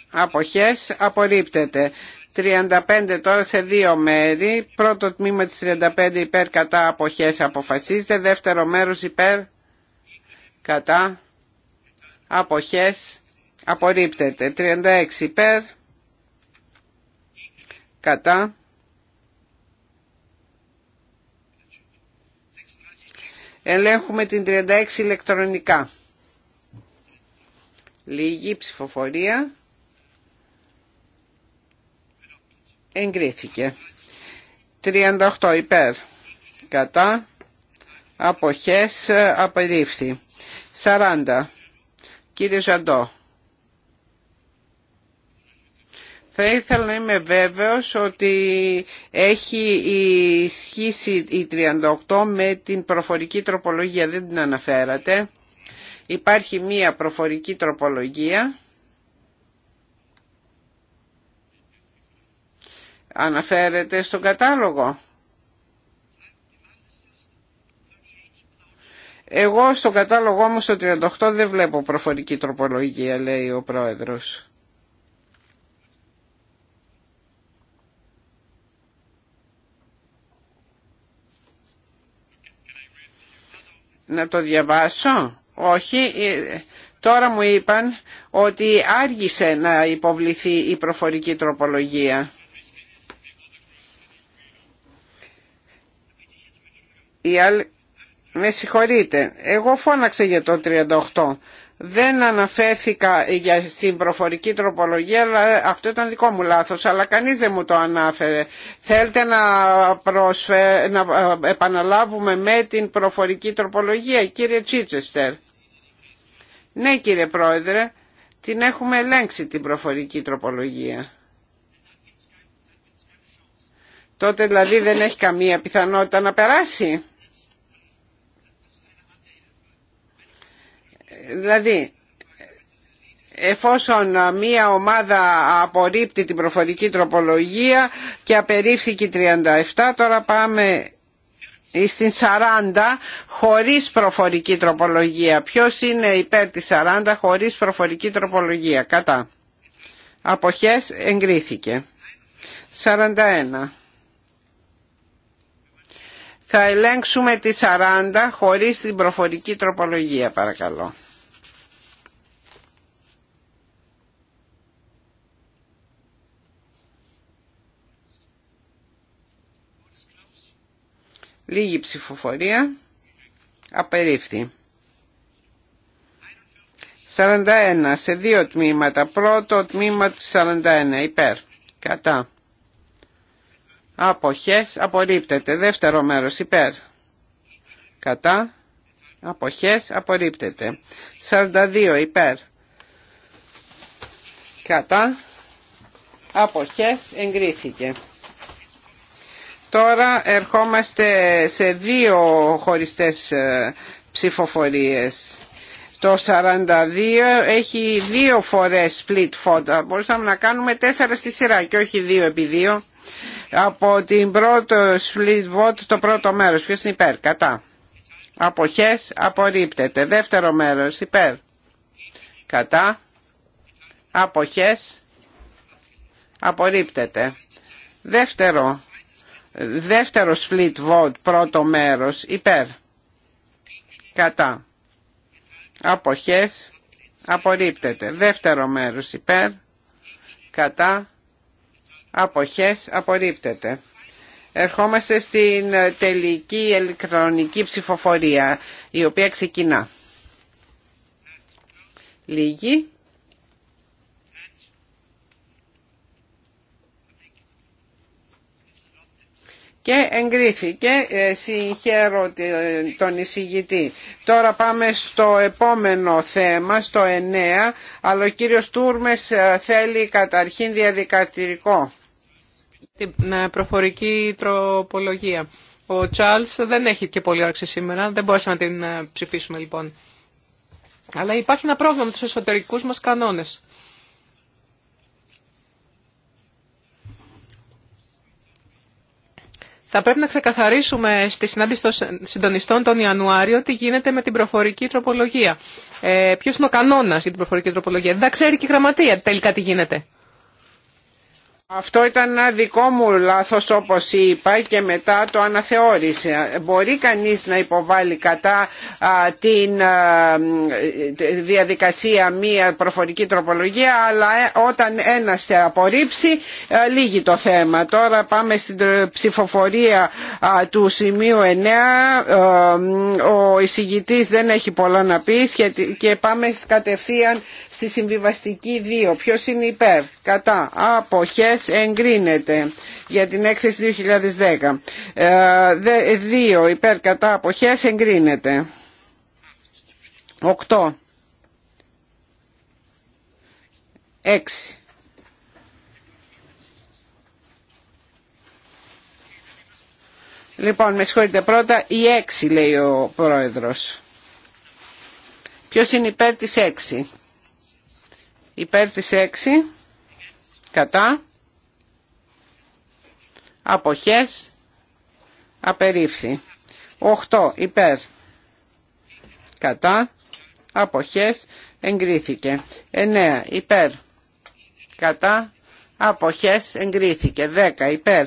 Αποχές απορρίπτεται. 35 τώρα σε δύο μέρη. Πρώτο τμήμα της 35 υπέρ κατά αποχές αποφασίζεται. Δεύτερο μέρος υπέρ κατά αποχές απορρίπτεται. 36 υπέρ κατά Ελέγχουμε την 36 ηλεκτρονικά. Λίγη ψηφοφορία. Εγκρίθηκε. 38 υπέρ. Κατά. Αποχές ε, απερίφθη. 40. Κύριε Ζαντό. Θα ήθελα να είμαι βέβαιος ότι έχει ισχύσει η 38 με την προφορική τροπολογία, δεν την αναφέρατε. Υπάρχει μία προφορική τροπολογία. Αναφέρεται στον κατάλογο. Εγώ στον κατάλογο μου στο 38 δεν βλέπω προφορική τροπολογία, λέει ο πρόεδρος. να το διαβάσω. Όχι, ε, τώρα μου είπαν ότι άργησε να υποβληθεί η προφορική τροπολογία. Η άλλη... Με συγχωρείτε, εγώ φώναξα για το 38 δεν αναφέρθηκα για, στην προφορική τροπολογία, αλλά αυτό ήταν δικό μου λάθος, αλλά κανείς δεν μου το ανάφερε. Θέλετε να, να ε, επαναλάβουμε με την προφορική τροπολογία, κύριε Τσίτσεστερ. Ναι κύριε Πρόεδρε, την έχουμε ελέγξει την προφορική τροπολογία. Τότε δηλαδή δεν έχει καμία πιθανότητα να περάσει. Δηλαδή, εφόσον μία ομάδα απορρίπτει την προφορική τροπολογία και απερίφθηκε 37, τώρα πάμε στην 40 χωρίς προφορική τροπολογία. Ποιος είναι υπέρ της 40 χωρίς προφορική τροπολογία. Κατά. Αποχές εγκρίθηκε. 41. Θα ελέγξουμε τη 40 χωρίς την προφορική τροπολογία παρακαλώ. Λίγη ψηφοφορία. Απερίφθη. 41 σε δύο τμήματα. Πρώτο τμήμα του 41 υπέρ. Κατά. Αποχές απορρίπτεται. Δεύτερο μέρος υπέρ. Κατά. Αποχές απορρίπτεται. 42 υπέρ. Κατά. Αποχές εγκρίθηκε. Τώρα ερχόμαστε σε δύο χωριστές ε, ψηφοφορίες. Το 42 έχει δύο φορές split vote. Μπορούσαμε να κάνουμε τέσσερα στη σειρά και όχι δύο επί δύο. Από την πρώτη split vote το πρώτο μέρος. Ποιος είναι υπέρ, κατά. Αποχές απορρίπτεται. Δεύτερο μέρος υπέρ. Κατά. Αποχές απορρίπτεται. Δεύτερο Δεύτερο split vote, πρώτο μέρος, υπέρ. Κατά. Αποχές, απορρίπτεται. Δεύτερο μέρος, υπέρ. Κατά. Αποχές, απορρίπτεται. Ερχόμαστε στην ε, τελική ηλεκτρονική ψηφοφορία, η οποία ξεκινά. Λίγη. και εγκρίθηκε. Ε, συγχαίρω ε, τον εισηγητή. Τώρα πάμε στο επόμενο θέμα, στο 9, αλλά ο κύριος Τούρμες ε, θέλει καταρχήν διαδικατηρικό. Την προφορική τροπολογία. Ο Τσάλς δεν έχει και πολύ όρεξη σήμερα, δεν μπορέσαμε να την ψηφίσουμε λοιπόν. Αλλά υπάρχει ένα πρόβλημα με τους εσωτερικούς μας κανόνες. Θα πρέπει να ξεκαθαρίσουμε στη συνάντηση των συντονιστών τον Ιανουάριο τι γίνεται με την προφορική τροπολογία. Ε, Ποιο είναι ο κανόνα για την προφορική τροπολογία. Δεν τα ξέρει και η γραμματεία τελικά τι γίνεται. Αυτό ήταν ένα δικό μου λάθος όπως είπα και μετά το αναθεώρησε. Μπορεί κανείς να υποβάλει κατά την διαδικασία μία προφορική τροπολογία αλλά ε, όταν ένας θα απορρίψει ε, λύγει το θέμα. Τώρα πάμε στην ψηφοφορία του σημείου 9. Ε, ο εισηγητής δεν έχει πολλά να πει και πάμε κατευθείαν στη συμβιβαστική 2. Ποιος είναι υπέρ, κατά, αποχές εγκρίνεται για την έκθεση 2010. Ε, δύο υπέρ κατά αποχές εγκρίνεται. Οκτώ. Έξι. Λοιπόν, με συγχωρείτε πρώτα, η έξι λέει ο πρόεδρος. Ποιος είναι υπέρ της έξι. Υπέρ της έξι. Κατά αποχές απερίφθη 8 υπέρ κατά αποχές εγκρίθηκε 9 υπέρ κατά αποχές εγκρίθηκε 10 υπέρ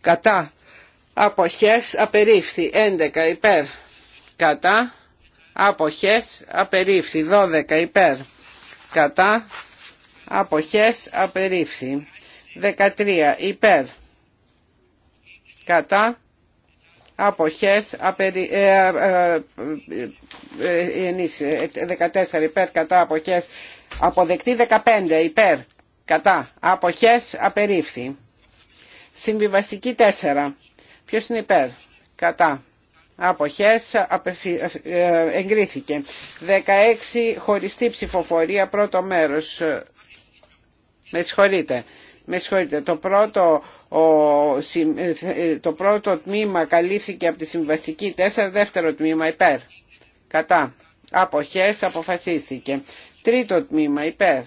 κατά αποχές απερίφθη 11 υπέρ κατά αποχές απερίφθη 12 υπέρ κατά αποχές απερίφθη 13 υπέρ κατά αποχές απερι, ε, ε, 14 ε, ε, ε, υπέρ κατά αποχές αποδεκτή 15 υπέρ κατά αποχές απερίφθη συμβιβαστική 4 ποιος είναι υπέρ κατά Αποχές εγκρίθηκε. 16 χωριστή ψηφοφορία πρώτο μέρος. Με συγχωρείτε με συγχωρείτε, το πρώτο, ε, ε, το πρώτο τμήμα καλύφθηκε από τη συμβαστική 4, δεύτερο τμήμα υπέρ. Κατά. Αποχές αποφασίστηκε. Τρίτο τμήμα υπέρ.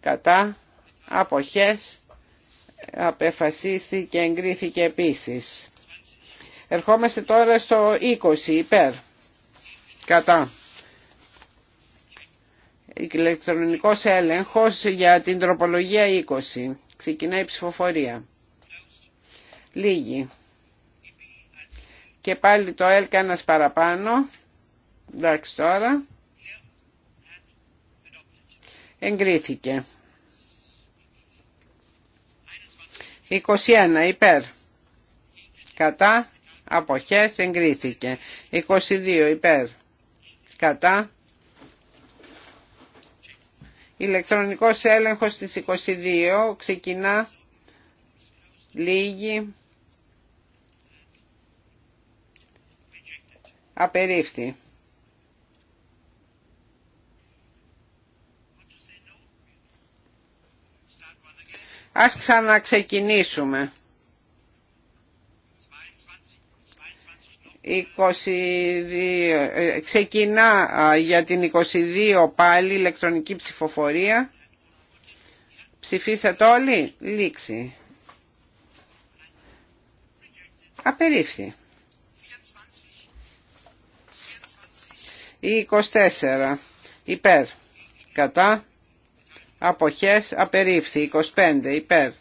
Κατά. Αποχές απεφασίστηκε, εγκρίθηκε επίσης. Ερχόμαστε τώρα στο 20 υπέρ. Κατά ηλεκτρονικός έλεγχος για την τροπολογία 20. Ξεκινάει η ψηφοφορία. Λίγη. Και πάλι το έλκα ένας παραπάνω. Εντάξει τώρα. Εγκρίθηκε. 21 υπέρ. Κατά. Αποχές εγκρίθηκε. 22 υπέρ. Κατά. Ηλεκτρονικός έλεγχος στις 22 ξεκινά λίγη απερίφθη. Ας ξαναξεκινήσουμε. 22, ε, ξεκινά για την 22 πάλι ηλεκτρονική ψηφοφορία. Ψηφίσατε όλοι. Λήξη. Απερίφθη. Η 24. Υπέρ. Κατά. Αποχές. Απερίφθη. 25. Υπέρ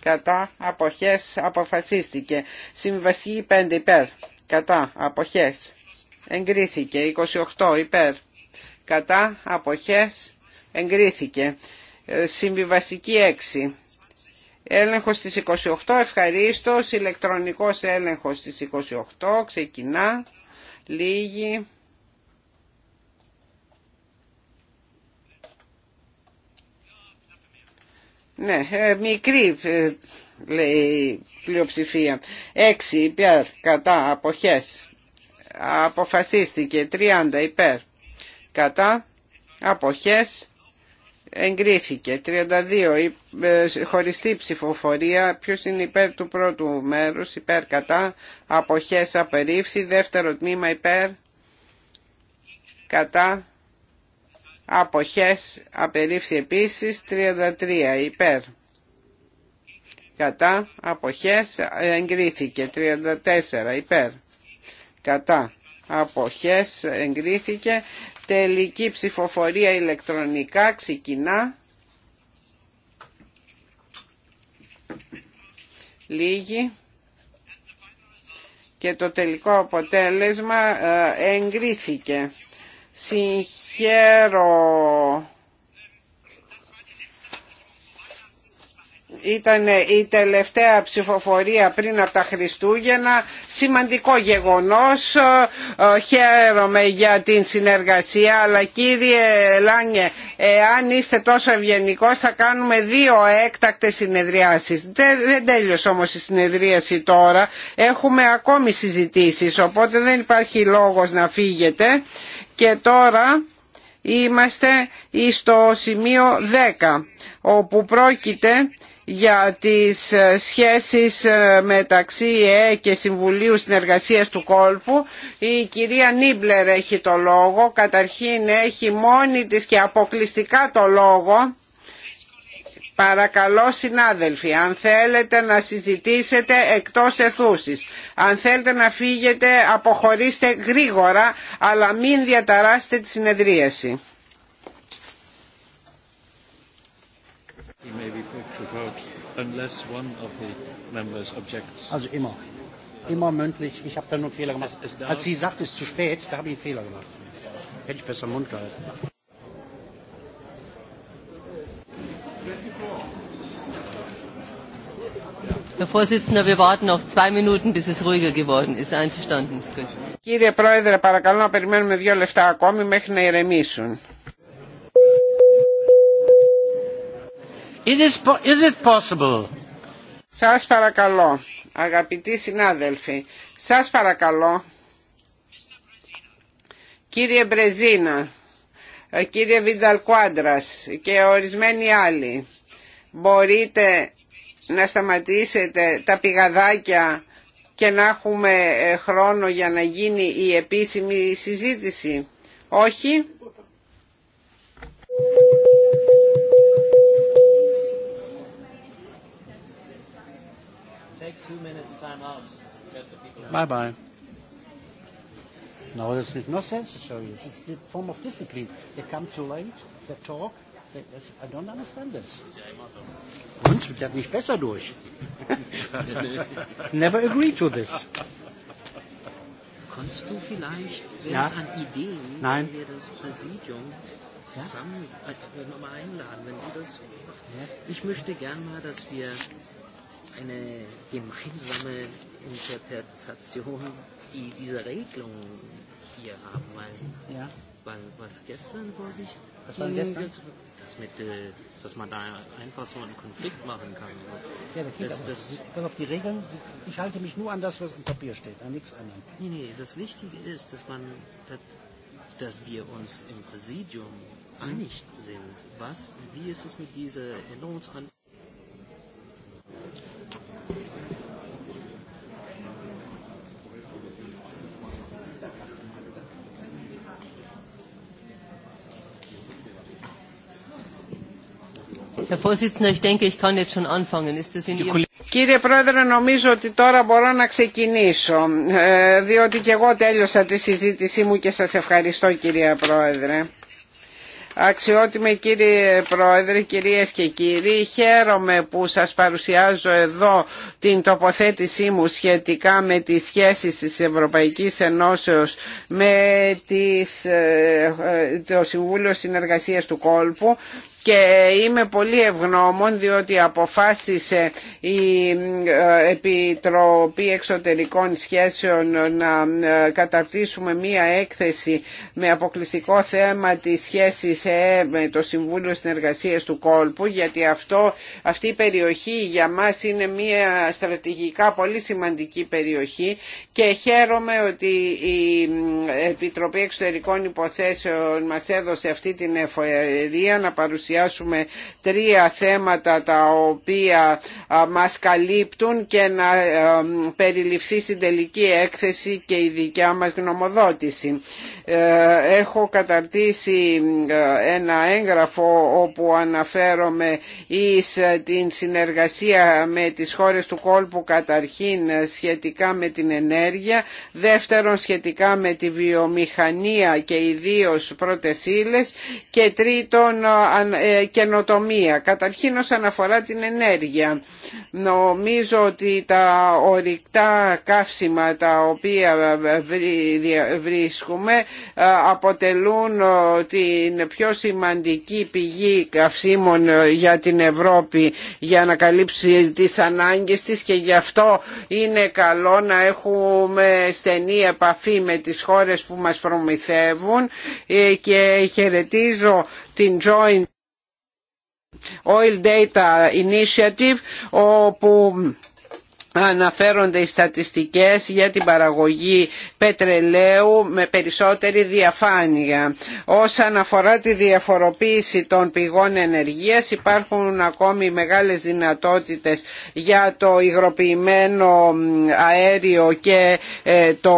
κατά αποχές αποφασίστηκε. Συμβιβαστική 5 υπέρ, κατά αποχές εγκρίθηκε. 28 υπέρ, κατά αποχές εγκρίθηκε. Ε, συμβιβαστική 6. Έλεγχος της 28, ευχαρίστως, ηλεκτρονικός έλεγχος της 28, ξεκινά, λίγη, Ναι, ε, μικρή ε, λέει πλειοψηφία. 6 υπέρ κατά αποχές. Αποφασίστηκε 30 υπέρ κατά αποχές. Εγκρίθηκε 32 ε, χωριστή ψηφοφορία. Ποιος είναι υπέρ του πρώτου μέρους, υπέρ κατά αποχές απερίφθη. Δεύτερο τμήμα υπέρ κατά Αποχές απερίφθη επίσης 33 υπέρ. Κατά αποχές εγκρίθηκε 34 υπέρ. Κατά αποχές εγκρίθηκε. Τελική ψηφοφορία ηλεκτρονικά ξεκινά. Λίγη. Και το τελικό αποτέλεσμα ε, εγκρίθηκε. Συγχαίρω ήταν η τελευταία ψηφοφορία πριν από τα Χριστούγεννα σημαντικό γεγονός ε, χαίρομαι για την συνεργασία αλλά κύριε Λάνιε εάν είστε τόσο ευγενικός θα κάνουμε δύο έκτακτες συνεδριάσεις δεν τέλειωσε όμως η συνεδρίαση τώρα έχουμε ακόμη συζητήσεις οπότε δεν υπάρχει λόγος να φύγετε και τώρα είμαστε στο σημείο 10 όπου πρόκειται για τις σχέσεις ε, μεταξύ ΕΕ και Συμβουλίου Συνεργασίας του Κόλπου. Η κυρία Νίμπλερ έχει το λόγο. Καταρχήν έχει μόνη της και αποκλειστικά το λόγο Παρακαλώ συνάδελφοι, αν θέλετε να συζητήσετε εκτός εθούσης, αν θέλετε να φύγετε αποχωρήστε γρήγορα, αλλά μην διαταράσετε τη συνεδρίαση. Also immer, immer mündlich. Ich habe da nur einen Fehler gemacht. Als sie sagt, es ist zu spät, da habe ich einen Fehler gemacht. Hätte ich besser Mund gehalten. Κύριε Πρόεδρε, παρακαλώ να περιμένουμε δύο λεφτά ακόμη μέχρι να ηρεμήσουν. It is, it possible? Σας παρακαλώ, αγαπητοί συνάδελφοι, σας παρακαλώ, κύριε Μπρεζίνα, ε, κύριε Βινταλκουάντρας και ορισμένοι άλλοι, μπορείτε να σταματήσετε τα πηγαδάκια και να έχουμε ε, χρόνο για να γίνει η επίσημη συζήτηση. Όχι. Bye bye. No, is not necessary. It's the form of discipline. They come too late, they talk, I don't understand this. Und? Der nicht besser durch. Never agree to this. Konntest du vielleicht, wenn an Ideen, Nein. wenn wir das Präsidium zusammen ja? äh, nochmal einladen, wenn du das machst. Ja? Ich möchte gern mal, dass wir eine gemeinsame Interpretation die, dieser Regelung hier haben, weil, ja? weil was gestern vor sich was ging, gestern? das mit, dass man da einfach so einen Konflikt machen kann. Ja, das geht das, aber. Das auf die Regeln, ich halte mich nur an das, was im Papier steht, an nichts anderem. Nee, nee, das Wichtige ist, dass man, dass wir uns im Präsidium einig sind. Was, wie ist es mit dieser Änderungsantrag? Κύριε Πρόεδρε, νομίζω ότι τώρα μπορώ να ξεκινήσω, ε, διότι και εγώ τέλειωσα τη συζήτησή μου και σας ευχαριστώ κύριε Πρόεδρε. Αξιότιμε κύριε Πρόεδρε, κυρίες και κύριοι, χαίρομαι που σας παρουσιάζω εδώ την τοποθέτησή μου σχετικά με τις σχέσεις της Ευρωπαϊκής Ενώσεως με τις, ε, ε, το Συμβούλιο Συνεργασίας του Κόλπου και είμαι πολύ ευγνώμων διότι αποφάσισε η ε, Επιτροπή Εξωτερικών Σχέσεων να ε, καταρτήσουμε μία έκθεση με αποκλειστικό θέμα της σχέσης ε, με το Συμβούλιο Συνεργασίας του Κόλπου γιατί αυτό, αυτή η περιοχή για μας είναι μία στρατηγικά πολύ σημαντική περιοχή και χαίρομαι ότι η Επιτροπή Εξωτερικών Υποθέσεων μας έδωσε αυτή την εφορία να παρουσιάσουμε σχολιάσουμε τρία θέματα τα οποία μας καλύπτουν και να περιληφθεί στην τελική έκθεση και η δικιά μας γνωμοδότηση. Ε, έχω καταρτήσει ένα έγγραφο όπου αναφέρομαι εις την συνεργασία με τις χώρες του κόλπου καταρχήν σχετικά με την ενέργεια, δεύτερον σχετικά με τη βιομηχανία και ιδίως πρώτες ύλες και τρίτον ε, καινοτομία. Καταρχήν όσον αφορά την ενέργεια. Νομίζω ότι τα ορυκτά καύσιμα τα οποία βρίσκουμε ε, αποτελούν ε, την πιο σημαντική πηγή καυσίμων για την Ευρώπη για να καλύψει τις ανάγκες της και γι' αυτό είναι καλό να έχουμε στενή επαφή με τις χώρες που μας προμηθεύουν και χαιρετίζω την Joint Oil Data Initiative όπου αναφέρονται οι στατιστικές για την παραγωγή πετρελαίου με περισσότερη διαφάνεια. Όσον αφορά τη διαφοροποίηση των πηγών ενεργείας υπάρχουν ακόμη μεγάλες δυνατότητες για το υγροποιημένο αέριο και ε, το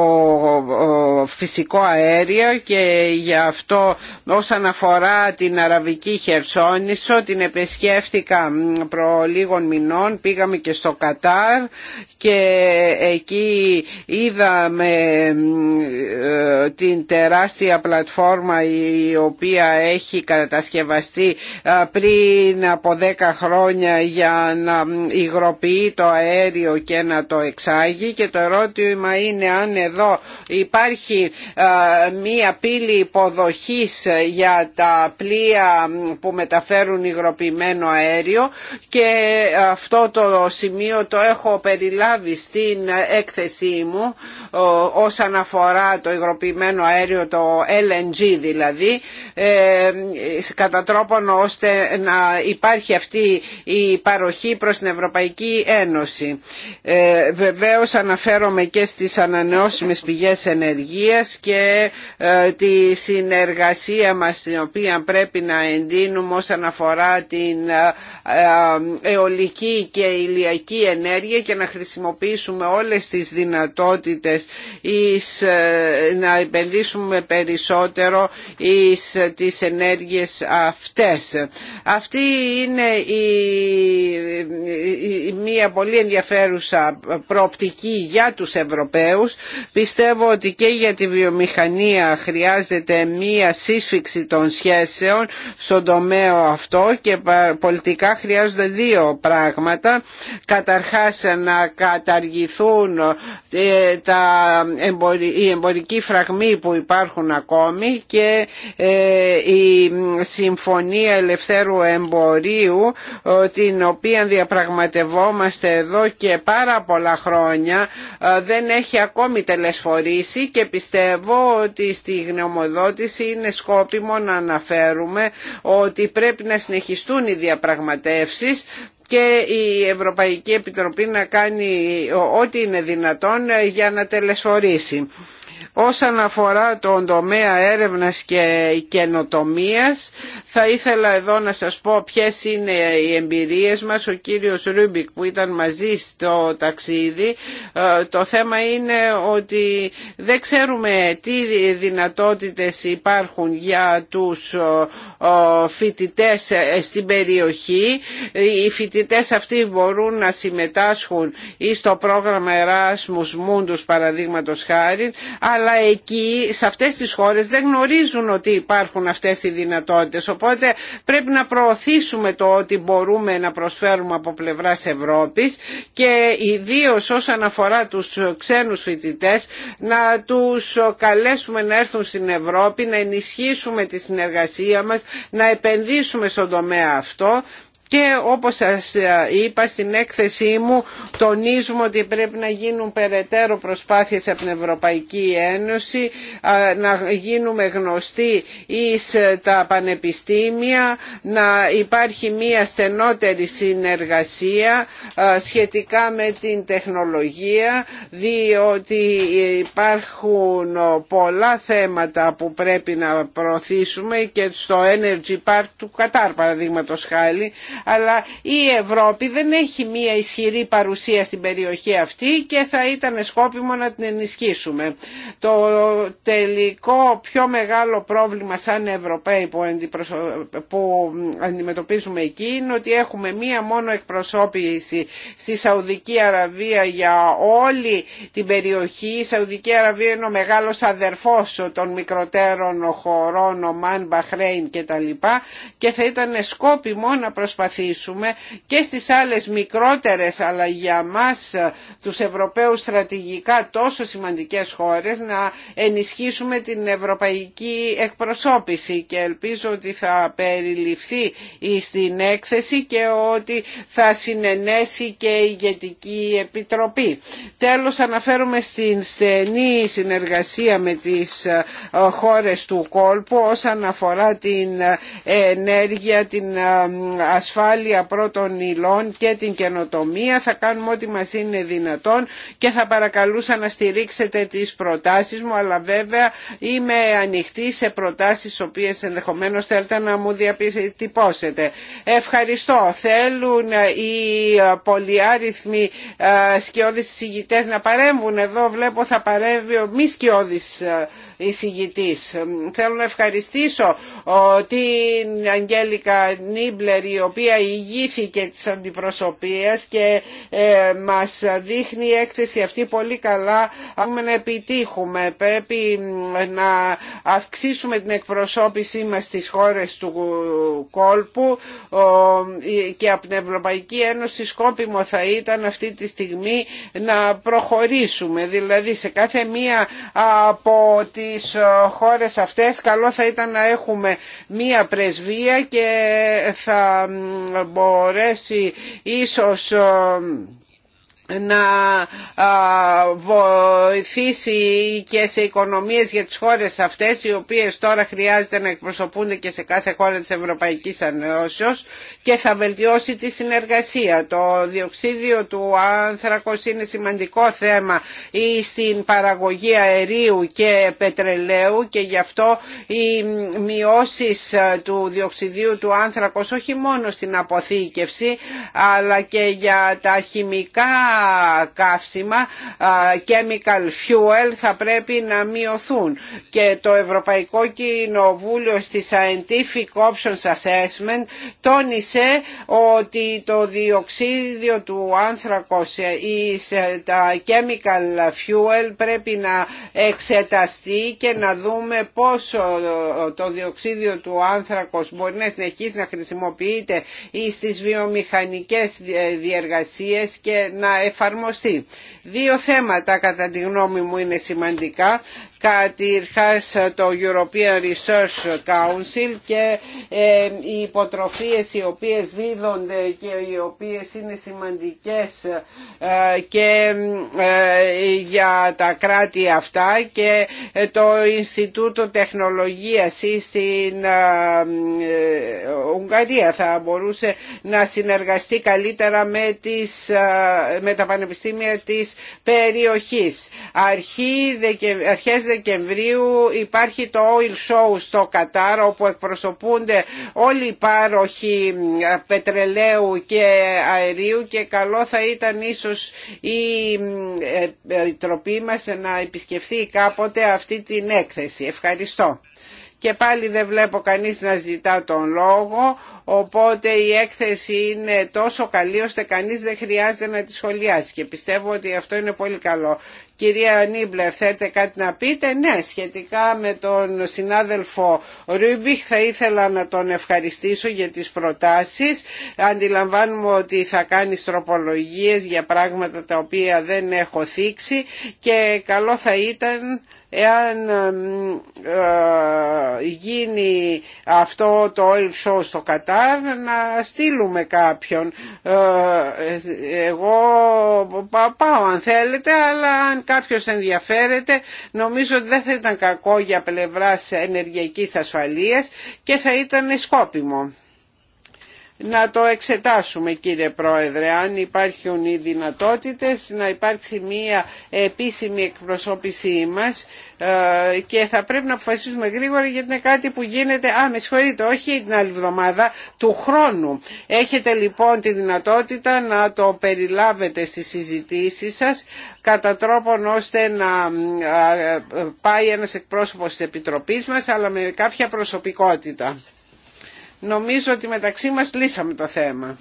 φυσικό αέριο και γι' αυτό όσον αφορά την Αραβική Χερσόνησο την επισκέφτηκα προ λίγων μηνών πήγαμε και στο Κατάρ και εκεί είδαμε ε, την τεράστια πλατφόρμα η οποία έχει κατασκευαστεί ε, πριν από 10 χρόνια για να υγροποιεί το αέριο και να το εξάγει και το ερώτημα είναι αν εδώ υπάρχει ε, μία πύλη υποδοχής για τα πλοία που μεταφέρουν υγροποιημένο αέριο και αυτό το σημείο το έχω περιλάβει στην έκθεσή μου όσον αφορά το υγροποιημένο αέριο, το LNG δηλαδή, ε, κατά τρόπον ώστε να υπάρχει αυτή η παροχή προς την Ευρωπαϊκή Ένωση. Ε, βεβαίως αναφέρομαι και στις ανανεώσιμες πηγές ενεργείας και ε, τη συνεργασία μας την οποία πρέπει να εντείνουμε όσον αφορά την αιωλική και ηλιακή ενέργεια και να χρησιμοποιήσουμε όλες τις δυνατότητες εις, ε, να επενδύσουμε περισσότερο εις ε, τις ενέργειες αυτές. Αυτή είναι η, μια πολύ ενδιαφέρουσα προοπτική για τους Ευρωπαίους. Πιστεύω ότι και για τη βιομηχανία χρειάζεται μια σύσφυξη των σχέσεων στον τομέα αυτό και πολιτικά χρειάζονται δύο πράγματα. Καταρχάς να καταργηθούν ε, τα οι εμπορικοί φραγμοί που υπάρχουν ακόμη και ε, η Συμφωνία Ελευθέρου Εμπορίου την οποία διαπραγματευόμαστε εδώ και πάρα πολλά χρόνια ε, δεν έχει ακόμη τελεσφορήσει και πιστεύω ότι στη γνωμοδότηση είναι σκόπιμο να αναφέρουμε ότι πρέπει να συνεχιστούν οι διαπραγματεύσεις και η Ευρωπαϊκή Επιτροπή να κάνει ό,τι είναι δυνατόν ε, για να τελεσφορήσει. Όσον αφορά τον τομέα έρευνας και καινοτομίας, θα ήθελα εδώ να σας πω ποιες είναι οι εμπειρίες μας. Ο κύριος Ρούμπικ που ήταν μαζί στο ταξίδι, ε, το θέμα είναι ότι δεν ξέρουμε τι δυνατότητες υπάρχουν για τους ε, ε, φοιτητές στην περιοχή. Οι φοιτητές αυτοί μπορούν να συμμετάσχουν ή στο πρόγραμμα Erasmus Mundus παραδείγματος χάρη, αλλά εκεί σε αυτές τις χώρες δεν γνωρίζουν ότι υπάρχουν αυτές οι δυνατότητες οπότε πρέπει να προωθήσουμε το ότι μπορούμε να προσφέρουμε από πλευράς Ευρώπης και ιδίω όσον αφορά τους ξένους φοιτητέ να τους καλέσουμε να έρθουν στην Ευρώπη να ενισχύσουμε τη συνεργασία μας να επενδύσουμε στον τομέα αυτό και όπως σας ε, είπα στην έκθεσή μου τονίζουμε ότι πρέπει να γίνουν περαιτέρω προσπάθειες από την Ευρωπαϊκή Ένωση να γίνουμε γνωστοί εις ε, τα πανεπιστήμια να υπάρχει μία στενότερη συνεργασία σχετικά με την τεχνολογία διότι υπάρχουν πολλά θέματα που πρέπει να προωθήσουμε και στο Energy Park του Κατάρ παραδείγματος χάρη αλλά η Ευρώπη δεν έχει μία ισχυρή παρουσία στην περιοχή αυτή και θα ήταν σκόπιμο να την ενισχύσουμε. Το τελικό πιο μεγάλο πρόβλημα σαν Ευρωπαίοι που αντιμετωπίζουμε εκεί είναι ότι έχουμε μία μόνο εκπροσώπηση στη Σαουδική Αραβία για όλη την περιοχή. Η Σαουδική Αραβία είναι ο μεγάλος αδερφός των μικροτέρων χωρών, ο Μαν, Μπαχρέιν κτλ. Και, και θα ήταν σκόπιμο να προσπαθήσουμε και στις άλλες μικρότερες αλλά για μας ε, τους Ευρωπαίους στρατηγικά τόσο σημαντικές χώρες να ενισχύσουμε την ευρωπαϊκή εκπροσώπηση και ελπίζω ότι θα περιληφθεί στην έκθεση και ότι θα συνενέσει και η ηγετική επιτροπή. Τέλος αναφέρουμε στην στενή συνεργασία με τις ε, χώρες του κόλπου όσον αφορά την ε, ενέργεια, την ασφάλεια ασφάλεια πρώτων υλών και την καινοτομία. Θα κάνουμε ό,τι μας είναι δυνατόν και θα παρακαλούσα να στηρίξετε τις προτάσεις μου, αλλά βέβαια είμαι ανοιχτή σε προτάσεις οποίες ενδεχομένως θέλετε να μου διατυπώσετε. Ευχαριστώ. Θέλουν οι πολυάριθμοι ε, σκιώδεις συγητές να παρέμβουν. Εδώ βλέπω θα παρέμβει ο μη σκιώδης ε, εισηγητής. Θέλω να ευχαριστήσω την Αγγέλικα Νίμπλερ η οποία οποία ηγήθηκε της αντιπροσωπείας και ε, μας δείχνει η έκθεση αυτή πολύ καλά αν να επιτύχουμε. Πρέπει να αυξήσουμε την εκπροσώπησή μας στις χώρες του κόλπου και από την Ευρωπαϊκή Ένωση σκόπιμο θα ήταν αυτή τη στιγμή να προχωρήσουμε. Δηλαδή σε κάθε μία από τις ε, χώρες αυτές καλό θα ήταν να έχουμε μία πρεσβεία και θα μπορέσει ίσως ε, να βοηθήσει και σε οικονομίες για τις χώρες αυτές οι οποίες τώρα χρειάζεται να εκπροσωπούνται και σε κάθε χώρα της Ευρωπαϊκής Ανώσεως και θα βελτιώσει τη συνεργασία. Το διοξίδιο του άνθρακος είναι σημαντικό θέμα ή στην παραγωγή αερίου και πετρελαίου και γι' αυτό οι μειώσεις του διοξιδίου του άνθρακος όχι μόνο στην αποθήκευση αλλά και για τα χημικά καύσιμα, chemical fuel, θα πρέπει να μειωθούν. Και το Ευρωπαϊκό Κοινοβούλιο στη Scientific Options Assessment τόνισε ότι το διοξίδιο του άνθρακος ή ε, τα chemical fuel πρέπει να εξεταστεί και να δούμε πόσο ε, το διοξίδιο του άνθρακος μπορεί να συνεχίσει να χρησιμοποιείται ή στις βιομηχανικές ε, διεργασίες και να εφαρμοστεί. Δύο θέματα κατά τη γνώμη μου είναι σημαντικά κατήρχας ε, το European Research Council και ε, οι υποτροφίες οι οποίες δίδονται και οι οποίες είναι σημαντικές ε, και για τα κράτη αυτά και το Ινστιτούτο Τεχνολογίας στην Ουγγαρία θα μπορούσε να συνεργαστεί καλύτερα με, τις, με τα πανεπιστήμια της περιοχής. Αρχή, Δεκεμβρίου υπάρχει το Oil Show στο Κατάρ όπου εκπροσωπούνται όλοι οι πάροχοι πετρελαίου και αερίου και καλό θα ήταν ίσως ε, ε, η τροπή μας να επισκεφθεί κάποτε αυτή την έκθεση. Ευχαριστώ και πάλι δεν βλέπω κανείς να ζητά τον λόγο οπότε η έκθεση είναι τόσο καλή ώστε κανείς δεν χρειάζεται να τη σχολιάσει και πιστεύω ότι αυτό είναι πολύ καλό. Κυρία Νίμπλερ, θέλετε κάτι να πείτε. Ναι, σχετικά με τον συνάδελφο Ρούμπιχ θα ήθελα να τον ευχαριστήσω για τις προτάσεις. Αντιλαμβάνουμε ότι θα κάνει τροπολογίες για πράγματα τα οποία δεν έχω θίξει και καλό θα ήταν εάν ε, γίνει αυτό το oil show στο Κατάρ να στείλουμε κάποιον ε, εγώ πάω αν θέλετε αλλά αν κάποιος ενδιαφέρεται νομίζω ότι δεν θα ήταν κακό για πλευράς ενεργειακής ασφαλείας και θα ήταν σκόπιμο να το εξετάσουμε κύριε Πρόεδρε αν υπάρχουν οι δυνατότητες να υπάρξει μία επίσημη εκπροσώπησή μας ε, και θα πρέπει να αποφασίσουμε γρήγορα γιατί είναι κάτι που γίνεται, α με συγχωρείτε, όχι την άλλη εβδομάδα, του χρόνου. Έχετε λοιπόν τη δυνατότητα να το περιλάβετε στις συζητήσεις σας κατά τρόπον ώστε να ε, ε, πάει ένας εκπρόσωπος της Επιτροπής μας αλλά με κάποια προσωπικότητα. Νομίζω ότι μεταξύ μας λύσαμε το θέμα.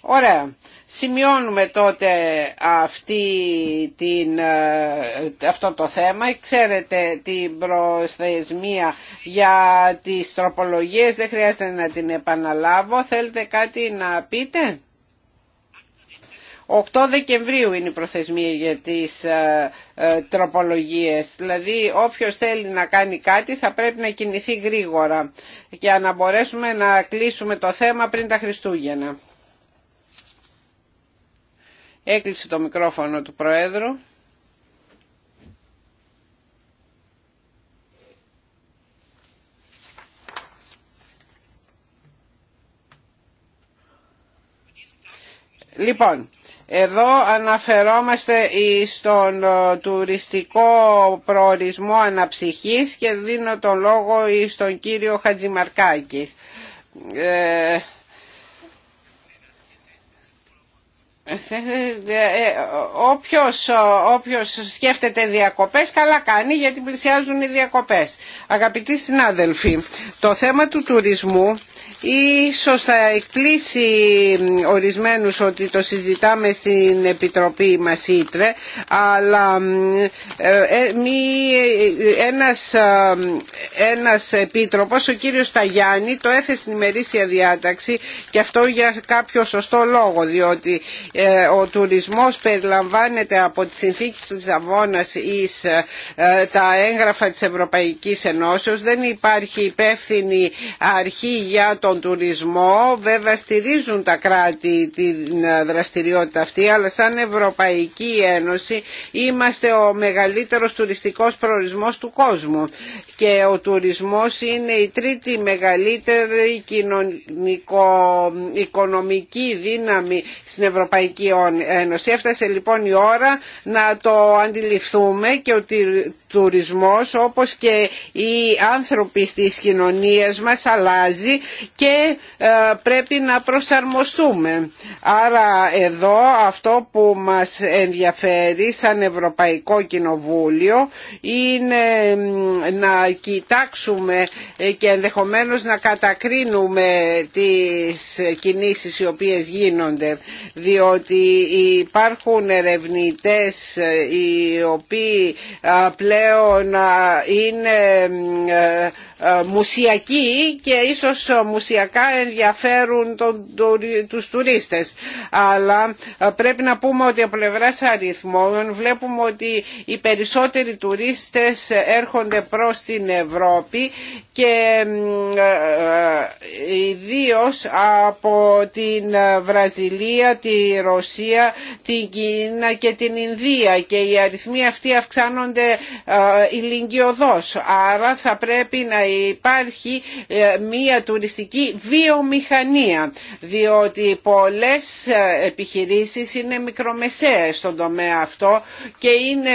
Ωραία. Σημειώνουμε τότε αυτή την, ε, αυτό το θέμα. Ξέρετε την προσθεσμία για τις τροπολογίες, δεν χρειάζεται να την επαναλάβω. Θέλετε κάτι να πείτε. 8 Δεκεμβρίου είναι η προθεσμία για τις ε, ε, τροπολογίες. Δηλαδή όποιος θέλει να κάνει κάτι θα πρέπει να κινηθεί γρήγορα για να μπορέσουμε να κλείσουμε το θέμα πριν τα Χριστούγεννα. Έκλεισε το μικρόφωνο του Προέδρου. Λοιπόν, εδώ αναφερόμαστε στον ε, τουριστικό προορισμό αναψυχής και δίνω τον λόγο στον κύριο Χατζημαρκάκη. Ε, ε, όποιος, όποιος σκέφτεται διακοπές καλά κάνει γιατί πλησιάζουν οι διακοπές. Αγαπητοί συνάδελφοι, το θέμα του τουρισμού Ίσως θα εκπλήσει ορισμένους ότι το συζητάμε στην Επιτροπή μας Ήτρε, αλλά ε, ε, μη, ε, ένας, ένας επίτροπος, ο κύριος Ταγιάννη, το έθεσε στην ημερήσια διάταξη και αυτό για κάποιο σωστό λόγο, διότι ο τουρισμός περιλαμβάνεται από τις συνθήκες της Λισαβόνας εις τα έγγραφα της Ευρωπαϊκής Ενώσεως. Δεν υπάρχει υπεύθυνη αρχή για τον τουρισμό βέβαια στηρίζουν τα κράτη την ε, δραστηριότητα αυτή αλλά σαν Ευρωπαϊκή Ένωση είμαστε ο μεγαλύτερος τουριστικός προορισμός του κόσμου και ο τουρισμός είναι η τρίτη κοινωνικο-οικονομική δύναμη στην Ευρωπαϊκή Ένωση. Έφτασε λοιπόν η ώρα να το αντιληφθούμε και ότι τουρισμός όπως και οι άνθρωποι στις κοινωνίες μας αλλάζει και ε, πρέπει να προσαρμοστούμε. Άρα εδώ αυτό που μας ενδιαφέρει σαν Ευρωπαϊκό Κοινοβούλιο είναι να κοιτάξουμε και ενδεχομένως να κατακρίνουμε τις κινήσεις οι οποίες γίνονται διότι υπάρχουν ερευνητές ε, οι οποίοι ε, πλέον πλέον είναι ε, ε, μουσιακοί και ίσως μουσιακά ενδιαφέρουν τον, τους τουρίστες. Αλλά ε, πρέπει να πούμε ότι από πλευρά αριθμών βλέπουμε ότι οι περισσότεροι τουρίστες έρχονται προς την Ευρώπη και ε, ιδίω από την Βραζιλία, τη Ρωσία, την Κίνα και την Ινδία και οι αριθμοί αυτοί αυξάνονται ηλικιωδώς. Άρα θα πρέπει να υπάρχει ε, μια τουριστική βιομηχανία διότι πολλές ε, επιχειρήσεις είναι μικρομεσαίες στον τομέα αυτό και είναι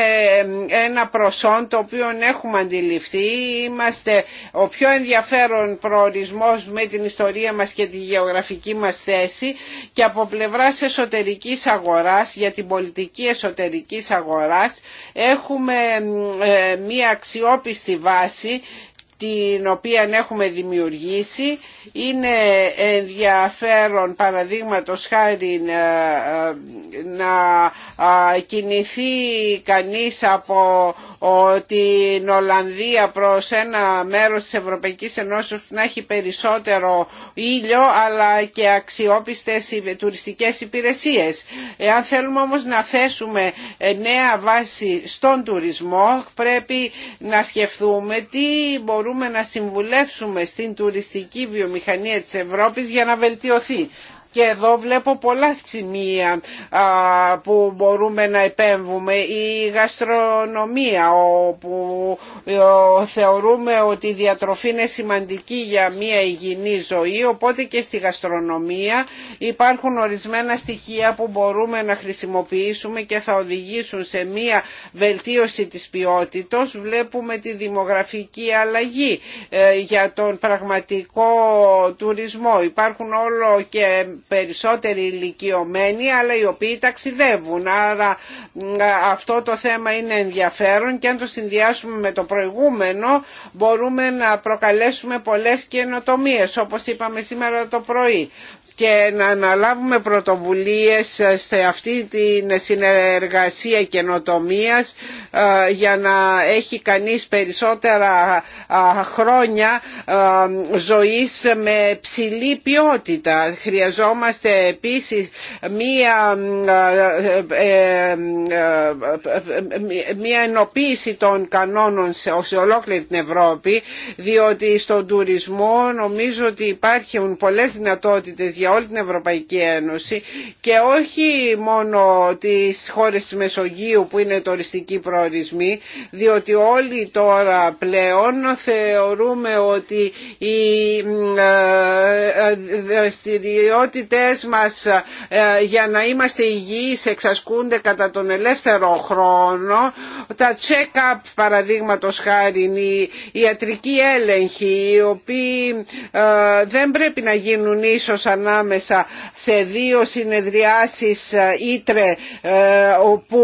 ε, ένα προσόν το οποίο έχουμε αντιληφθεί είμαστε ο πιο ενδιαφέρον προορισμός με την ιστορία μας και τη γεωγραφική μας θέση και από πλευράς εσωτερικής αγοράς για την πολιτική εσωτερικής αγοράς έχουμε μια αξιόπιστη βάση την οποία έχουμε δημιουργήσει. Είναι ενδιαφέρον παραδείγματο χάρη να, να κινηθεί κανείς από ότι την Ολλανδία προς ένα μέρος της Ευρωπαϊκής Ενώσης να έχει περισσότερο ήλιο αλλά και αξιόπιστες τουριστικές υπηρεσίες. Εάν θέλουμε όμως να θέσουμε ε, νέα βάση στον τουρισμό πρέπει να σκεφτούμε τι μπορούμε να συμβουλεύσουμε στην τουριστική βιομηχανία της Ευρώπης για να βελτιωθεί και εδώ βλέπω πολλά σημεία που μπορούμε να επέμβουμε. Η γαστρονομία όπου θεωρούμε ότι η διατροφή είναι σημαντική για μια υγιεινή ζωή οπότε και στη γαστρονομία υπάρχουν ορισμένα στοιχεία που μπορούμε να χρησιμοποιήσουμε και θα οδηγήσουν σε μια βελτίωση της ποιότητος. Βλέπουμε τη δημογραφική αλλαγή ε, για τον πραγματικό τουρισμό. Υπάρχουν όλο και περισσότεροι ηλικιωμένοι αλλά οι οποίοι ταξιδεύουν. Άρα αυτό το θέμα είναι ενδιαφέρον και αν το συνδυάσουμε με το προηγούμενο μπορούμε να προκαλέσουμε πολλές καινοτομίες όπως είπαμε σήμερα το πρωί και να αναλάβουμε πρωτοβουλίες σε αυτή την συνεργασία καινοτομία ε, για να έχει κανείς περισσότερα χρόνια ε, ζωής με ψηλή ποιότητα. Χρειαζόμαστε επίσης μία, ε, μία ενοποίηση των κανόνων σε ολόκληρη την Ευρώπη διότι στον τουρισμό νομίζω ότι υπάρχουν πολλές δυνατότητες για όλη την Ευρωπαϊκή Ένωση και όχι μόνο τις χώρες της Μεσογείου που είναι τοριστικοί προορισμοί διότι όλοι τώρα πλέον θεωρούμε ότι οι ε, δραστηριότητες μας ε, για να είμαστε υγιείς εξασκούνται κατά τον ελεύθερο χρόνο τα check-up παραδείγματος χάρη η ιατρική έλεγχη οι οποίοι ε, δεν πρέπει να γίνουν ίσως ανά ανάμεσα σε δύο συνεδριάσεις ε, ήτρε ε, όπου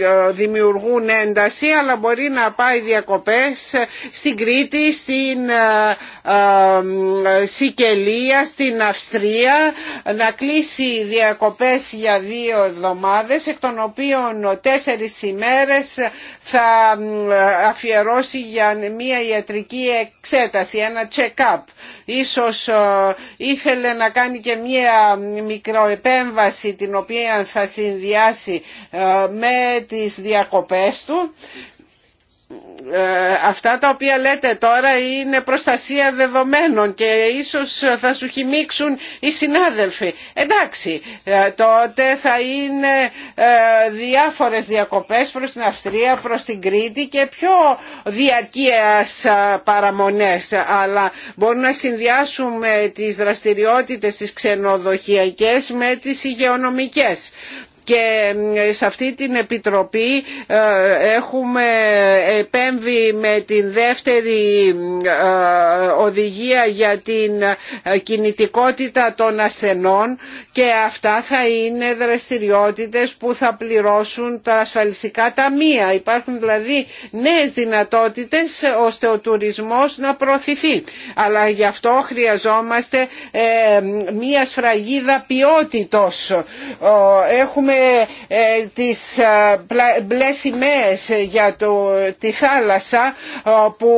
ε, δημιουργούν ένταση αλλά μπορεί να πάει διακοπές στην Κρήτη, στην Σικελία, στην Αυστρία να κλείσει διακοπές για δύο εβδομάδες εκ των οποίων τέσσερις ημέρες θα αφιερώσει για μια ιατρική εξέταση, ένα check-up. Ίσως ήθελε να κάνει κάνει και μία μικροεπέμβαση την οποία θα συνδυάσει ε, με τις διακοπές του ε, αυτά τα οποία λέτε τώρα είναι προστασία δεδομένων και ίσως θα σου χυμίξουν οι συνάδελφοι. Εντάξει, ε, τότε θα είναι ε, διάφορες διακοπές προς την Αυστρία, προς την Κρήτη και πιο διαρκείας παραμονές. Αλλά μπορούμε να συνδυάσουμε τις δραστηριότητες τις ξενοδοχειακές με τις υγειονομικές και σε αυτή την Επιτροπή ε, έχουμε επέμβει με την δεύτερη ε, οδηγία για την ε, κινητικότητα των ασθενών και αυτά θα είναι δραστηριότητες που θα πληρώσουν τα ασφαλιστικά ταμεία. Υπάρχουν δηλαδή νέες δυνατότητες ώστε ο τουρισμός να προωθηθεί. Αλλά γι' αυτό χρειαζόμαστε μία σφραγίδα ποιότητος. Έχουμε ε, τις ε, μπλε σημαίες για το, τη θάλασσα ε, που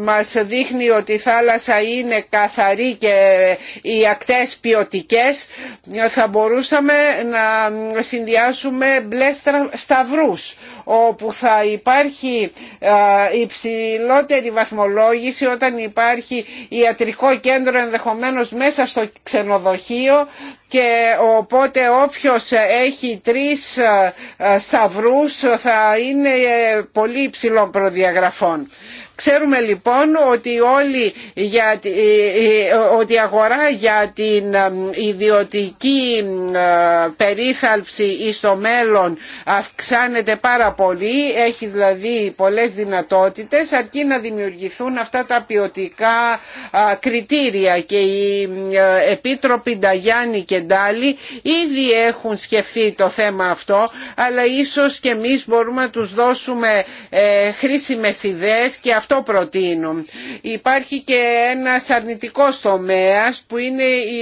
μας δείχνει ότι η θάλασσα είναι καθαρή και οι ακτές ποιοτικέ, θα μπορούσαμε να συνδυάσουμε μπλε σταυρούς όπου θα υπάρχει υψηλότερη βαθμολόγηση όταν υπάρχει ιατρικό κέντρο ενδεχομένως μέσα στο ξενοδοχείο και οπότε όποιος έχει τρεις σταυρούς θα είναι πολύ υψηλών προδιαγραφών. Ξέρουμε λοιπόν ότι, όλη, ε, ε, η αγορά για την ε, ιδιωτική περίθαλψη στο μέλλον αυξάνεται πάρα πολύ, έχει δηλαδή πολλές δυνατότητες αρκεί να δημιουργηθούν αυτά τα ποιοτικά κριτήρια και οι επίτροποι Νταγιάννη και Ντάλι ήδη έχουν σκεφτεί το θέμα αυτό αλλά ίσως και εμείς μπορούμε να τους δώσουμε χρήσιμες ιδέες και αυτό αυτό προτείνω. Υπάρχει και ένας αρνητικός τομέας που είναι η,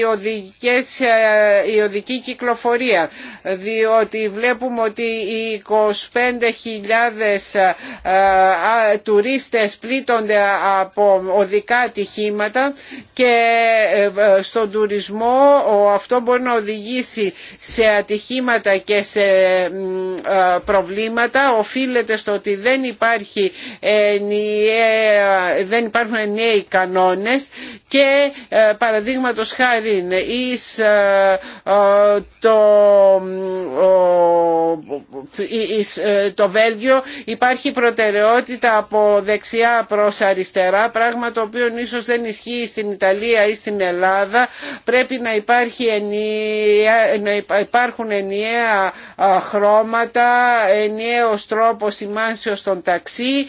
ε, η οδική κυκλοφορία διότι βλέπουμε ότι οι 25.000 ε, τουρίστες πλήττονται από οδικά ατυχήματα και ε, στον τουρισμό αυτό μπορεί να οδηγήσει σε ατυχήματα και σε προβλήματα οφείλεται στο ότι δεν υπάρχει ενιαία δεν υπάρχουν νέοι κανόνες και ε, παραδείγματος χάρη είναι ε, ε, το, το Βέλγιο υπάρχει προτεραιότητα από δεξιά προς αριστερά πράγμα το οποίο ίσως δεν ισχύει στην Ιταλία ή στην Ελλάδα πρέπει να, υπάρχει ενιαία, να υπάρχουν ενιαία χρώματα ενιαίος τρόπος σημάνσεως των ταξί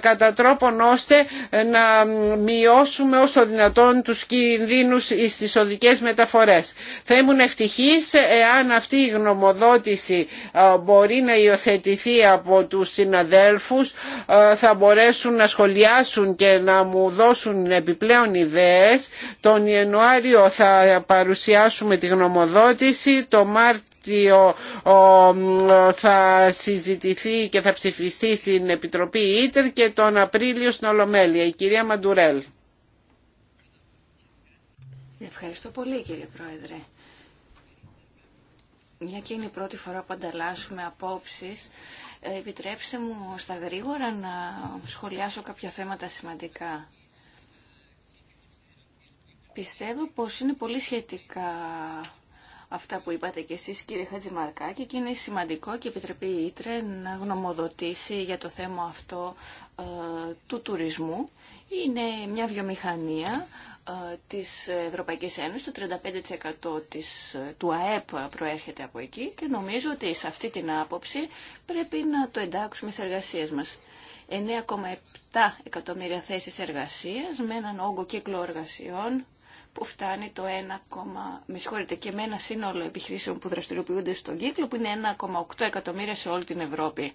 κατά τρόπο ώστε ε, να μειώσουμε όσο δυνατόν τους κινδύνους στις οδικές μεταφορές. Θα ήμουν ευτυχής εάν αυτή η γνωμοδότηση ε, μπορεί να υιοθετηθεί από τους συναδέλφους, ε, θα μπορέσουν να σχολιάσουν και να μου δώσουν επιπλέον ιδέες. Τον Ιανουάριο θα παρουσιάσουμε τη γνωμοδότηση, το Μάρτιο ο θα συζητηθεί και θα ψηφιστεί στην Επιτροπή Ίτερ και τον Απρίλιο στην Ολομέλεια. Η κυρία Μαντουρέλ. Ευχαριστώ πολύ κύριε Πρόεδρε. Μια και είναι η πρώτη φορά που ανταλλάσσουμε απόψεις, ε, επιτρέψτε μου στα γρήγορα να σχολιάσω κάποια θέματα σημαντικά. Πιστεύω πως είναι πολύ σχετικά αυτά που είπατε και εσείς κύριε Χατζημαρκάκη και είναι σημαντικό και επιτρεπεί η Ήτρε να γνωμοδοτήσει για το θέμα αυτό ε, του τουρισμού. Είναι μια βιομηχανία ε, της Ευρωπαϊκής Ένωσης, το 35% της, ε, του ΑΕΠ προέρχεται από εκεί και νομίζω ότι σε αυτή την άποψη πρέπει να το εντάξουμε στις εργασίες μας. 9,7 εκατομμύρια θέσεις εργασίας με έναν όγκο κύκλο εργασιών που φτάνει το 1, με συγχωρείτε, και με ένα σύνολο επιχειρήσεων που δραστηριοποιούνται στον κύκλο που είναι 1,8 εκατομμύρια σε όλη την Ευρώπη.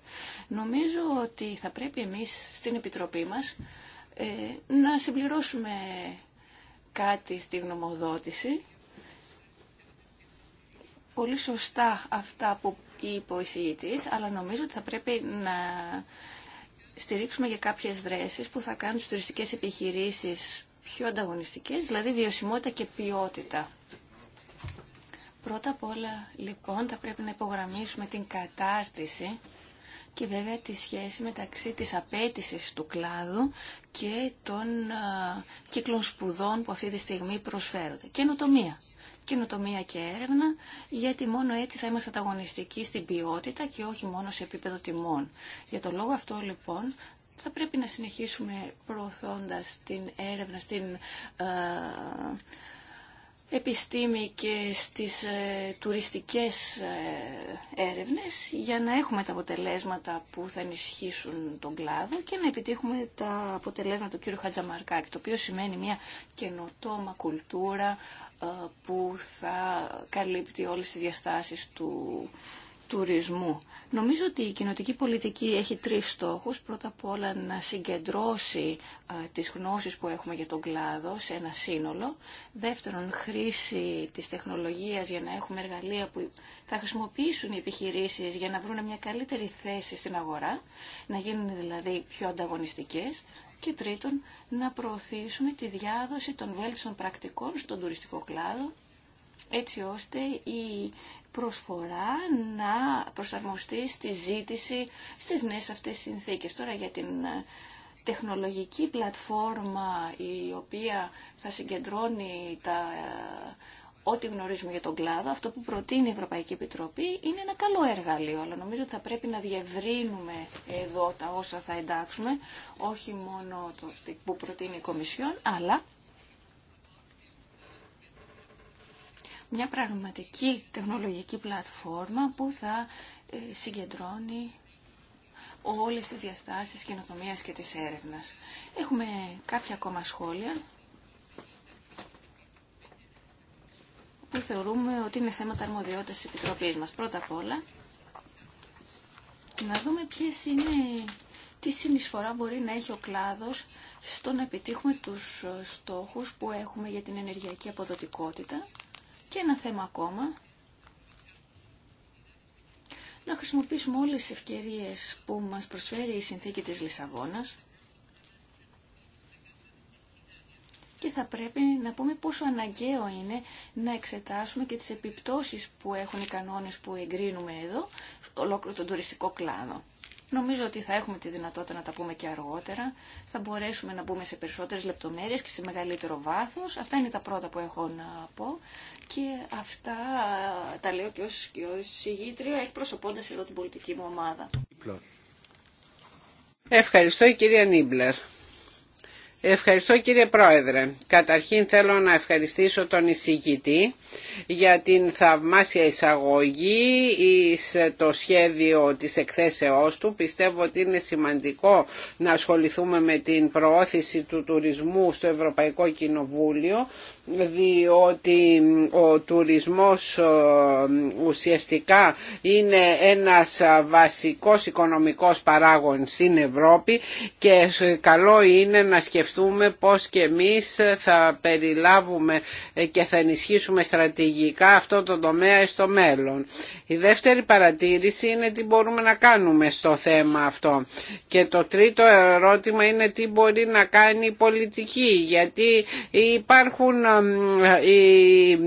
Νομίζω ότι θα πρέπει εμείς στην Επιτροπή μας ε, να συμπληρώσουμε κάτι στη γνωμοδότηση. Πολύ σωστά αυτά που είπε ο εισηγητής, αλλά νομίζω ότι θα πρέπει να στηρίξουμε για κάποιες δράσεις που θα κάνουν τις τουριστικές επιχειρήσεις πιο ανταγωνιστικές, δηλαδή βιωσιμότητα και ποιότητα. Πρώτα απ' όλα, λοιπόν, θα πρέπει να υπογραμμίσουμε την κατάρτιση και βέβαια τη σχέση μεταξύ της απέτησης του κλάδου και των κύκλων σπουδών που αυτή τη στιγμή προσφέρονται. Καινοτομία. Καινοτομία και έρευνα, γιατί μόνο έτσι θα είμαστε ανταγωνιστικοί στην ποιότητα και όχι μόνο σε επίπεδο τιμών. Για τον λόγο αυτό λοιπόν θα πρέπει να συνεχίσουμε προωθώντας την έρευνα στην ε, επιστήμη και στις ε, τουριστικές ε, έρευνες για να έχουμε τα αποτελέσματα που θα ενισχύσουν τον κλάδο και να επιτύχουμε τα αποτελέσματα του κύριου Χατζαμαρκάκη, το οποίο σημαίνει μια καινοτόμα κουλτούρα ε, που θα καλύπτει όλες τις διαστάσεις του τουρισμού. Νομίζω ότι η κοινοτική πολιτική έχει τρεις στόχους. Πρώτα απ' όλα να συγκεντρώσει α, τις γνώσεις που έχουμε για τον κλάδο σε ένα σύνολο. Δεύτερον, χρήση της τεχνολογίας για να έχουμε εργαλεία που θα χρησιμοποιήσουν οι επιχειρήσεις για να βρουν μια καλύτερη θέση στην αγορά, να γίνουν δηλαδή πιο ανταγωνιστικές. Και τρίτον, να προωθήσουμε τη διάδοση των βέλτιστων πρακτικών στον τουριστικό κλάδο έτσι ώστε η προσφορά να προσαρμοστεί στη ζήτηση στις νέες αυτές συνθήκες. Τώρα για την ε, τεχνολογική πλατφόρμα η οποία θα συγκεντρώνει τα ε, ό,τι γνωρίζουμε για τον κλάδο, αυτό που προτείνει η Ευρωπαϊκή Επιτροπή είναι ένα καλό εργαλείο, αλλά νομίζω ότι θα πρέπει να διευρύνουμε εδώ τα όσα θα εντάξουμε, όχι μόνο το που προτείνει η Κομισιόν, αλλά μια πραγματική τεχνολογική πλατφόρμα που θα ε, συγκεντρώνει όλες τις διαστάσεις καινοτομία και της έρευνας. Έχουμε κάποια ακόμα σχόλια που θεωρούμε ότι είναι θέματα αρμοδιότητας της Επιτροπής μας. Πρώτα απ' όλα, να δούμε ποιες είναι, τι συνεισφορά μπορεί να έχει ο κλάδος στο να επιτύχουμε τους ε, στόχους που έχουμε για την ενεργειακή αποδοτικότητα και ένα θέμα ακόμα, να χρησιμοποιήσουμε όλες τις ευκαιρίες που μας προσφέρει η συνθήκη της Λισαβόνας και θα πρέπει να πούμε πόσο αναγκαίο είναι να εξετάσουμε και τις επιπτώσεις που έχουν οι κανόνες που εγκρίνουμε εδώ, ολόκληρο τον τουριστικό κλάδο. Νομίζω ότι θα έχουμε τη δυνατότητα να τα πούμε και αργότερα. Θα μπορέσουμε να μπούμε σε περισσότερες λεπτομέρειες και σε μεγαλύτερο βάθος. Αυτά είναι τα πρώτα που έχω να πω. Και αυτά τα λέω και ως, και ως συγγήτρια εκπροσωπώντας εδώ την πολιτική μου ομάδα. Ευχαριστώ η κυρία Νίμπλερ. Ευχαριστώ κύριε Πρόεδρε. Καταρχήν θέλω να ευχαριστήσω τον εισηγητή για την θαυμάσια εισαγωγή σε το σχέδιο της εκθέσεώς του. Πιστεύω ότι είναι σημαντικό να ασχοληθούμε με την προώθηση του τουρισμού στο Ευρωπαϊκό Κοινοβούλιο διότι ο τουρισμός ουσιαστικά είναι ένας βασικός οικονομικός παράγων στην Ευρώπη και καλό είναι να σκεφτούμε πως και εμείς θα περιλάβουμε και θα ενισχύσουμε στρατηγικά αυτό το τομέα στο μέλλον. Η δεύτερη παρατήρηση είναι τι μπορούμε να κάνουμε στο θέμα αυτό και το τρίτο ερώτημα είναι τι μπορεί να κάνει η πολιτική γιατί υπάρχουν ε, οι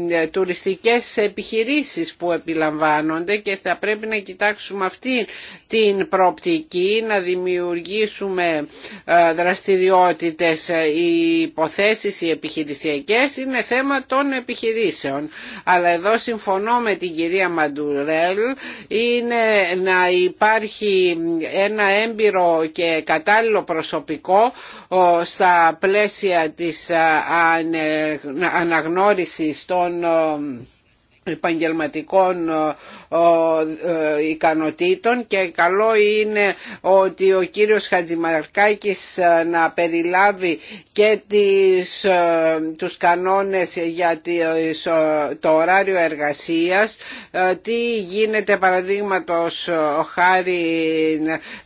ε, τουριστικές επιχειρήσεις που επιλαμβάνονται και θα πρέπει να κοιτάξουμε αυτή την προοπτική, να δημιουργήσουμε ε, δραστηριότητες. Οι υποθέσεις, οι επιχειρησιακές είναι θέμα των επιχειρήσεων. Αλλά εδώ συμφωνώ με την κυρία Μαντουρέλ, είναι να υπάρχει ένα έμπειρο και κατάλληλο προσωπικό στα πλαίσια της αναγνώριση των ε, επαγγελματικών ε, ε, ικανοτήτων και καλό είναι ότι ο κύριος Χατζημαρκάκης ε, να περιλάβει και τις, ε, τους κανόνες για το ωράριο εργασίας τι γίνεται παραδείγματος χάρη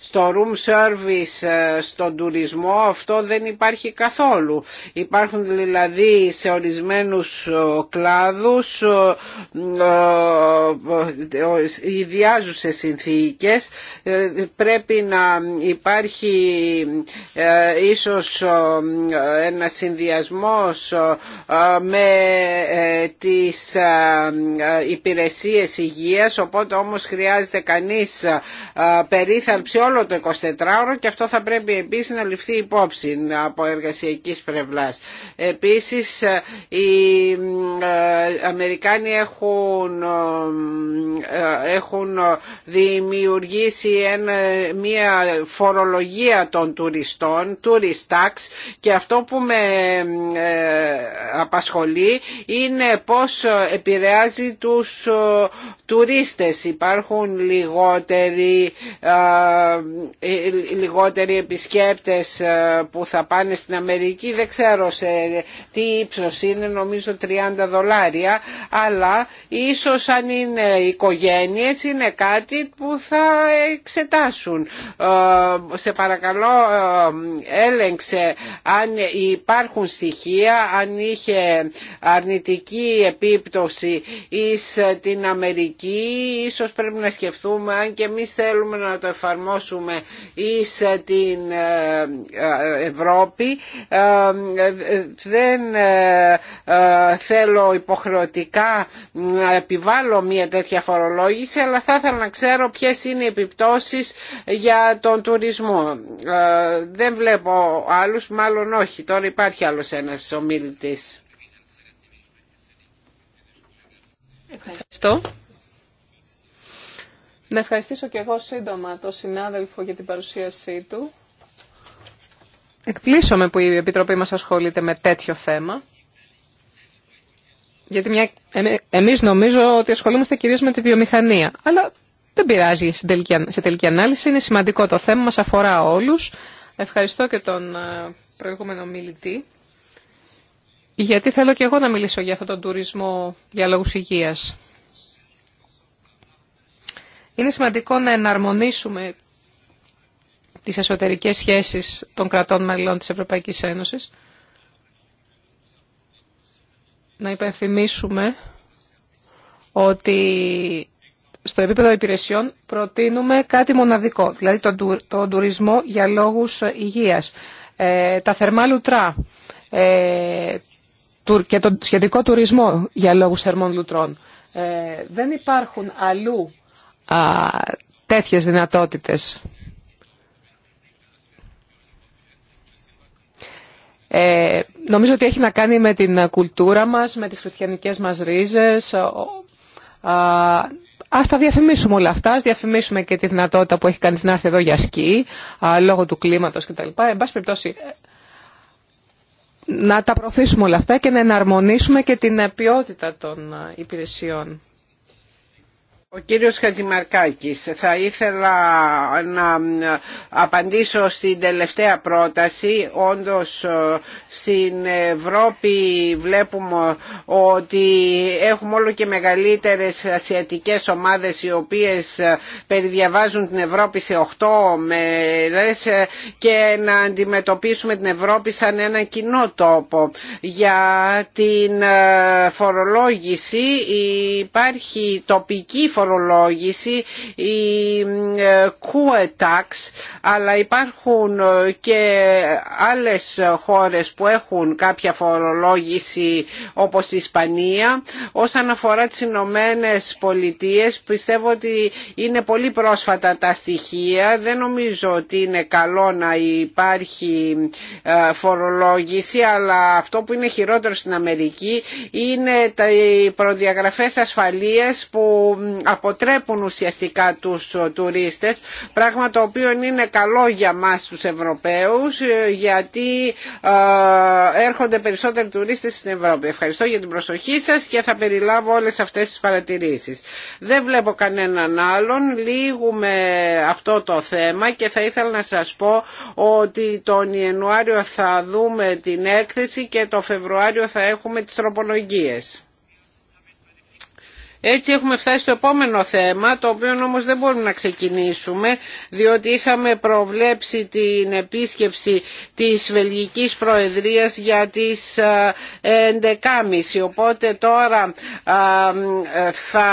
στο room service στον τουρισμό αυτό δεν υπάρχει καθόλου υπάρχουν δηλαδή σε ορισμένους κλάδους ε, οι διάζουσες συνθήκες ε, πρέπει να υπάρχει ε, ίσως ένα συνδυασμός με τις υπηρεσίες υγείας οπότε όμως χρειάζεται κανείς περίθαλψη όλο το 24ωρο και αυτό θα πρέπει επίσης να ληφθεί υπόψη από εργασιακής πλευράς. Επίσης οι Αμερικάνοι έχουν ε, έχουν ε, δημιουργήσει ε, μια φορολογία των τουριστών, tourist και αυτό που με απασχολεί είναι πώς επηρεάζει τους τουρίστες. Υπάρχουν λιγότεροι, λιγότεροι επισκέπτες που θα πάνε στην Αμερική, δεν ξέρω σε τι ύψος είναι, νομίζω 30 δολάρια, αλλά ίσως αν είναι οικογένεια είναι κάτι που θα εξετάσουν. Ε, σε παρακαλώ ε, έλεγξε αν υπάρχουν στοιχεία, αν είχε αρνητική επίπτωση εις την Αμερική, ίσως πρέπει να σκεφτούμε αν και εμείς θέλουμε να το εφαρμόσουμε εις την ε, Ευρώπη. Δεν θέλω υποχρεωτικά να επιβάλλω μια τέτοια φορολογία αλλά θα ήθελα να ξέρω ποιες είναι οι επιπτώσεις για τον τουρισμό. Ε, δεν βλέπω άλλους, μάλλον όχι. Τώρα υπάρχει άλλος ένας ομίλητης. Ευχαριστώ. Να ευχαριστήσω και εγώ σύντομα τον συνάδελφο για την παρουσίασή του. με που η Επιτροπή μας ασχολείται με τέτοιο θέμα γιατί μια, εμείς νομίζω ότι ασχολούμαστε κυρίως με τη βιομηχανία. Αλλά δεν πειράζει σε τελική, σε τελική ανάλυση, είναι σημαντικό το θέμα, μας αφορά όλους. Ευχαριστώ και τον ε, προηγούμενο μιλητή, γιατί θέλω και εγώ να μιλήσω για αυτόν τον τουρισμό για λόγους υγείας. Είναι σημαντικό να εναρμονίσουμε τις εσωτερικές σχέσεις των κρατών μελών της Ευρωπαϊκής Ένωσης να υπενθυμίσουμε ότι στο επίπεδο υπηρεσιών προτείνουμε κάτι μοναδικό, δηλαδή τον, του, τουρισμό για λόγους ε, υγείας, ε, τα θερμά λουτρά ε, και τον σχετικό τουρισμό για λόγους θερμών λουτρών. δεν υπάρχουν αλλού α, τέτοιες δυνατότητες. Ε, νομίζω ότι έχει να κάνει με την κουλτούρα μας, με τις χριστιανικές μας ρίζες. Ας τα διαφημίσουμε όλα αυτά, ας διαφημίσουμε και τη δυνατότητα που έχει κάνει να έρθει εδώ για σκι, λόγω του κλίματος κτλ. Εν πάση περιπτώσει, ε, να τα προωθήσουμε όλα αυτά και να εναρμονίσουμε και την ποιότητα των ε, υπηρεσιών. Ο κύριος Χατζημαρκάκης, θα ήθελα να απαντήσω στην τελευταία πρόταση. Όντως στην Ευρώπη βλέπουμε ότι έχουμε όλο και μεγαλύτερες ασιατικές ομάδες οι οποίες περιδιαβάζουν την Ευρώπη σε 8 μέρες και να αντιμετωπίσουμε την Ευρώπη σαν ένα κοινό τόπο. Για την φορολόγηση υπάρχει τοπική φορολόγηση φορολόγηση, η ε, e αλλά υπάρχουν ε, και άλλες χώρες που έχουν κάποια φορολόγηση όπως η Ισπανία. Όσον αφορά τις Ηνωμένε Πολιτείε πιστεύω ότι είναι πολύ πρόσφατα τα στοιχεία. Δεν νομίζω ότι είναι καλό να υπάρχει ε, φορολόγηση αλλά αυτό που είναι χειρότερο στην Αμερική είναι τα προδιαγραφές ασφαλείας που αποτρέπουν ουσιαστικά τους ε, τουρίστες, πράγμα το οποίο είναι καλό για μας τους Ευρωπαίους, ε, γιατί ε, έρχονται περισσότεροι τουρίστες στην Ευρώπη. Ευχαριστώ για την προσοχή σας και θα περιλάβω όλες αυτές τις παρατηρήσεις. Δεν βλέπω κανέναν άλλον, λίγουμε αυτό το θέμα και θα ήθελα να σας πω ότι τον Ιανουάριο θα δούμε την έκθεση και το Φεβρουάριο θα έχουμε τις τροπολογίες. Έτσι έχουμε φτάσει στο επόμενο θέμα, το οποίο όμως δεν μπορούμε να ξεκινήσουμε, διότι είχαμε προβλέψει την επίσκεψη της Βελγικής Προεδρίας για τις 11.30. Οπότε τώρα θα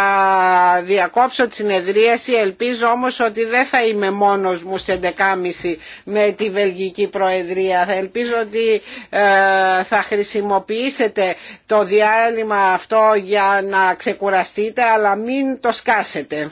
διακόψω τη συνεδρίαση, ελπίζω όμως ότι δεν θα είμαι μόνος μου σε 11.30 με τη Βελγική Προεδρία. Θα ελπίζω ότι θα χρησιμοποιήσετε το διάλειμμα αυτό για να ξεκουραστείτε σκεφτείτε αλλά μην το σκάσετε.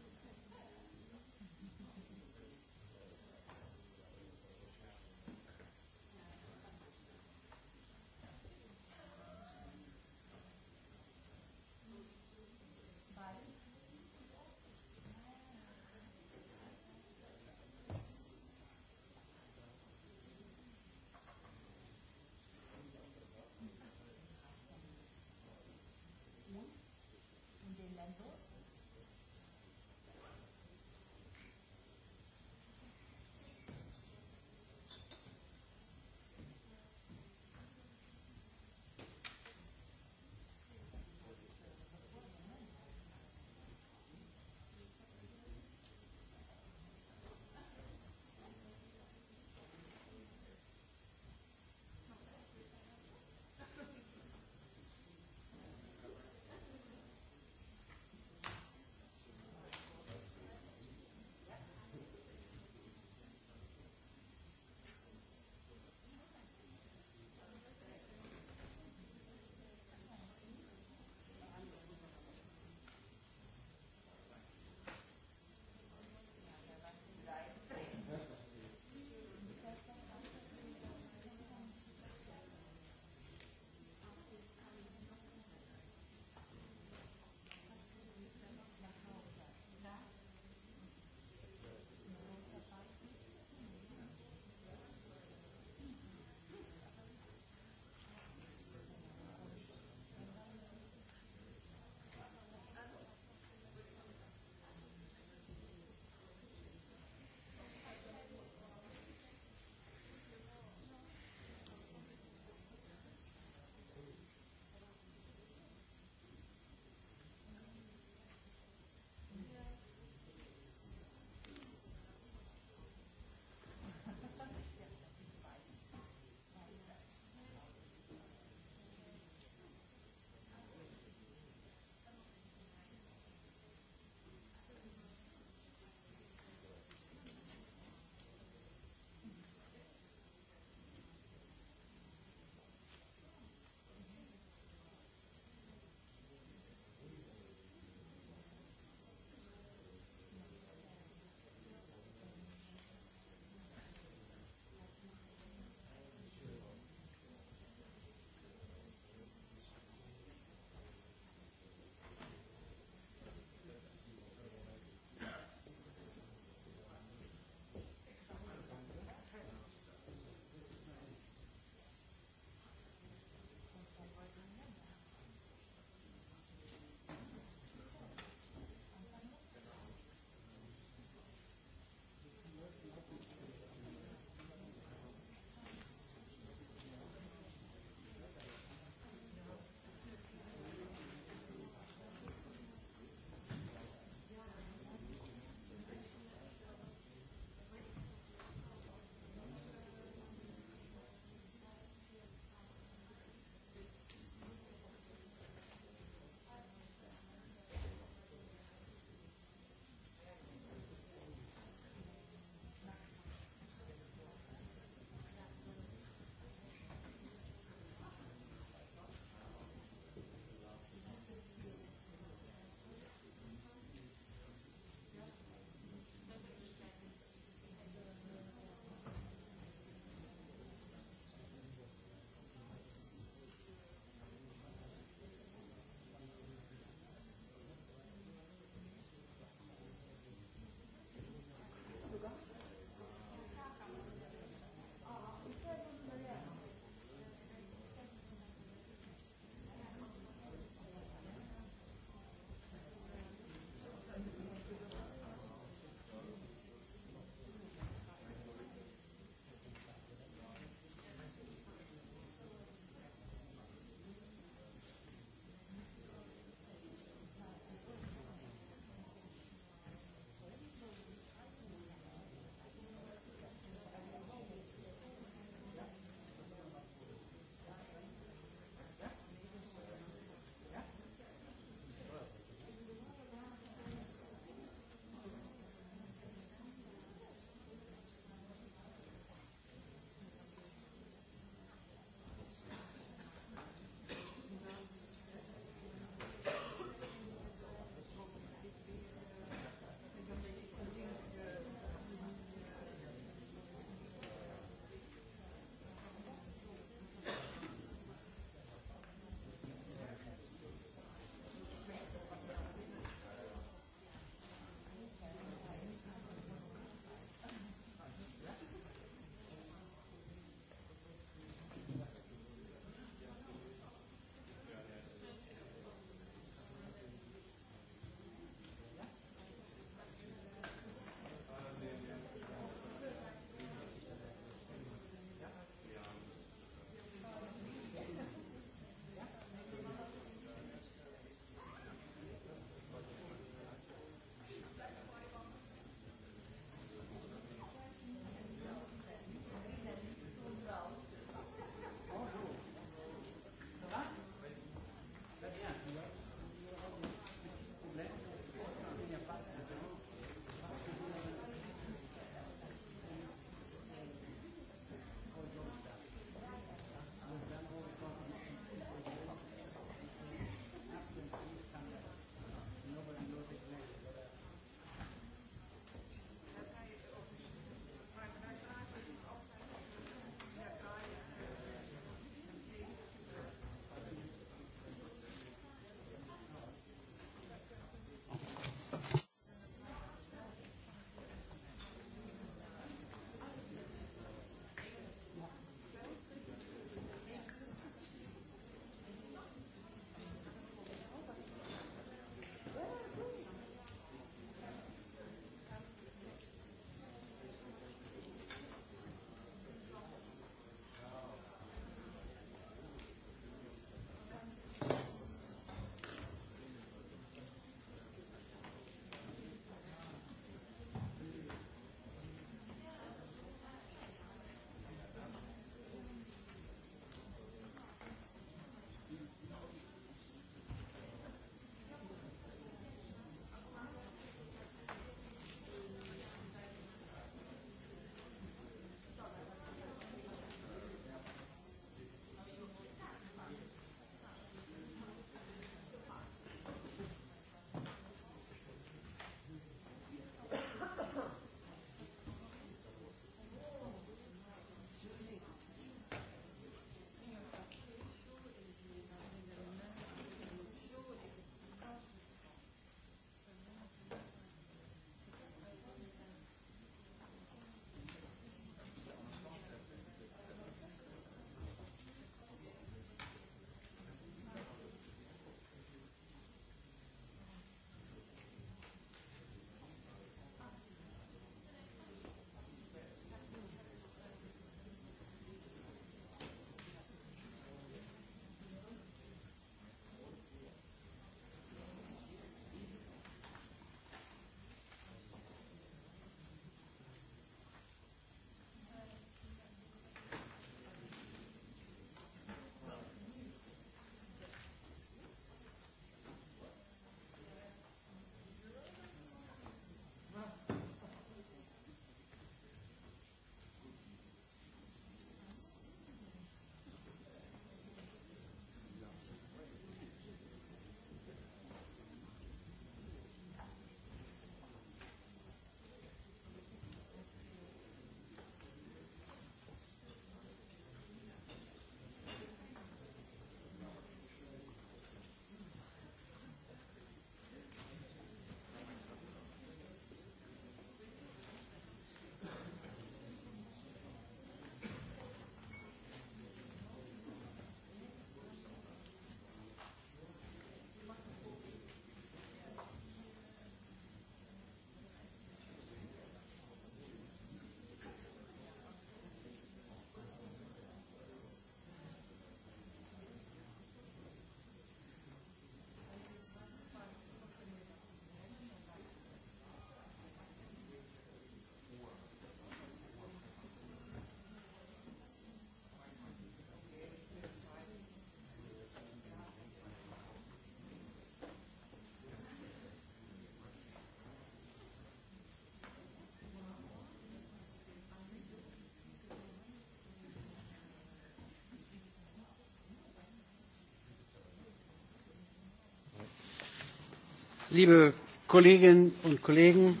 Liebe Kolleginnen und Kollegen,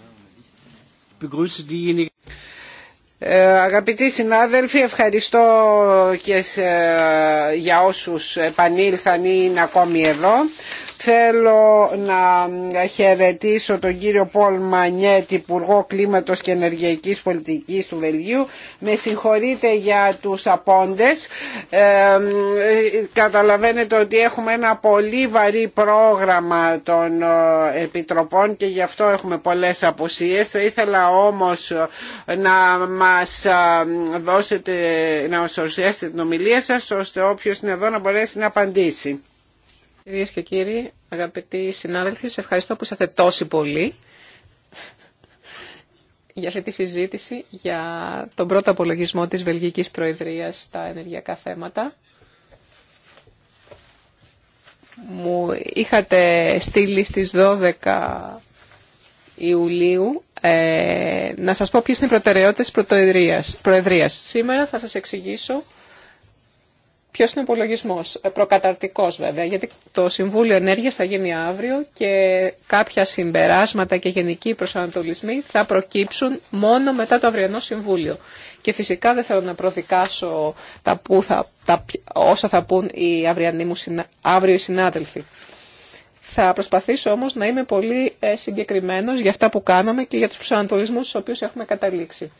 begrüße diejenigen. Ε, αγαπητοί συνάδελφοι, ευχαριστώ και σε, ε, για όσους επανήλθαν ή είναι ακόμη εδώ. Θέλω να χαιρετήσω τον κύριο Πολ Μανιέτ, Υπουργό Κλίματος και Ενεργειακής Πολιτικής του Βελγίου. Με συγχωρείτε για τους απόντες. Ε, καταλαβαίνετε ότι έχουμε ένα πολύ βαρύ πρόγραμμα των ε, επιτροπών και γι' αυτό έχουμε πολλές απουσίες. Θα ήθελα όμως να μας ε, δώσετε, να μας την ομιλία σας ώστε όποιος είναι εδώ να μπορέσει να απαντήσει. Κυρίε και κύριοι, αγαπητοί συνάδελφοι, σε ευχαριστώ που είσαστε τόσοι πολλοί για αυτή τη συζήτηση για τον πρώτο απολογισμό της Βελγικής Προεδρίας στα ενεργειακά θέματα. Μου είχατε στείλει στις 12 Ιουλίου ε, να σας πω ποιες είναι οι προτεραιότητες της Προεδρίας. Σήμερα θα σας εξηγήσω Ποιο είναι ο υπολογισμό, ε, προκαταρτικό βέβαια, γιατί το Συμβούλιο Ενέργεια θα γίνει αύριο και κάποια συμπεράσματα και γενικοί προσανατολισμοί θα προκύψουν μόνο μετά το αυριανό Συμβούλιο. Και φυσικά δεν θέλω να προδικάσω τα που θα, τα, όσα θα πούν οι αυριανοί μου αύριο οι συνάδελφοι. Θα προσπαθήσω όμω να είμαι πολύ ε, συγκεκριμένο για αυτά που κάναμε και για του προσανατολισμούς στου οποίου έχουμε καταλήξει.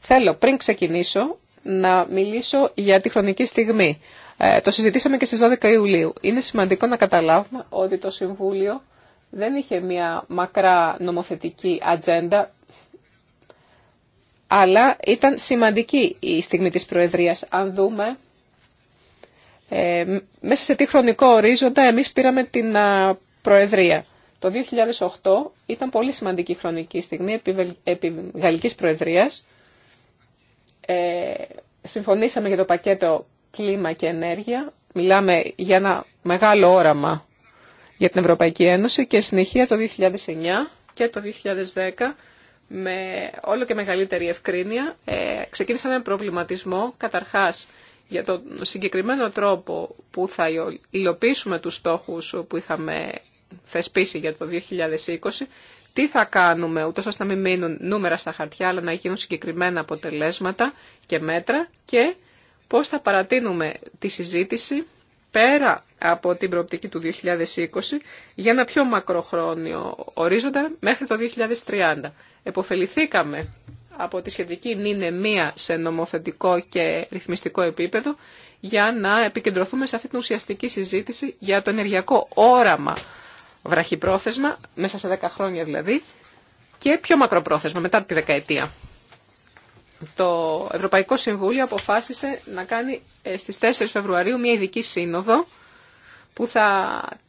Θέλω πριν ξεκινήσω να μιλήσω για τη χρονική στιγμή. Ε, το συζητήσαμε και στις 12 Ιουλίου. Είναι σημαντικό να καταλάβουμε ότι το Συμβούλιο δεν είχε μια μακρά νομοθετική ατζέντα, αλλά ήταν σημαντική η στιγμή της Προεδρίας. Αν δούμε, ε, μέσα σε τι χρονικό ορίζοντα εμείς πήραμε την Προεδρία. Το 2008 ήταν πολύ σημαντική χρονική στιγμή επί Γαλλικής Προεδρίας ε, συμφωνήσαμε για το πακέτο κλίμα και ενέργεια. Μιλάμε για ένα μεγάλο όραμα για την Ευρωπαϊκή Ένωση και συνεχεία το 2009 και το 2010 με όλο και μεγαλύτερη ευκρίνεια ε, ξεκίνησαμε προβληματισμό καταρχάς για τον συγκεκριμένο τρόπο που θα υλοποιήσουμε τους στόχους που είχαμε θεσπίσει για το 2020 τι θα κάνουμε, ούτω ώστε να μην μείνουν νούμερα στα χαρτιά, αλλά να γίνουν συγκεκριμένα αποτελέσματα και μέτρα και πώς θα παρατείνουμε τη συζήτηση πέρα από την προοπτική του 2020 για ένα πιο μακροχρόνιο ορίζοντα μέχρι το 2030. Εποφεληθήκαμε από τη σχετική νυνεμία σε νομοθετικό και ρυθμιστικό επίπεδο για να επικεντρωθούμε σε αυτή την ουσιαστική συζήτηση για το ενεργειακό όραμα βραχυπρόθεσμα, μέσα σε 10 χρόνια δηλαδή, και πιο μακροπρόθεσμα, μετά από τη δεκαετία. Το Ευρωπαϊκό Συμβούλιο αποφάσισε να κάνει ε, στις 4 Φεβρουαρίου μια ειδική σύνοδο που θα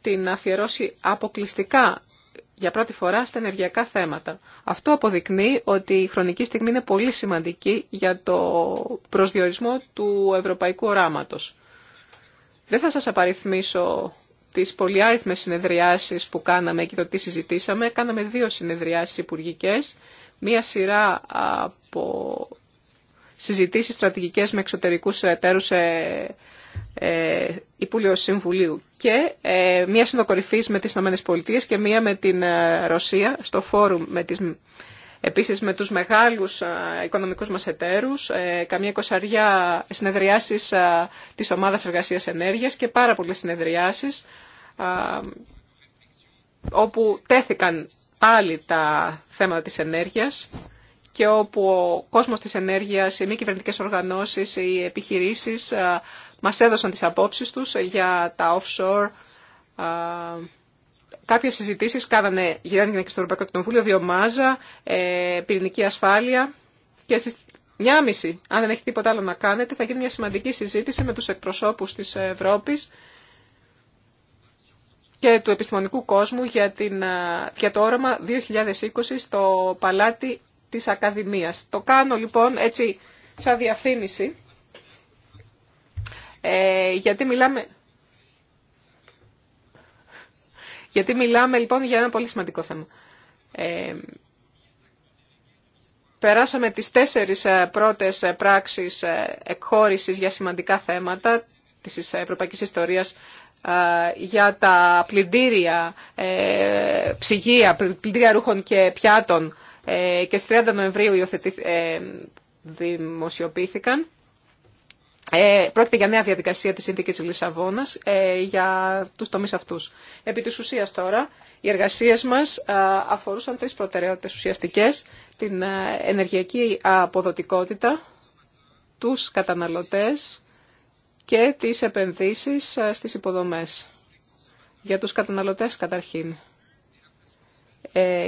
την αφιερώσει αποκλειστικά για πρώτη φορά στα ενεργειακά θέματα. Αυτό αποδεικνύει ότι η χρονική στιγμή είναι πολύ σημαντική για το προσδιορισμό του ευρωπαϊκού οράματος. Δεν θα σας απαριθμίσω τις πολυάριθμες συνεδριάσεις που κάναμε και το τι συζητήσαμε, κάναμε δύο συνεδριάσεις υπουργικέ, μία σειρά από συζητήσεις στρατηγικές με εξωτερικούς εταίρους σε ε, Συμβουλίου και ε, μία συνδοκορυφής με τις ΗΠΑ και μία με την ε, Ρωσία στο φόρουμ με τις Επίσης με τους μεγάλους οικονομικούς μας εταίρους, ε, καμία κοσαριά συνεδριάσεις της Ομάδας Εργασίας Ενέργειας και πάρα πολλές συνεδριάσεις όπου τέθηκαν πάλι τα θέματα της ενέργειας και όπου ο κόσμος της ενέργειας, οι μη κυβερνητικέ οργανώσεις, οι επιχειρήσεις μας έδωσαν τις απόψεις τους για τα offshore Κάποιε συζητήσεις κάνανε, γυράνε και στο Ευρωπαϊκό Κοινοβούλιο, βιομάζα, ε, πυρηνική ασφάλεια και στι μια μισή, αν δεν έχει τίποτα άλλο να κάνετε, θα γίνει μια σημαντική συζήτηση με του εκπροσώπου της Ευρώπης και του επιστημονικού κόσμου για, την, για το όραμα 2020 στο Παλάτι της Ακαδημίας. Το κάνω λοιπόν έτσι σαν διαφήμιση, ε, γιατί μιλάμε... Γιατί μιλάμε λοιπόν για ένα πολύ σημαντικό θέμα. Ε, περάσαμε τις τέσσερις ε, πρώτες ε, πράξεις ε, εκχώρησης για σημαντικά θέματα της ευρωπαϊκής ιστορίας για τα πλυντήρια, ψυγεία, πλυντήρια ρούχων και πιάτων και στις 30 Νοεμβρίου δημοσιοποιήθηκαν. Ε, πρόκειται για νέα διαδικασία της Σύνδικης της ε, για τους τομείς αυτούς. Επί της ουσίας τώρα, οι εργασίες μας ε, αφορούσαν τρεις προτεραιότητες ουσιαστικές, την ε, ενεργειακή αποδοτικότητα, τους καταναλωτές και τις επενδύσεις στις υποδομές. Για τους καταναλωτές καταρχήν.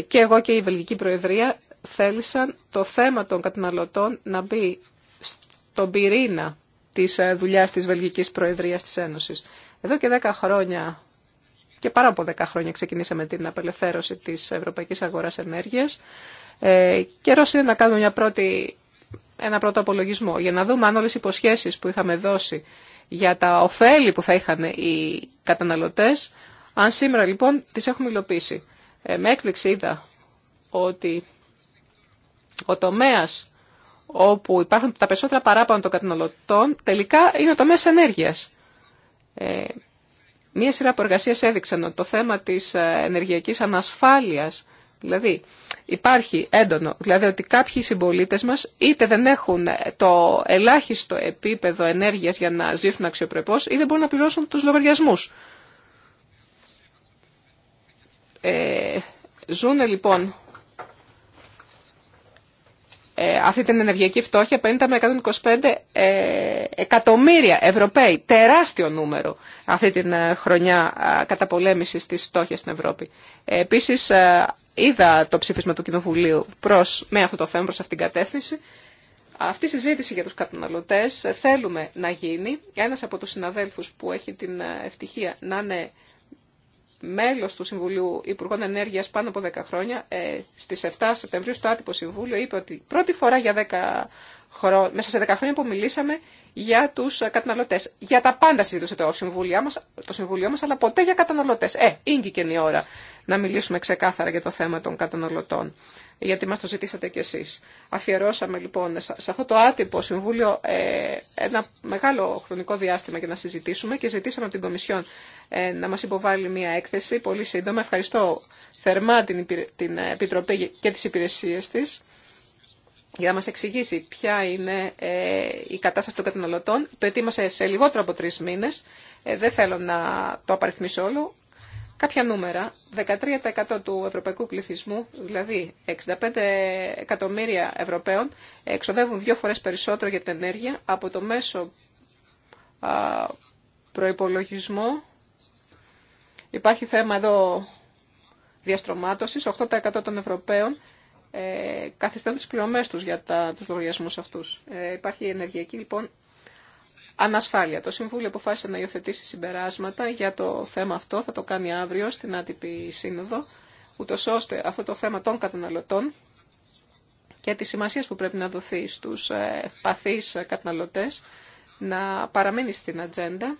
Και εγώ και η Βελγική Προεδρία θέλησαν το θέμα των καταναλωτών να μπει στον πυρήνα Τη ε, δουλειά της Βελγικής Προεδρίας της Ένωσης. Εδώ και 10 χρόνια και πάρα από 10 χρόνια ξεκινήσαμε την απελευθέρωση της Ευρωπαϊκής Αγοράς Ενέργειας. Ε, Καιρό είναι να κάνουμε μια πρώτη, ένα πρώτο απολογισμό για να δούμε αν όλε οι υποσχέσει που είχαμε δώσει για τα ωφέλη που θα είχαν οι καταναλωτές, αν σήμερα λοιπόν τι έχουμε υλοποιήσει. Ε, με έκπληξη είδα ότι ο τομέας όπου υπάρχουν τα περισσότερα παράπονα των καταναλωτών, τελικά είναι το μέσο ενέργειας. Ε, μία σειρά από εργασίε έδειξαν ότι το θέμα της ε, ενεργειακής ανασφάλεια. δηλαδή υπάρχει έντονο, δηλαδή ότι κάποιοι συμπολίτε μας είτε δεν έχουν ε, το ελάχιστο επίπεδο ενέργειας για να ζήσουν αξιοπρεπώς είτε δεν μπορούν να πληρώσουν του λογαριασμού. Ε, λοιπόν ε, αυτή την ενεργειακή φτώχεια 50 με 125 ε, εκατομμύρια Ευρωπαίοι. Τεράστιο νούμερο αυτή την ε, χρονιά καταπολέμησης της φτώχειας στην Ευρώπη. Επίσης είδα το ψήφισμα του Κοινοβουλίου προς, με αυτό το θέμα προς αυτήν την κατεύθυνση. Αυτή η συζήτηση για τους καταναλωτές θέλουμε να γίνει. Ένας από τους συναδέλφους που έχει την ευτυχία να είναι Μέλο του Συμβουλίου Υπουργών Ενέργεια πάνω από 10 χρόνια, ε, στις 7 Σεπτεμβρίου στο Άτυπο Συμβούλιο είπε ότι πρώτη φορά για 10 μέσα σε δεκα χρόνια που μιλήσαμε για του καταναλωτέ. Για τα πάντα συζητούσε το Συμβούλιο μας, το συμβούλιο μας αλλά ποτέ για καταναλωτέ. Ε, είναι και η ώρα να μιλήσουμε ξεκάθαρα για το θέμα των καταναλωτών, γιατί μα το ζητήσατε κι εσεί. Αφιερώσαμε λοιπόν σε αυτό το άτυπο Συμβούλιο ε, ένα μεγάλο χρονικό διάστημα για να συζητήσουμε και ζητήσαμε από την Κομισιόν ε, να μα υποβάλει μια έκθεση πολύ σύντομα. Ευχαριστώ θερμά την Επιτροπή και τι υπηρεσίε τη για να μας εξηγήσει ποια είναι ε, η κατάσταση των καταναλωτών. Το ετοίμασε σε λιγότερο από τρεις μήνες. Ε, δεν θέλω να το απαριθμίσω όλο. Κάποια νούμερα. 13% του ευρωπαϊκού πληθυσμού, δηλαδή 65 εκατομμύρια Ευρωπαίων, εξοδεύουν δύο φορές περισσότερο για την ενέργεια από το μέσο προϋπολογισμό. Υπάρχει θέμα εδώ διαστρωμάτωσης. 8% των Ευρωπαίων ε, καθιστάνε τις πληρωμές τους για τα, τους λογαριασμούς αυτούς. Ε, υπάρχει ενεργειακή λοιπόν ανασφάλεια. Το Συμβούλιο αποφάσισε να υιοθετήσει συμπεράσματα για το θέμα αυτό. Θα το κάνει αύριο στην άτυπη σύνοδο, ούτω ώστε αυτό το θέμα των καταναλωτών και τη σημασία που πρέπει να δοθεί στους ε, ευπαθείς καταναλωτές να παραμείνει στην ατζέντα.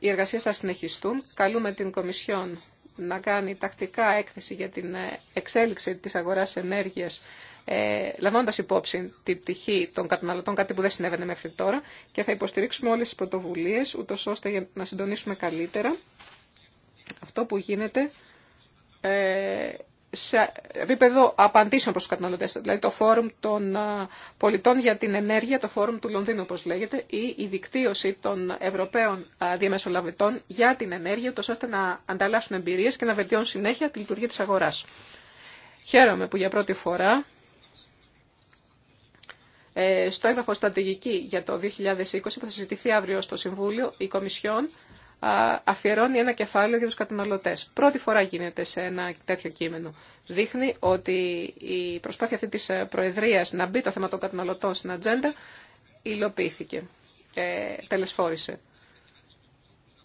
Οι εργασίες θα συνεχιστούν. Καλούμε την Κομισιόν να κάνει τακτικά έκθεση για την ε, εξέλιξη της αγοράς ενέργειας ε, λαμβάνοντα υπόψη την πτυχή των καταναλωτών, κάτι που δεν συνέβαινε μέχρι τώρα, και θα υποστηρίξουμε όλες τις πρωτοβουλίε, ούτω ώστε να συντονίσουμε καλύτερα αυτό που γίνεται ε, σε επίπεδο απαντήσεων προς του καταναλωτές, δηλαδή το φόρουμ των πολιτών για την ενέργεια, το φόρουμ του Λονδίνου όπως λέγεται, ή η δικτύωση των Ευρωπαίων διαμεσολαβητών για την ενέργεια, τόσο ώστε να ανταλλάσσουν εμπειρίες και να βελτιώνουν συνέχεια τη λειτουργία της αγοράς. Χαίρομαι που για πρώτη φορά ε, στο έγγραφο στρατηγική για το 2020 που θα συζητηθεί αύριο στο Συμβούλιο, η Κομισιόν αφιερώνει ένα κεφάλαιο για τους καταναλωτές. Πρώτη φορά γίνεται σε ένα τέτοιο κείμενο. Δείχνει ότι η προσπάθεια αυτή της ε, Προεδρίας να μπει το θέμα των καταναλωτών στην ατζέντα υλοποιήθηκε, ε, τελεσφόρησε.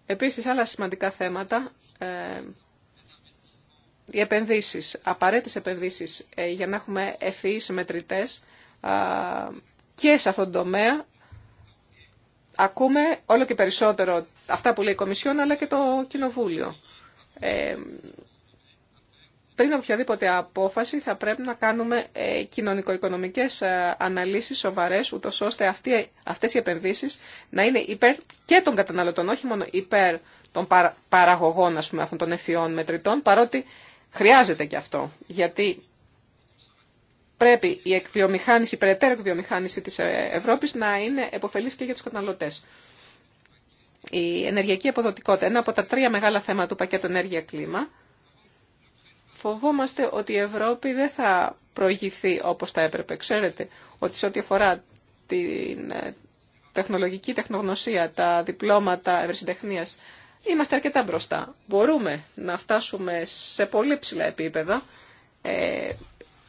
Επίσης, άλλα σημαντικά θέματα, ε, οι επενδύσεις, απαραίτητες επενδύσεις ε, για να έχουμε ευφυείς μετρητές και σε αυτόν τον τομέα ακούμε όλο και περισσότερο αυτά που λέει η Κομισιόν αλλά και το Κοινοβούλιο. Ε, πριν οποιαδήποτε απόφαση θα πρέπει να κάνουμε ε, κοινωνικο-οικονομικές ε, αναλύσεις σοβαρές, ούτως ώστε αυτοί, αυτές οι επενδύσεις να είναι υπέρ και των καταναλωτών, όχι μόνο υπέρ των παραγωγών ας πούμε, αυτών των εφιών μετρητών, παρότι χρειάζεται και αυτό, γιατί πρέπει η εκβιομηχάνηση, η περαιτέρω εκβιομηχάνηση της ε, Ευρώπης να είναι επωφελής και για τους καταναλωτές. Η ενεργειακή αποδοτικότητα, ένα από τα τρία μεγάλα θέματα του πακέτου ενέργεια-κλίμα, φοβόμαστε ότι η Ευρώπη δεν θα προηγηθεί όπως θα έπρεπε. Ξέρετε ότι σε ό,τι αφορά την ε, τεχνολογική τεχνογνωσία, τα διπλώματα ευρεσιτεχνίας, είμαστε αρκετά μπροστά. Μπορούμε να φτάσουμε σε πολύ ψηλά επίπεδα ε,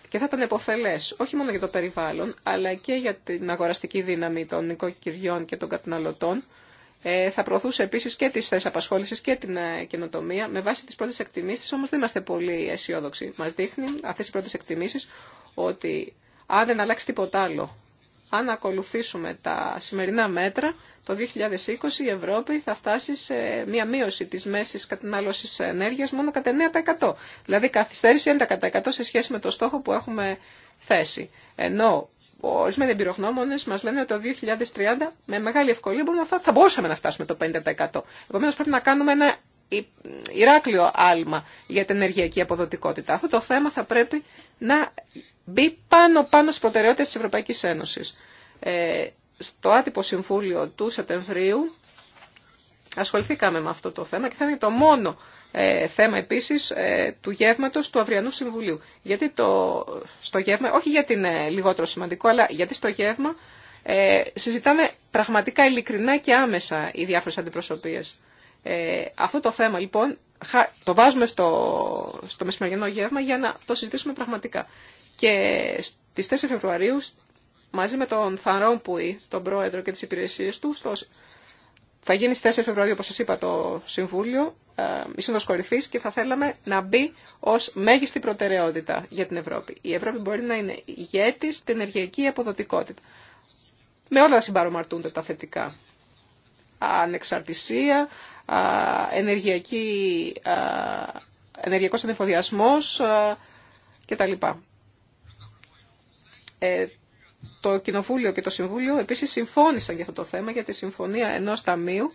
και θα ήταν επωφελές όχι μόνο για το περιβάλλον, αλλά και για την αγοραστική δύναμη των οικοκυριών και των καταναλωτών, ε, θα προωθούσε επίση και τι θέσει απασχόληση και την ε, καινοτομία. Με βάση τι πρώτε εκτιμήσει, όμω δεν είμαστε πολύ αισιόδοξοι. Μα δείχνει αυτέ οι πρώτε εκτιμήσει ότι αν δεν αλλάξει τίποτα άλλο, αν ακολουθήσουμε τα σημερινά μέτρα, το 2020 η Ευρώπη θα φτάσει σε μία μείωση τη μέση κατανάλωση ενέργεια μόνο κατά 9%. Δηλαδή καθυστέρηση 11% σε σχέση με το στόχο που έχουμε θέσει. Ενώ ορισμένοι εμπειρογνώμονε μα λένε ότι το 2030 με μεγάλη ευκολία μπορούμε, θα, θα μπορούσαμε να φτάσουμε το 50%. Επομένω πρέπει να κάνουμε ένα Ηράκλειο άλμα για την ενεργειακή αποδοτικότητα. Αυτό το θέμα θα πρέπει να μπει πάνω-πάνω στις προτεραιότητες της Ευρωπαϊκής Ένωσης. Ε, στο άτυπο συμβούλιο του Σεπτεμβρίου ασχοληθήκαμε με αυτό το θέμα και θα είναι το μόνο ε, θέμα επίσης ε, του γεύματο του αυριανού συμβουλίου. Γιατί το, στο γεύμα, όχι γιατί είναι λιγότερο σημαντικό, αλλά γιατί στο γεύμα ε, συζητάμε πραγματικά ειλικρινά και άμεσα οι διάφορες αντιπροσωπείες. Ε, αυτό το θέμα λοιπόν το βάζουμε στο, στο μεσημεριανό γεύμα για να το συζητήσουμε πραγματικά. Και στις 4 Φεβρουαρίου μαζί με τον Θαρόν τον πρόεδρο και τις υπηρεσίες του, θα γίνει στις 4 Φεβρουαρίου, όπως σας είπα, το Συμβούλιο, ε, η Σύνοδος Κορυφής και θα θέλαμε να μπει ως μέγιστη προτεραιότητα για την Ευρώπη. Η Ευρώπη μπορεί να είναι ηγέτη στην ενεργειακή αποδοτικότητα. Με όλα τα συμπαρομαρτούνται τα θετικά. Ανεξαρτησία, ενεργειακή, ενεργειακός ενεφοδιασμός κτλ. Ε, το Κοινοβούλιο και το Συμβούλιο επίσης συμφώνησαν για αυτό το θέμα, για τη συμφωνία ενός ταμείου,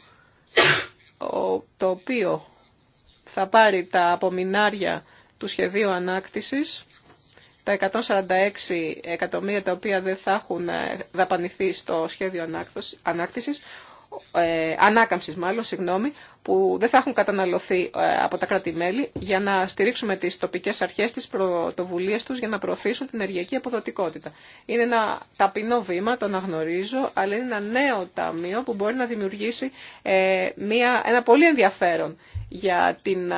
το οποίο θα πάρει τα απομεινάρια του σχεδίου ανάκτησης, τα 146 εκατομμύρια τα οποία δεν θα έχουν ε, δαπανηθεί στο σχέδιο ανάκτησης, ε, ανάκαμψης μάλλον, συγγνώμη, που δεν θα έχουν καταναλωθεί ε, από τα κράτη-μέλη για να στηρίξουμε τις τοπικές αρχές, τις πρωτοβουλίες τους για να προωθήσουν την ενεργειακή αποδοτικότητα. Είναι ένα ταπεινό βήμα, το αναγνωρίζω, αλλά είναι ένα νέο ταμείο που μπορεί να δημιουργήσει ε, μια, ένα πολύ ενδιαφέρον για την,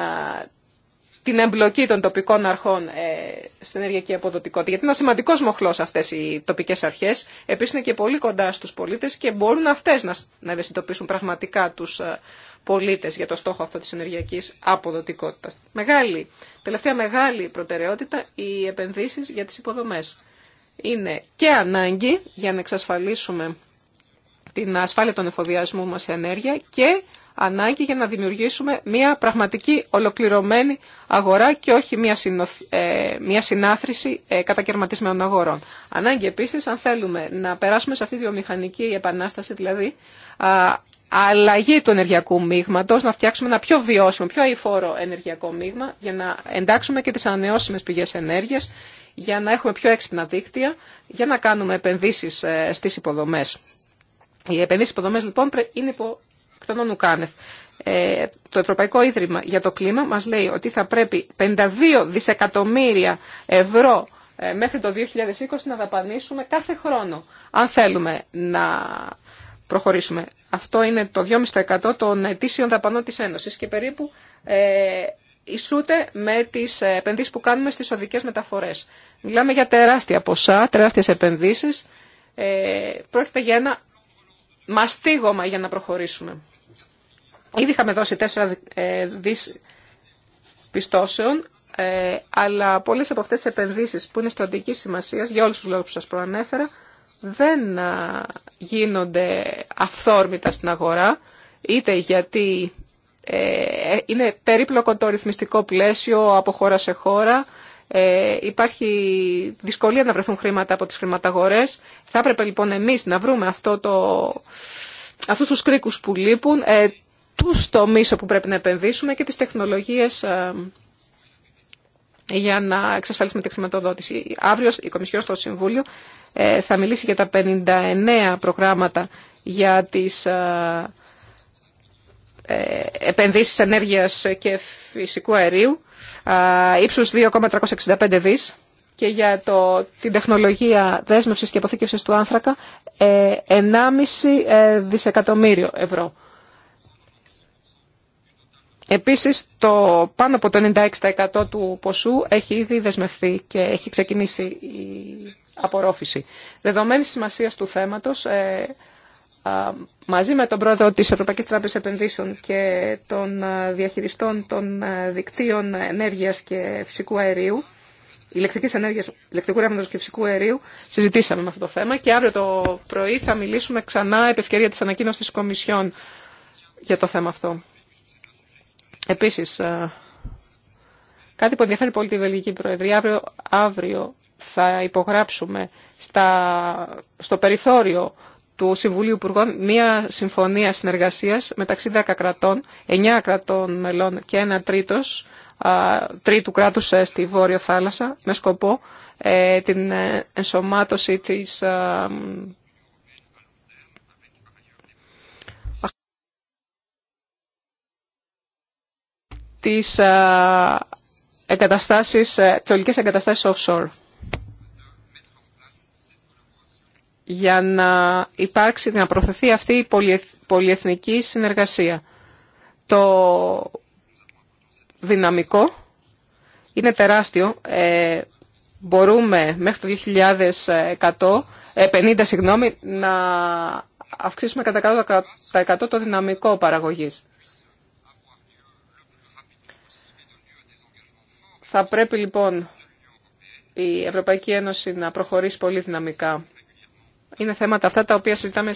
την εμπλοκή των τοπικών αρχών ε, στην ενεργειακή αποδοτικότητα. Γιατί είναι ένα σημαντικό μοχλό αυτέ οι τοπικέ αρχέ. Επίση είναι και πολύ κοντά στου πολίτε και μπορούν αυτέ να, να ευαισθητοποιήσουν πραγματικά του πολίτες για το στόχο αυτό της ενεργειακής αποδοτικότητας. Μεγάλη, τελευταία μεγάλη προτεραιότητα οι επενδύσεις για τις υποδομές. Είναι και ανάγκη για να εξασφαλίσουμε την ασφάλεια των εφοδιασμού μας σε ενέργεια και ανάγκη για να δημιουργήσουμε μια πραγματική ολοκληρωμένη αγορά και όχι μια, ε, μια συνάθρηση ε, κατακαιρματισμένων αγορών. Ανάγκη επίσης αν θέλουμε να περάσουμε σε αυτή τη βιομηχανική επανάσταση, δηλαδή αλλαγή του ενεργειακού μείγματο, να φτιάξουμε ένα πιο βιώσιμο, πιο αηφόρο ενεργειακό μείγμα, για να εντάξουμε και τι ανανεώσιμε πηγέ ενέργεια, για να έχουμε πιο έξυπνα δίκτυα, για να κάνουμε επενδύσει ε, στι υποδομέ. Οι επενδύσει υποδομέ λοιπόν είναι υπό κτονών ουκάνευ. Ε, το Ευρωπαϊκό Ίδρυμα για το Κλίμα μας λέει ότι θα πρέπει 52 δισεκατομμύρια ευρώ ε, μέχρι το 2020 να δαπανίσουμε κάθε χρόνο αν θέλουμε να προχωρήσουμε. Αυτό είναι το 2,5% των ετήσιων δαπανών της Ένωσης και περίπου ε, ισούται με τις επενδύσεις που κάνουμε στις οδικές μεταφορές. Μιλάμε για τεράστια ποσά, τεράστιες επενδύσεις. Ε, πρόκειται για ένα μαστίγωμα για να προχωρήσουμε. Ήδη είχαμε δώσει 4 ε, δις πιστώσεων, ε, αλλά πολλές από αυτές τις επενδύσεις που είναι στρατηγικής σημασίας για όλους τους λόγους που σας προανέφερα, δεν γίνονται αυθόρμητα στην αγορά, είτε γιατί ε, είναι περίπλοκο το ρυθμιστικό πλαίσιο από χώρα σε χώρα, ε, υπάρχει δυσκολία να βρεθούν χρήματα από τις χρηματαγορές. Θα έπρεπε λοιπόν εμείς να βρούμε αυτό το, αυτούς τους κρίκους που λείπουν, ε, τους τομείς όπου πρέπει να επενδύσουμε και τις τεχνολογίες ε, για να εξασφαλίσουμε τη χρηματοδότηση. Αύριο η Κομισιόν στο Συμβούλιο ε, θα μιλήσει για τα 59 προγράμματα για τις ε, ε, επενδύσεις ενέργειας και φυσικού αερίου, ύψους 2,365 δις και για το, την τεχνολογία δέσμευσης και αποθήκευσης του άνθρακα 1,5 δισεκατομμύριο ευρώ. Επίσης, το πάνω από το 96% του ποσού έχει ήδη δεσμευθεί και έχει ξεκινήσει η απορρόφηση. Δεδομένη σημασία του θέματος, ε, μαζί με τον πρόεδρο της Ευρωπαϊκής Τράπεζας Επενδύσεων και των ε, διαχειριστών των ε, δικτύων ενέργειας και φυσικού αερίου, ηλεκτρικής ενέργειας, ηλεκτρικού ρεύματος και φυσικού αερίου, συζητήσαμε με αυτό το θέμα και αύριο το πρωί θα μιλήσουμε ξανά επ' ευκαιρία της ανακοίνωσης της Κομισιόν για το θέμα αυτό. Επίσης, ε, κάτι που ενδιαφέρει πολύ τη Βελγική Προεδρία, αύριο, αύριο θα υπογράψουμε στα, στο περιθώριο του Συμβουλίου Υπουργών μία συμφωνία συνεργασίας μεταξύ 10 κρατών, 9 κρατών μελών και ένα τρίτο τρίτου κράτους ε, στη Βόρεια Θάλασσα με σκοπό ε, την ενσωμάτωση της τις ε, εγκαταστάσεις, τις ε, ολικές εγκαταστάσεις offshore. Για να υπάρξει, να προωθηθεί αυτή η πολυεθνική συνεργασία. Το δυναμικό είναι τεράστιο. Ε, μπορούμε μέχρι το 2050 συγγνώμη, να αυξήσουμε κατά 100% το δυναμικό παραγωγής. Θα πρέπει λοιπόν η Ευρωπαϊκή Ένωση να προχωρήσει πολύ δυναμικά. Είναι θέματα αυτά τα οποία συζητάμε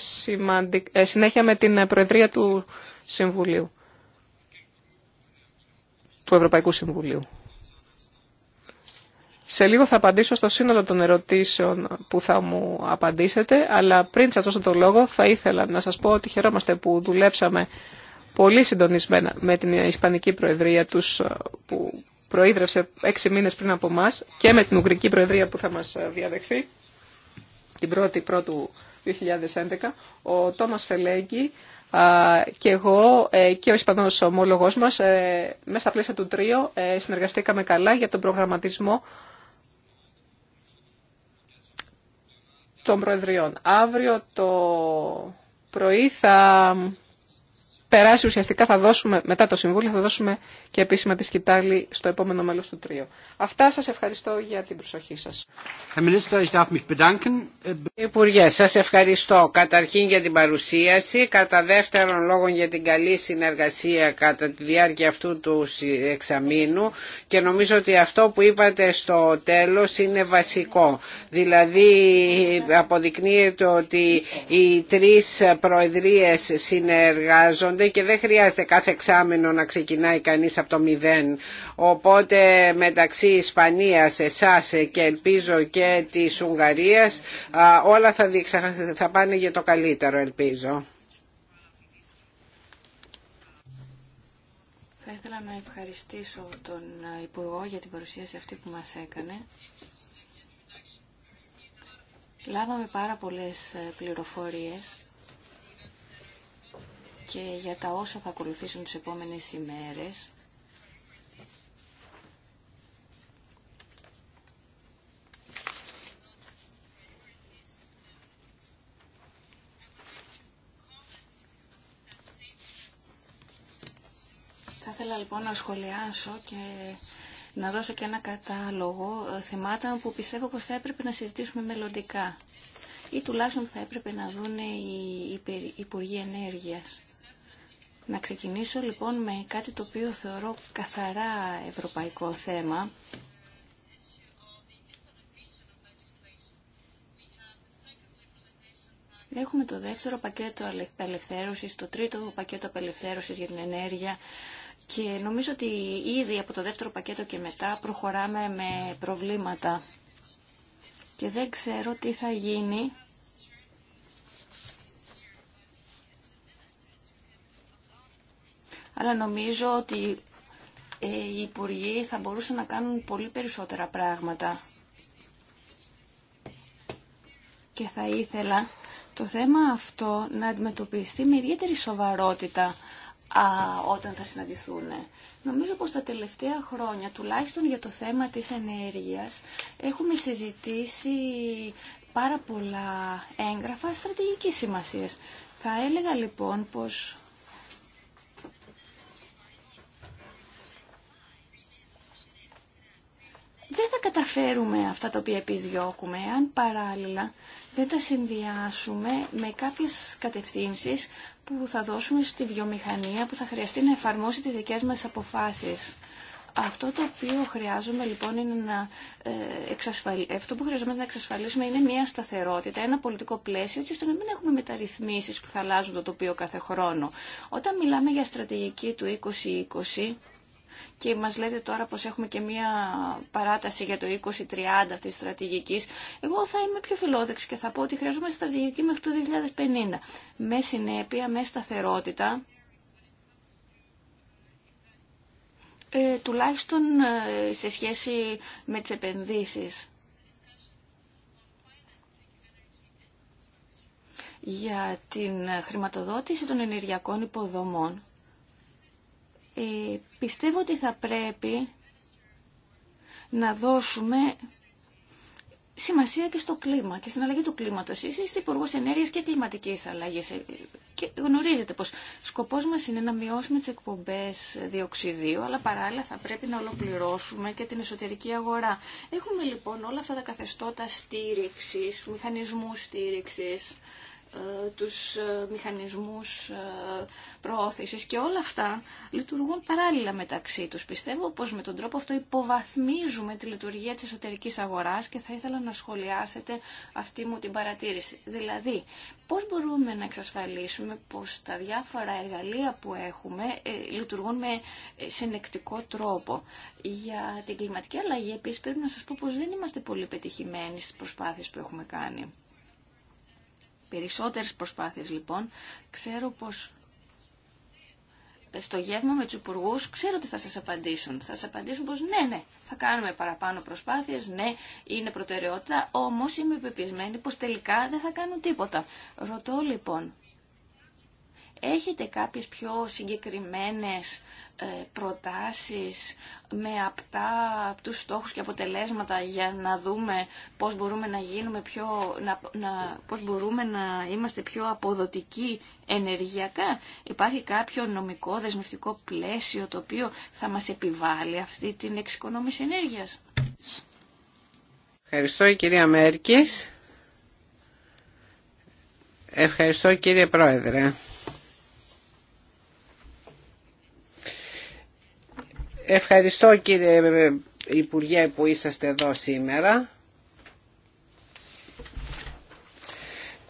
ε, συνέχεια με την Προεδρία του Συμβουλίου, του Ευρωπαϊκού Συμβουλίου. Σε λίγο θα απαντήσω στο σύνολο των ερωτήσεων που θα μου απαντήσετε, αλλά πριν σας δώσω το λόγο θα ήθελα να σας πω ότι χαιρόμαστε που δουλέψαμε πολύ συντονισμένα με την Ισπανική Προεδρία τους που προείδρευσε έξι μήνες πριν από εμά και με την Ουγγρική Προεδρία που θα μας ε, διαδεχθεί την 1η Πρώτου 2011, ο Τόμας Φελέγγι και εγώ ε, και ο Ισπανός ομόλογός μας ε, μέσα στα πλαίσια του τρίου συνεργαστήκαμε καλά για τον προγραμματισμό των Προεδριών. Αύριο το πρωί θα περάσει ουσιαστικά θα δώσουμε, μετά το Συμβούλιο, θα δώσουμε και επίσημα τη σκητάλη στο επόμενο μέλος του τρίου. Αυτά σας ευχαριστώ για την προσοχή σας. Υπουργέ, σας ευχαριστώ καταρχήν για την παρουσίαση, κατά δεύτερον λόγον για την καλή συνεργασία κατά τη διάρκεια αυτού του εξαμήνου και νομίζω ότι αυτό που είπατε στο τέλος είναι βασικό. Δηλαδή αποδεικνύεται ότι οι τρεις προεδρίες συνεργάζονται και δεν χρειάζεται κάθε εξάμεινο να ξεκινάει κανείς από το μηδέν. Οπότε μεταξύ Ισπανίας, εσάς και ελπίζω και της Ουγγαρίας όλα θα, θα πάνε για το καλύτερο ελπίζω. Θα ήθελα να ευχαριστήσω τον Υπουργό για την παρουσίαση αυτή που μας έκανε. Λάβαμε πάρα πολλές ε, πληροφορίες και για τα όσα θα ακολουθήσουν τις επόμενες ημέρες. Θα ήθελα λοιπόν να σχολιάσω και να δώσω και ένα κατάλογο θεμάτων που πιστεύω πως θα έπρεπε να συζητήσουμε μελλοντικά ή τουλάχιστον θα έπρεπε να δουν οι Υπουργοί Ενέργειας. Να ξεκινήσω λοιπόν με κάτι το οποίο θεωρώ καθαρά ευρωπαϊκό θέμα. Έχουμε το δεύτερο πακέτο απελευθέρωσης, το τρίτο πακέτο απελευθέρωσης για την ενέργεια και νομίζω ότι ήδη από το δεύτερο πακέτο και μετά προχωράμε με προβλήματα και δεν ξέρω τι θα γίνει αλλά νομίζω ότι ε, οι υπουργοί θα μπορούσαν να κάνουν πολύ περισσότερα πράγματα. Και θα ήθελα το θέμα αυτό να αντιμετωπιστεί με ιδιαίτερη σοβαρότητα όταν θα συναντηθούν. Νομίζω πως τα τελευταία χρόνια, τουλάχιστον για το θέμα της ενέργειας, έχουμε συζητήσει πάρα πολλά έγγραφα στρατηγικής σημασίας. Θα έλεγα λοιπόν πως δεν θα καταφέρουμε αυτά τα οποία επιδιώκουμε αν παράλληλα δεν τα συνδυάσουμε με κάποιες κατευθύνσεις που θα δώσουμε στη βιομηχανία που θα χρειαστεί να εφαρμόσει τις δικές μας αποφάσεις. Αυτό το οποίο χρειάζομαι λοιπόν είναι να ε, εξασφαλί... αυτό που χρειαζόμαστε να εξασφαλίσουμε είναι μια σταθερότητα, ένα πολιτικό πλαίσιο, έτσι ώστε να μην έχουμε μεταρρυθμίσεις που θα αλλάζουν το τοπίο κάθε χρόνο. Όταν μιλάμε για στρατηγική του 2020, και μας λέτε τώρα πως έχουμε και μία παράταση για το 2030 αυτής της στρατηγικής. Εγώ θα είμαι πιο φιλόδοξη και θα πω ότι χρειαζόμαστε στρατηγική μέχρι το 2050. Με συνέπεια, με σταθερότητα, ε, τουλάχιστον ε, σε σχέση με τις επενδύσεις. για την χρηματοδότηση των ενεργειακών υποδομών. Ε, πιστεύω ότι θα πρέπει να δώσουμε σημασία και στο κλίμα και στην αλλαγή του κλίματος. Εσείς είστε υπουργό ενέργεια και κλιματικής αλλαγή. Ε, και γνωρίζετε πως σκοπός μας είναι να μειώσουμε τις εκπομπές διοξιδίου αλλά παράλληλα θα πρέπει να ολοκληρώσουμε και την εσωτερική αγορά. Έχουμε λοιπόν όλα αυτά τα καθεστώτα στήριξης, μηχανισμούς στήριξης, ε, τους ε, μηχανισμούς ε, προώθησης και όλα αυτά λειτουργούν παράλληλα μεταξύ τους. Πιστεύω πως με τον τρόπο αυτό υποβαθμίζουμε τη λειτουργία της εσωτερικής αγοράς και θα ήθελα να σχολιάσετε αυτή μου την παρατήρηση. Δηλαδή, πώς μπορούμε να εξασφαλίσουμε πως τα διάφορα εργαλεία που έχουμε λειτουργούν με συνεκτικό τρόπο. Για την κλιματική αλλαγή επίσης πρέπει να σας πω πως δεν είμαστε πολύ πετυχημένοι στις προσπάθειες που έχουμε κάνει. Περισσότερες προσπάθειες λοιπόν. Ξέρω πως στο γεύμα με του υπουργού, ξέρω ότι θα σα απαντήσουν. Θα σα απαντήσουν πω ναι, ναι, θα κάνουμε παραπάνω προσπάθειες, ναι, είναι προτεραιότητα, όμω είμαι πεπισμένη πω τελικά δεν θα κάνουν τίποτα. Ρωτώ λοιπόν, έχετε κάποιες πιο συγκεκριμένες ε, προτάσεις με απτά από τους στόχους και αποτελέσματα για να δούμε πώς μπορούμε να γίνουμε πιο, πώς μπορούμε να είμαστε πιο αποδοτικοί ενεργειακά. Υπάρχει κάποιο νομικό δεσμευτικό πλαίσιο το οποίο θα μας επιβάλλει αυτή την εξοικονόμηση ενέργειας. Ευχαριστώ η κυρία Μέρκης. Ευχαριστώ κύριε Πρόεδρε. Ευχαριστώ κύριε Υπουργέ που είσαστε εδώ σήμερα.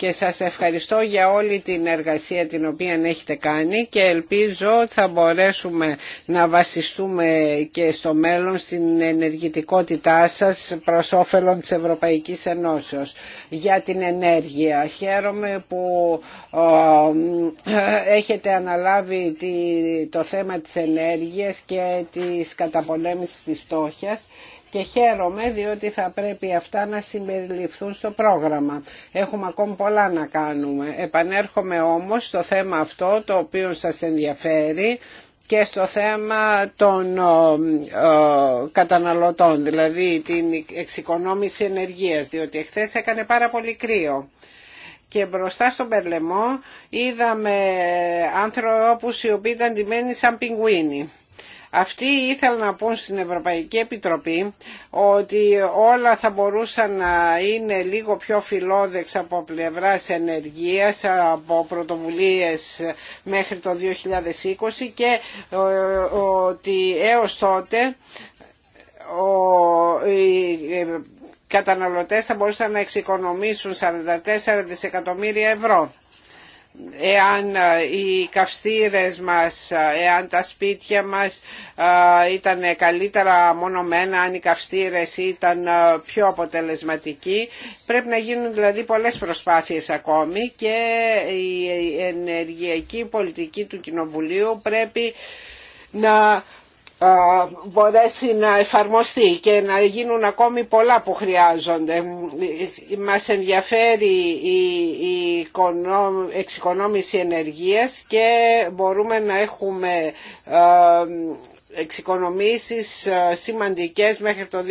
και σας ευχαριστώ για όλη την εργασία την οποία έχετε κάνει και ελπίζω θα μπορέσουμε να βασιστούμε και στο μέλλον στην ενεργητικότητά σας προς όφελον της Ευρωπαϊκής Ενώσεως για την ενέργεια. Χαίρομαι που έχετε αναλάβει το θέμα της ενέργειας και της καταπολέμησης της στόχιας και χαίρομαι διότι θα πρέπει αυτά να συμπεριληφθούν στο πρόγραμμα. Έχουμε ακόμη πολλά να κάνουμε. Επανέρχομαι όμως στο θέμα αυτό το οποίο σας ενδιαφέρει και στο θέμα των ε, ε, καταναλωτών, δηλαδή την εξοικονόμηση ενεργείας, διότι εχθές έκανε πάρα πολύ κρύο και μπροστά στον Περλεμό είδαμε άνθρωπους οι οποίοι ήταν ντυμένοι σαν πιγκουίνοι. Αυτοί ήθελαν να πούν στην Ευρωπαϊκή Επιτροπή ότι όλα θα μπορούσαν να είναι λίγο πιο φιλόδεξα από πλευράς ενεργείας, από πρωτοβουλίες μέχρι το 2020 και ε, ότι έως τότε οι ε, καταναλωτές θα μπορούσαν να εξοικονομήσουν 44 δισεκατομμύρια ευρώ εάν ε, οι καυστήρες μας, ε, εάν τα σπίτια μας ε, ήταν καλύτερα μονομένα, αν οι καυστήρες ήταν πιο αποτελεσματικοί. Πρέπει να γίνουν δηλαδή πολλές προσπάθειες ακόμη και η ενεργειακή πολιτική του Κοινοβουλίου πρέπει να μπορέσει να εφαρμοστεί και να γίνουν ακόμη πολλά που χρειάζονται. Μας ενδιαφέρει η εξοικονόμηση ενεργείας και μπορούμε να έχουμε εξοικονομήσεις ε, σημαντικές μέχρι το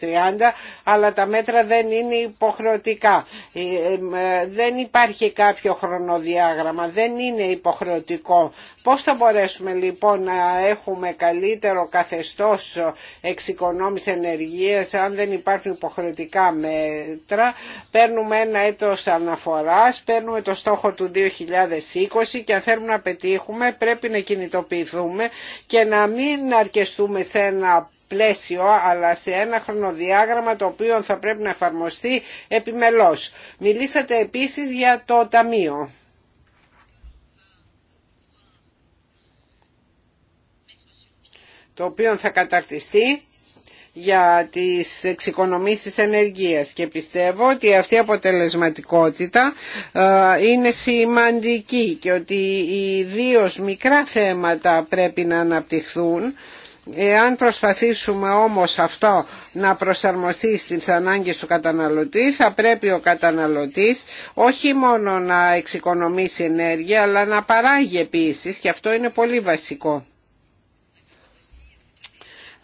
2020-2030 αλλά τα μέτρα δεν είναι υποχρεωτικά ε, ε, δεν υπάρχει κάποιο χρονοδιάγραμμα δεν είναι υποχρεωτικό πως θα μπορέσουμε λοιπόν να έχουμε καλύτερο καθεστώς εξοικονόμηση ενεργείας αν δεν υπάρχουν υποχρεωτικά μέτρα παίρνουμε ένα έτος αναφοράς παίρνουμε το στόχο του 2020 και αν θέλουμε να πετύχουμε πρέπει να κινητοποιήσουμε και να μην αρκεστούμε σε ένα πλαίσιο αλλά σε ένα χρονοδιάγραμμα το οποίο θα πρέπει να εφαρμοστεί επιμελώς. Μιλήσατε επίσης για το Ταμείο. το οποίο θα καταρτιστεί για τις εξοικονομήσεις ενεργείας και πιστεύω ότι αυτή η αποτελεσματικότητα ε, είναι σημαντική και ότι ιδίω μικρά θέματα πρέπει να αναπτυχθούν Εάν προσπαθήσουμε όμως αυτό να προσαρμοστεί στις ανάγκες του καταναλωτή, θα πρέπει ο καταναλωτής όχι μόνο να εξοικονομήσει ενέργεια, αλλά να παράγει επίσης και αυτό είναι πολύ βασικό.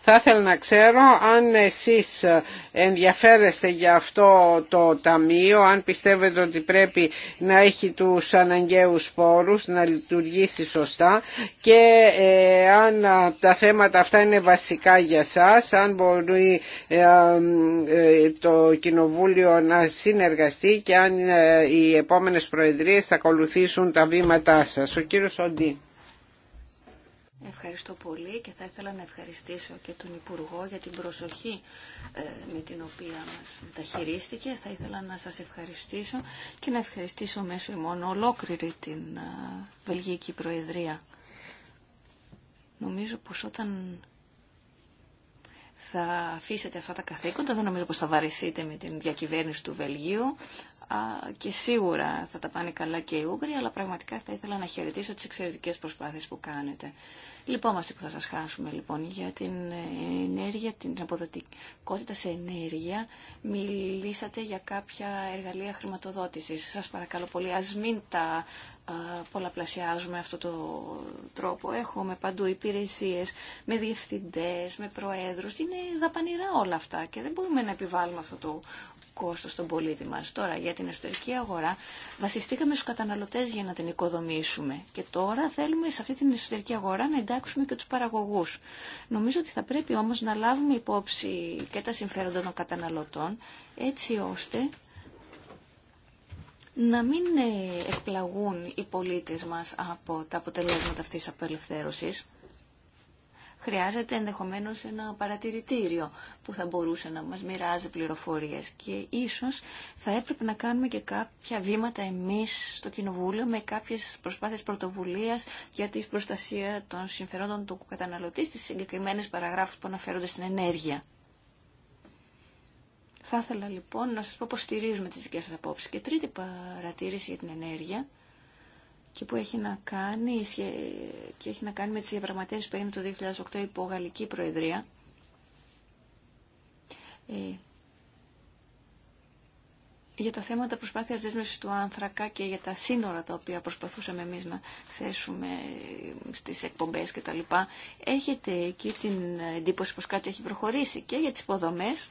Θα ήθελα να ξέρω αν εσείς ενδιαφέρεστε για αυτό το ταμείο, αν πιστεύετε ότι πρέπει να έχει τους αναγκαίους πόρους, να λειτουργήσει σωστά και ε, αν τα θέματα αυτά είναι βασικά για σας, αν μπορεί ε, ε, το Κοινοβούλιο να συνεργαστεί και αν οι επόμενες προεδρίες θα ακολουθήσουν τα βήματά σας. Ο κύριος Οντή. Ευχαριστώ πολύ και θα ήθελα να ευχαριστήσω και τον Υπουργό για την προσοχή ε, με την οποία μας μεταχειρίστηκε. Θα ήθελα να σας ευχαριστήσω και να ευχαριστήσω μέσω ημών ολόκληρη την ε, Βελγική Προεδρία. Νομίζω πως όταν θα αφήσετε αυτά τα καθήκοντα, δεν νομίζω πως θα βαρεθείτε με την διακυβέρνηση του Βελγίου, και σίγουρα θα τα πάνε καλά και οι Ούγγροι, αλλά πραγματικά θα ήθελα να χαιρετήσω τις εξαιρετικές προσπάθειες που κάνετε. Λυπόμαστε λοιπόν, που θα σας χάσουμε λοιπόν για την ε, ενέργεια, την αποδοτικότητα σε ενέργεια. Μιλήσατε για κάποια εργαλεία χρηματοδότησης. Σας παρακαλώ πολύ, ας μην τα ε, πολλαπλασιάζουμε αυτό το τρόπο. Έχουμε παντού υπηρεσίες με διευθυντές, με προέδρους. Είναι δαπανηρά όλα αυτά και δεν μπορούμε να επιβάλλουμε αυτό το κόστος στον πολίτη μας. Τώρα για την εσωτερική αγορά βασιστήκαμε στους καταναλωτές για να την οικοδομήσουμε και τώρα θέλουμε σε αυτή την εσωτερική αγορά να εντάξουμε και τους παραγωγούς. Νομίζω ότι θα πρέπει όμως να λάβουμε υπόψη και τα συμφέροντα των καταναλωτών έτσι ώστε να μην ε, εκπλαγούν οι πολίτες μας από τα αποτελέσματα αυτής της απελευθέρωσης χρειάζεται ενδεχομένως ένα παρατηρητήριο που θα μπορούσε να μας μοιράζει πληροφορίες και ίσως θα έπρεπε να κάνουμε και κάποια βήματα εμείς στο Κοινοβούλιο με κάποιες προσπάθειες πρωτοβουλίας για την προστασία των συμφερόντων του καταναλωτή στις συγκεκριμένες παραγράφους που αναφέρονται στην ενέργεια. Θα ήθελα λοιπόν να σας πω πως στηρίζουμε τις δικές σας απόψεις. Και τρίτη παρατήρηση για την ενέργεια και που έχει να κάνει, και έχει να κάνει με τις διαπραγματεύσεις που έγινε το 2008 υπό Γαλλική Προεδρία. Ε, για τα θέματα προσπάθειας δέσμευσης του άνθρακα και για τα σύνορα τα οποία προσπαθούσαμε εμείς να θέσουμε ε, στις εκπομπές και τα λοιπά, έχετε εκεί την εντύπωση πως κάτι έχει προχωρήσει και για τις υποδομές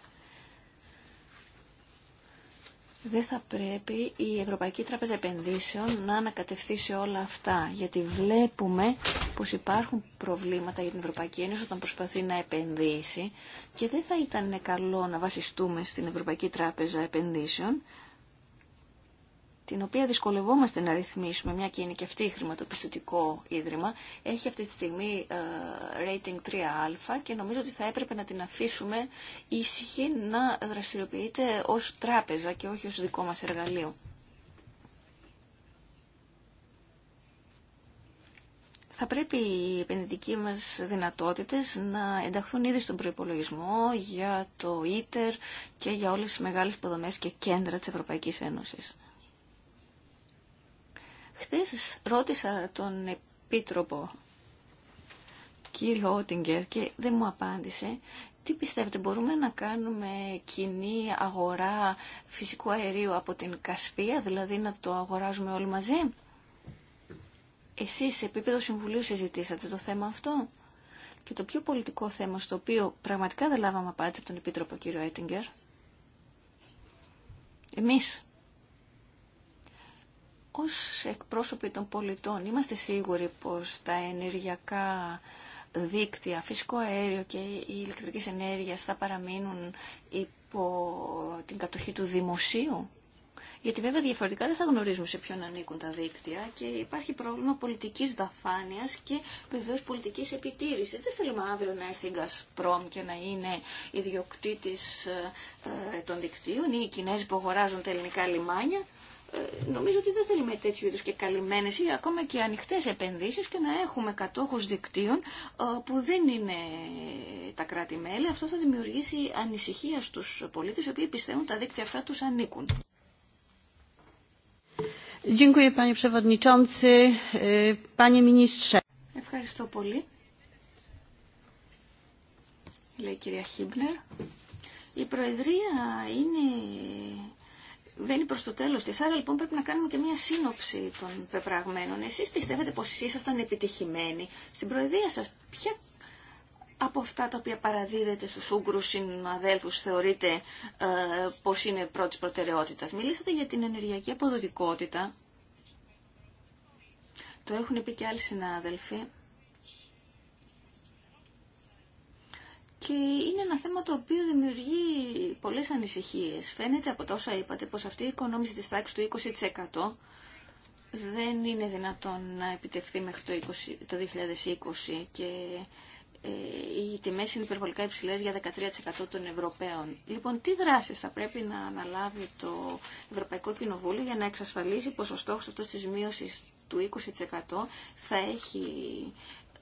δεν θα πρέπει η Ευρωπαϊκή Τράπεζα Επενδύσεων να ανακατευθύσει όλα αυτά. Γιατί βλέπουμε πως υπάρχουν προβλήματα για την Ευρωπαϊκή Ένωση όταν προσπαθεί να επενδύσει και δεν θα ήταν καλό να βασιστούμε στην Ευρωπαϊκή Τράπεζα Επενδύσεων την οποία δυσκολευόμαστε να ρυθμίσουμε, μια και είναι και αυτή η χρηματοπιστωτικό ίδρυμα, έχει αυτή τη στιγμή ε, rating 3α και νομίζω ότι θα έπρεπε να την αφήσουμε ήσυχη να δραστηριοποιείται ως τράπεζα και όχι ως δικό μας εργαλείο. θα πρέπει οι επενδυτικοί μας δυνατότητες να ενταχθούν ήδη στον προϋπολογισμό για το ΊΤΕΡ και για όλες τις μεγάλες υποδομές και κέντρα της Ευρωπαϊκής Ένωσης. Χθες ρώτησα τον Επίτροπο κύριο Ότιγκερ και δεν μου απάντησε τι πιστεύετε, μπορούμε να κάνουμε κοινή αγορά φυσικού αερίου από την Κασπία, δηλαδή να το αγοράζουμε όλοι μαζί. Εσείς σε επίπεδο συμβουλίου συζητήσατε το θέμα αυτό. Και το πιο πολιτικό θέμα στο οποίο πραγματικά δεν λάβαμε απάντηση από τον Επίτροπο κύριο Έτιγκερ. Εμείς ως εκπρόσωποι των πολιτών είμαστε σίγουροι πως τα ενεργειακά δίκτυα, φυσικό αέριο και η ηλεκτρική ενέργεια θα παραμείνουν υπό την κατοχή του δημοσίου. Γιατί βέβαια διαφορετικά δεν θα γνωρίζουμε σε ποιον ανήκουν τα δίκτυα και υπάρχει πρόβλημα πολιτικής δαφάνειας και βεβαίως πολιτικής επιτήρησης. Δεν θέλουμε αύριο να έρθει η Gazprom και να είναι ιδιοκτήτης ε, ε, των δικτύων ή οι Κινέζοι που αγοράζουν τα ελληνικά λιμάνια νομίζω ότι δεν θέλουμε τέτοιου είδους και καλυμμένες ή ακόμα και ανοιχτές επενδύσεις και να έχουμε κατόχους δικτύων ε, που δεν είναι τα κράτη-μέλη. Αυτό θα δημιουργήσει ανησυχία στους πολίτες οι οποίοι πιστεύουν τα δίκτυα αυτά τους ανήκουν. E, Ευχαριστώ πολύ. Λέει η κυρία Χίμπνερ. Η Προεδρία είναι βαίνει προς το τέλος της. Άρα λοιπόν πρέπει να κάνουμε και μια σύνοψη των πεπραγμένων. Εσείς πιστεύετε πως ήσασταν επιτυχημένοι στην προεδρία σας. Ποια από αυτά τα οποία παραδίδετε στους Ούγκρους συναδέλφους θεωρείτε ε, πως είναι πρώτης προτεραιότητας. Μιλήσατε για την ενεργειακή αποδοτικότητα. Το έχουν πει και άλλοι συνάδελφοι. Και είναι ένα θέμα το οποίο δημιουργεί πολλές ανησυχίες. Φαίνεται από τόσα είπατε πως αυτή η οικονόμηση της τάξης του 20% δεν είναι δυνατόν να επιτευχθεί μέχρι το, 2020 και ε, οι τιμές είναι υπερβολικά υψηλές για 13% των Ευρωπαίων. Λοιπόν, τι δράσεις θα πρέπει να αναλάβει το Ευρωπαϊκό Κοινοβούλιο για να εξασφαλίσει πως ο στόχος αυτός της μείωσης του 20% θα έχει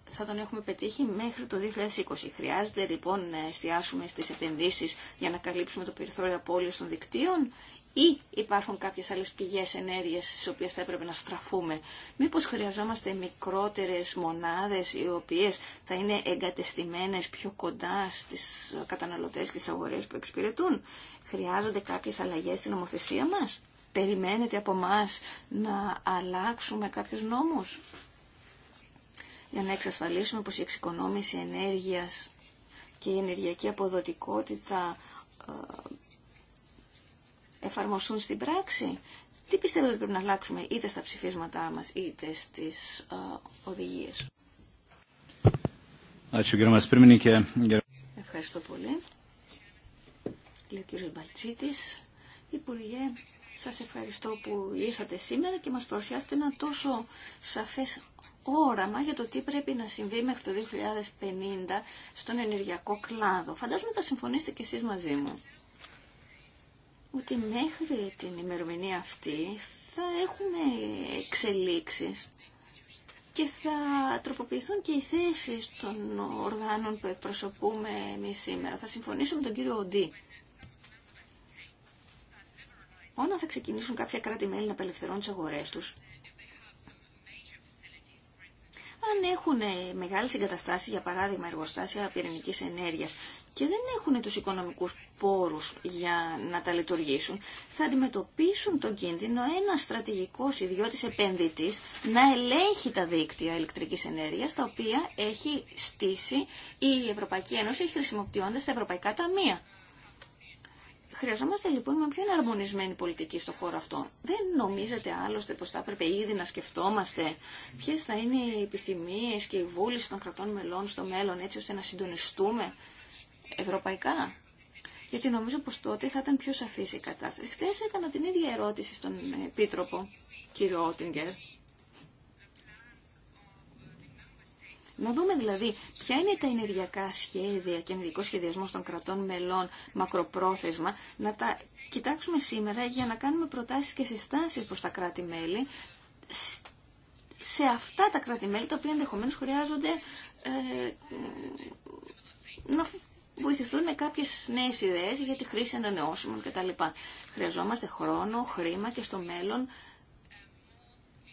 θα τον έχουμε πετύχει μέχρι το 2020. Χρειάζεται λοιπόν να εστιάσουμε στις επενδύσεις για να καλύψουμε το περιθώριο απώλειας των δικτύων ή υπάρχουν κάποιες άλλες πηγές ενέργειας στις οποίες θα έπρεπε να στραφούμε. Μήπως χρειαζόμαστε μικρότερες μονάδες οι οποίες θα είναι εγκατεστημένες πιο κοντά στις καταναλωτές και στις αγορές που εξυπηρετούν. Χρειάζονται κάποιες αλλαγές στην νομοθεσία μας. Περιμένετε από εμά να αλλάξουμε κάποιους νόμους για να εξασφαλίσουμε πως η εξοικονόμηση ενέργειας και η ενεργειακή αποδοτικότητα ε, εφαρμοστούν στην πράξη. Τι πιστεύετε ότι πρέπει να αλλάξουμε είτε στα ψηφίσματά μας είτε στις ε, οδηγίες. Ευχαριστώ πολύ. Λέω κύριο κύριος Μπαλτσίτης. Υπουργέ, σας ευχαριστώ που ήρθατε σήμερα και μας παρουσιάσετε ένα τόσο σαφές όραμα για το τι πρέπει να συμβεί μέχρι το 2050 στον ενεργειακό κλάδο. Φαντάζομαι θα συμφωνήσετε κι εσείς μαζί μου ότι μέχρι την ημερομηνία αυτή θα έχουμε εξελίξεις και θα τροποποιηθούν και οι θέσεις των οργάνων που εκπροσωπούμε εμείς σήμερα. Θα συμφωνήσω με τον κύριο Οντή. Όταν θα ξεκινήσουν κάποια κράτη-μέλη να απελευθερώνουν τι αγορές τους, αν έχουν ε, μεγάλη συγκαταστάση, για παράδειγμα εργοστάσια πυρηνικής ενέργειας και δεν έχουν τους οικονομικούς πόρους για να τα λειτουργήσουν, θα αντιμετωπίσουν τον κίνδυνο ένα στρατηγικός ιδιώτης επενδυτής να ελέγχει τα δίκτυα ηλεκτρικής ενέργειας, τα οποία έχει στήσει η Ευρωπαϊκή Ένωση χρησιμοποιώντας τα ευρωπαϊκά ταμεία. Χρειαζόμαστε λοιπόν μια πιο εναρμονισμένη πολιτική στο χώρο αυτό. Δεν νομίζετε άλλωστε πω θα έπρεπε ήδη να σκεφτόμαστε ποιε θα είναι οι επιθυμίε και η βούληση των κρατών μελών στο μέλλον έτσι ώστε να συντονιστούμε ευρωπαϊκά. Γιατί νομίζω πως τότε θα ήταν πιο σαφή η κατάσταση. Χθε έκανα την ίδια ερώτηση στον Επίτροπο, κύριο Ότιγκερ, Να δούμε δηλαδή ποια είναι τα ενεργειακά σχέδια και ενεργικό σχεδιασμό των κρατών μελών μακροπρόθεσμα, να τα κοιτάξουμε σήμερα για να κάνουμε προτάσεις και συστάσεις προς τα κράτη-μέλη, σε αυτά τα κράτη-μέλη τα οποία ενδεχομένως χρειάζονται ε, να βοηθηθούν με κάποιες νέες ιδέες για τη χρήση ανανεώσιμων κτλ. Χρειαζόμαστε χρόνο, χρήμα και στο μέλλον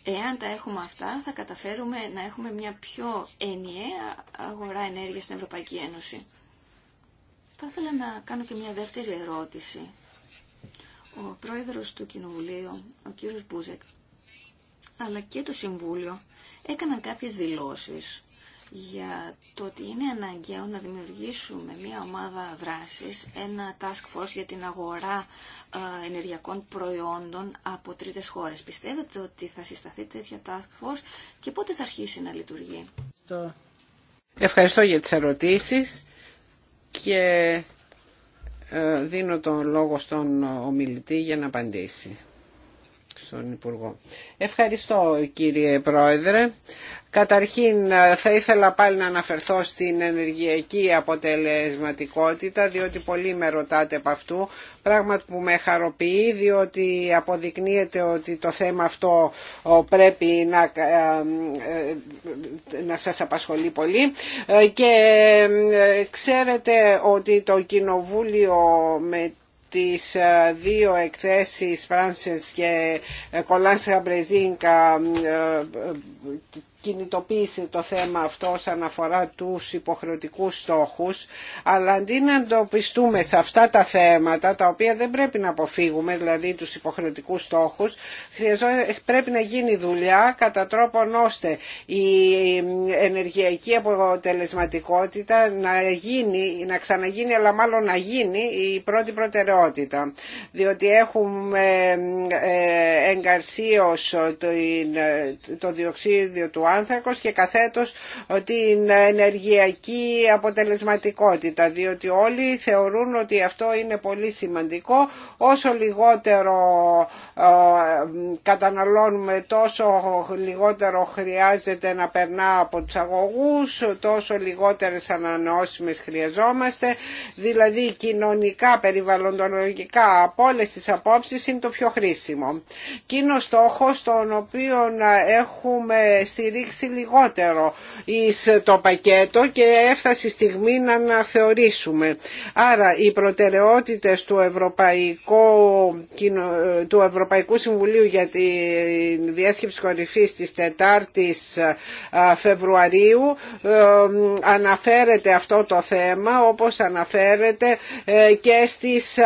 Εάν τα έχουμε αυτά, θα καταφέρουμε να έχουμε μια πιο ενιαία αγορά ενέργειας στην Ευρωπαϊκή Ένωση. Θα ήθελα να κάνω και μια δεύτερη ερώτηση. Ο πρόεδρος του Κοινοβουλίου, ο κύριος Μπούζεκ, αλλά και το Συμβούλιο, έκαναν κάποιες δηλώσεις για το ότι είναι αναγκαίο να δημιουργήσουμε μια ομάδα δράσης, ένα task force για την αγορά ε, ενεργειακών προϊόντων από τρίτες χώρες. Πιστεύετε ότι θα συσταθεί τέτοια task force και πότε θα αρχίσει να λειτουργεί. Ευχαριστώ για τις ερωτήσεις και ε, δίνω τον λόγο στον ομιλητή για να απαντήσει στον Ευχαριστώ κύριε Πρόεδρε. Καταρχήν θα ήθελα πάλι να αναφερθώ στην ενεργειακή αποτελεσματικότητα διότι πολλοί με ρωτάτε από αυτού πράγμα που με χαροποιεί διότι αποδεικνύεται ότι το θέμα αυτό πρέπει να, ε, ε, να σας απασχολεί πολύ ε, και ξέρετε ότι το Κοινοβούλιο με τις ε, δύο εκθέσεις Φράνσες και ε, Κολάνσα Μπρεζίνκα κινητοποίησε το θέμα αυτό όσον αφορά τους υποχρεωτικούς στόχους αλλά αντί να εντοπιστούμε σε αυτά τα θέματα τα οποία δεν πρέπει να αποφύγουμε δηλαδή τους υποχρεωτικούς στόχους πρέπει να γίνει δουλειά κατά τρόπον ώστε η ενεργειακή αποτελεσματικότητα να, γίνει, να ξαναγίνει αλλά μάλλον να γίνει η πρώτη προτεραιότητα διότι έχουμε ε, ε, εγκαρσίως το διοξίδιο του άνθρακος και καθέτως ε, την ενεργειακή αποτελεσματικότητα διότι όλοι θεωρούν ότι αυτό είναι πολύ σημαντικό όσο λιγότερο ε, καταναλώνουμε τόσο λιγότερο χρειάζεται να περνά από τους αγωγούς τόσο λιγότερες ανανεώσιμες χρειαζόμαστε δηλαδή κοινωνικά, περιβαλλοντολογικά από όλε τις απόψεις είναι το πιο χρήσιμο. Κοινό στόχος τον οποίο έχουμε στηρίξει λιγότερο εις το πακέτο και έφτασε η στιγμή να αναθεωρήσουμε. Άρα οι προτεραιότητες του Ευρωπαϊκού, του Ευρωπαϊκού Συμβουλίου για τη διάσκεψη κορυφής της 4ης Φεβρουαρίου ε, αναφέρεται αυτό το θέμα όπως αναφέρεται ε, και στις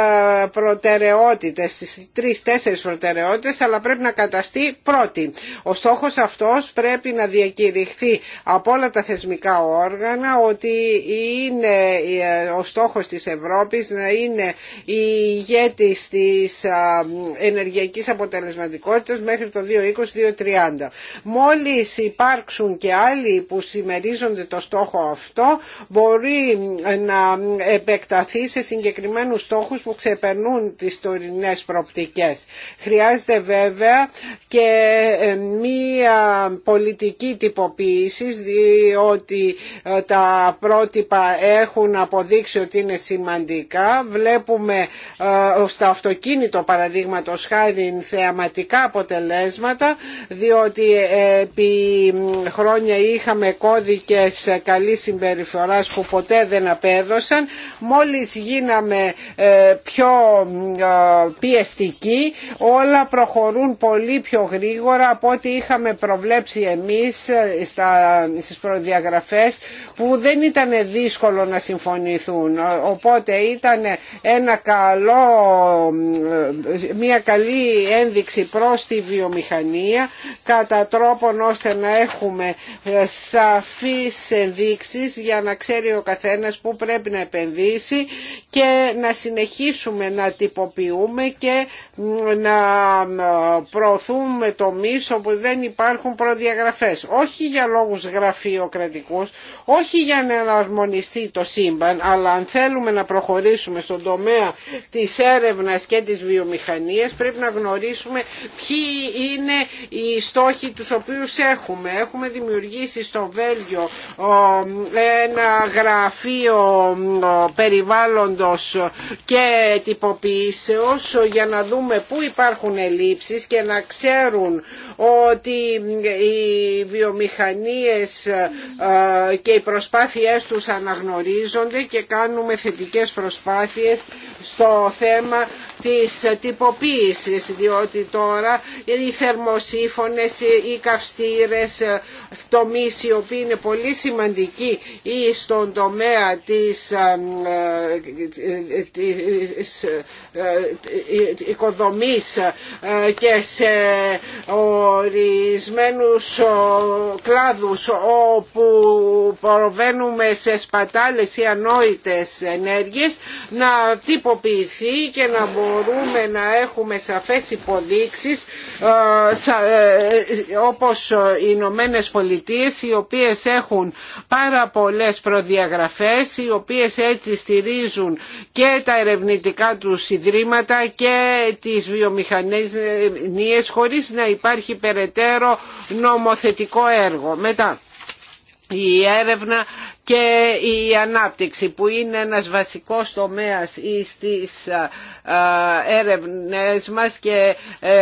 προτεραιότητες, στις τρεις-τέσσερις προτεραιότητες αλλά πρέπει να καταστεί πρώτη. Ο στόχος αυτός πρέπει να να διακηρυχθεί από όλα τα θεσμικά όργανα ότι είναι ε, ο στόχος της Ευρώπης να είναι η ηγέτης της ενεργειακής αποτελεσματικότητας μέχρι το 2020-2030. Μόλις υπάρξουν και άλλοι που συμμερίζονται το στόχο αυτό μπορεί ε, να επεκταθεί σε συγκεκριμένους στόχους που ξεπερνούν τις τωρινές προπτικές. Χρειάζεται βέβαια και ε, μία πολιτική πολιτική τυποποίηση διότι ε, τα πρότυπα έχουν αποδείξει ότι είναι σημαντικά. Βλέπουμε ε, στο αυτοκίνητο παραδείγματο χάρη θεαματικά αποτελέσματα διότι ε, επί χρόνια είχαμε κώδικες καλής συμπεριφοράς που ποτέ δεν απέδωσαν. Μόλις γίναμε πιο πιεστικοί όλα προχωρούν πολύ πιο γρήγορα από ό,τι είχαμε προβλέψει εμείς εμείς ε, στα, στις προδιαγραφές που δεν ήταν δύσκολο να συμφωνηθούν. Οπότε ήταν ένα καλό, ε, μια καλή ένδειξη προς τη βιομηχανία κατά τρόπον ώστε να έχουμε ε, σαφείς ενδείξεις για να ξέρει ο καθένας που πρέπει να επενδύσει και να συνεχίσουμε να τυποποιούμε και να προωθούμε το μίσο που δεν υπάρχουν προδιαγραφές όχι για λόγους γραφειοκρατικούς, όχι για να εναρμονιστεί το σύμπαν, αλλά αν θέλουμε να προχωρήσουμε στον τομέα της έρευνας και της βιομηχανίας, πρέπει να γνωρίσουμε ποιοι είναι οι στόχοι τους οποίους έχουμε. Έχουμε δημιουργήσει στο Βέλγιο ένα γραφείο περιβάλλοντος και τυποποιήσεως για να δούμε πού υπάρχουν ελλείψεις και να ξέρουν ότι οι οι βιομηχανίες ε, ε, και οι προσπάθειές τους αναγνωρίζονται και κάνουμε θετικές προσπάθειες στο θέμα της τυποποίησης διότι τώρα οι θερμοσύφωνες, οι καυστήρες τομείς οι οποίοι είναι πολύ σημαντικοί ή στον τομέα της, ε, της ε, ε, οικοδομής και σε ορισμένους κλάδους όπου προβαίνουμε σε σπατάλες ή ανόητες ενέργειες να τυποποιηθεί και να μπορούμε να έχουμε σαφές υποδείξεις ε, ε, όπως οι Ηνωμένε Πολιτείε, οι οποίες έχουν πάρα πολλές προδιαγραφές οι οποίες έτσι στηρίζουν και τα ερευνητικά του ιδρύματα και τις βιομηχανίες χωρίς να υπάρχει περαιτέρω νομοθετικό έργο. Μετά η έρευνα και η ανάπτυξη που είναι ένας βασικός τομέας στις ε, ε, έρευνες μας και ε,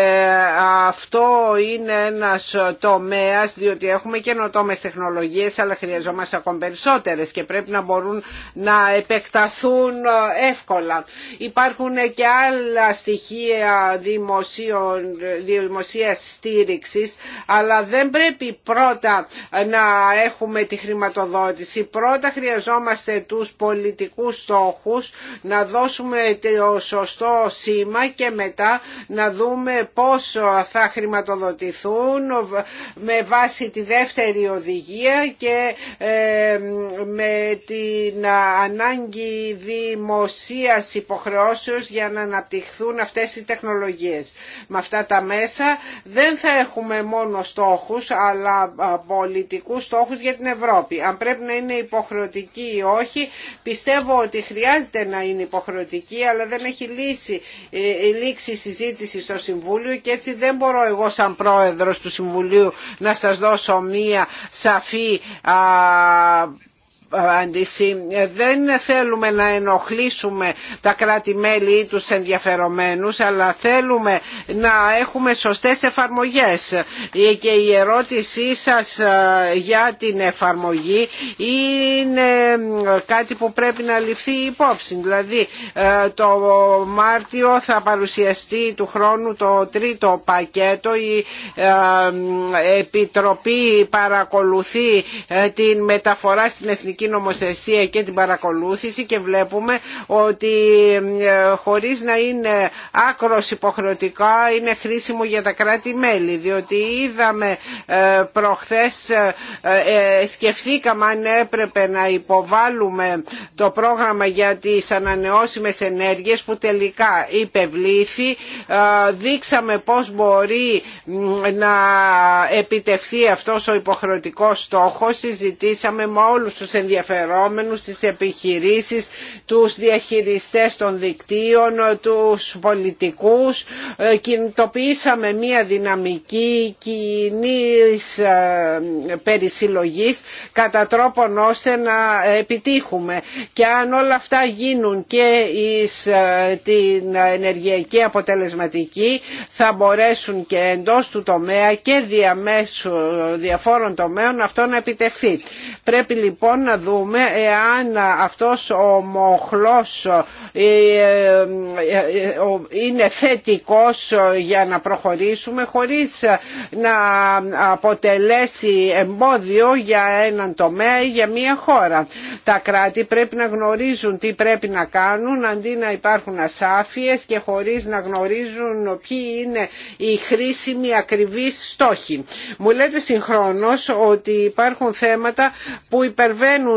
αυτό είναι ένας τομέας διότι έχουμε καινοτόμες τεχνολογίες αλλά χρειαζόμαστε ακόμα περισσότερες και πρέπει να μπορούν να επεκταθούν εύκολα. Υπάρχουν και άλλα στοιχεία δημοσίων, δημοσίας στήριξης αλλά δεν πρέπει πρώτα να έχουμε τη χρηματοδότηση πρώτα χρειαζόμαστε τους πολιτικούς στόχους, να δώσουμε το σωστό σήμα και μετά να δούμε πόσο θα χρηματοδοτηθούν με βάση τη δεύτερη οδηγία και ε, με την ανάγκη δημοσίας υποχρεώσεως για να αναπτυχθούν αυτές οι τεχνολογίες. Με αυτά τα μέσα δεν θα έχουμε μόνο στόχους αλλά πολιτικούς στόχους για την Ευρώπη. Αν πρέπει να είναι υποχρεωτική ή όχι. Πιστεύω ότι χρειάζεται να είναι υποχρεωτική αλλά δεν έχει λύσει, ε, ε, λήξει η συζήτηση στο Συμβούλιο και έτσι δεν μπορώ εγώ σαν πρόεδρος του Συμβουλίου να σας δώσω μία σαφή δεν θέλουμε να ενοχλήσουμε τα κράτη-μέλη ή τους ενδιαφερομένους, αλλά θέλουμε να έχουμε σωστές εφαρμογές. Και η ερώτησή σας ε, για την εφαρμογή είναι ε, κάτι που πρέπει να ληφθεί υπόψη. Δηλαδή ε, το Μάρτιο θα παρουσιαστεί του χρόνου το τρίτο πακέτο. Η Επιτροπή παρακολουθεί την μεταφορά στην Εθνική και την παρακολούθηση και βλέπουμε ότι ε, χωρίς να είναι άκρος υποχρεωτικά είναι χρήσιμο για τα κράτη-μέλη διότι είδαμε ε, προχθές ε, σκεφτήκαμε αν έπρεπε να υποβάλουμε το πρόγραμμα για τις ανανεώσιμες ενέργειες που τελικά υπευλήθη δείξαμε πώς μπορεί να επιτευχθεί αυτός ο υποχρεωτικός στόχος συζητήσαμε με όλους τους ενδιαφέροντες ενδιαφερόμενους, τις επιχειρήσεις, τους διαχειριστές των δικτύων, τους πολιτικούς. Ε, κινητοποιήσαμε μία δυναμική κοινή ε, περισυλλογής κατά τρόπον ώστε να επιτύχουμε. Και αν όλα αυτά γίνουν και εις ε, την ενεργειακή αποτελεσματική θα μπορέσουν και εντός του τομέα και διαμέσου διαφόρων τομέων αυτό να επιτευχθεί. Πρέπει λοιπόν να δούμε εάν αυτός ο μοχλός ε, ε, ε, είναι θετικός για να προχωρήσουμε χωρίς να αποτελέσει εμπόδιο για έναν τομέα ή για μια χώρα. Τα κράτη πρέπει να γνωρίζουν τι πρέπει να κάνουν αντί να υπάρχουν ασάφειες και χωρίς να γνωρίζουν ποιοι είναι οι χρήσιμοι ακριβείς στόχοι. Μου λέτε συγχρόνως ότι υπάρχουν θέματα που υπερβαίνουν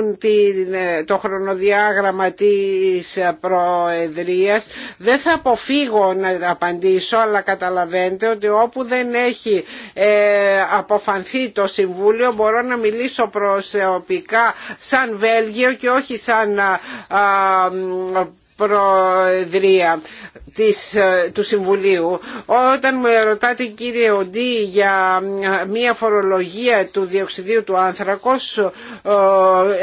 ε, το χρονοδιάγραμμα της Προεδρίας. Δεν θα αποφύγω να απαντήσω, αλλά καταλαβαίνετε ότι όπου δεν έχει ε, αποφανθεί το Συμβούλιο μπορώ να μιλήσω προσωπικά σαν Βέλγιο και όχι σαν Προεδρία της, ε, του Συμβουλίου. Όταν μου ρωτάτε κύριε Οντί για ε, μια φορολογία του διοξιδίου του άνθρακος ε,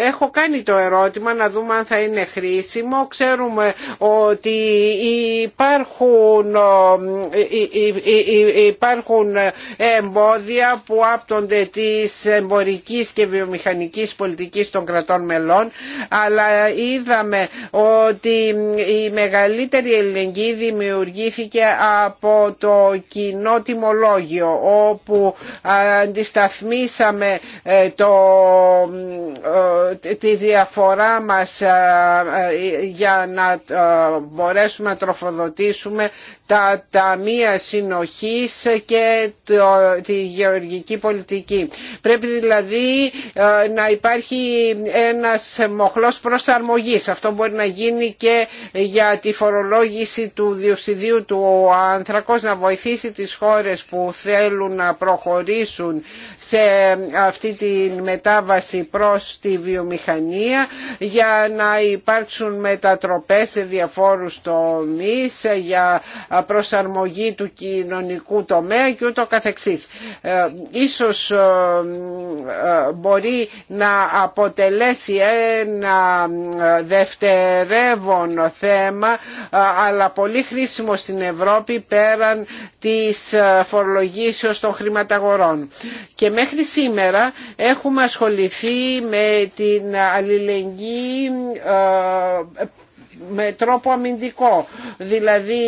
έχω κάνει το ερώτημα να δούμε αν θα είναι χρήσιμο. Ξέρουμε ότι υπάρχουν, υπάρχουν εμπόδια που άπτονται της εμπορικής και βιομηχανικής πολιτικής των κρατών μελών αλλά είδαμε ότι η μεγαλύτερη ελληνική δημιουργήθηκε από το κοινό τιμολόγιο όπου αντισταθμίσαμε ε, το, ε, τη διαφορά μας ε, για να μπορέσουμε να τροφοδοτήσουμε τα ταμεία συνοχής και τη γεωργική πολιτική. Πρέπει δηλαδή να υπάρχει ένας μοχλός προσαρμογής. Αυτό μπορεί να γίνει και για τη φορολόγηση του διοξιδίου του άνθρακος να βοηθήσει τις χώρες που θέλουν να προχωρήσουν σε αυτή τη μετάβαση προς τη βιομηχανία για να υπάρξουν μετατροπές σε διαφόρους τομείς για προσαρμογή του κοινωνικού τομέα και ούτω καθεξής. Ε, ίσως ε, ε, μπορεί να αποτελέσει ένα δευτερεύον συγκεκριμένο θέμα αλλά πολύ χρήσιμο στην Ευρώπη πέραν της φορολογήσεως των χρηματαγορών. Και μέχρι σήμερα έχουμε ασχοληθεί με την αλληλεγγύη με τρόπο αμυντικό. Δηλαδή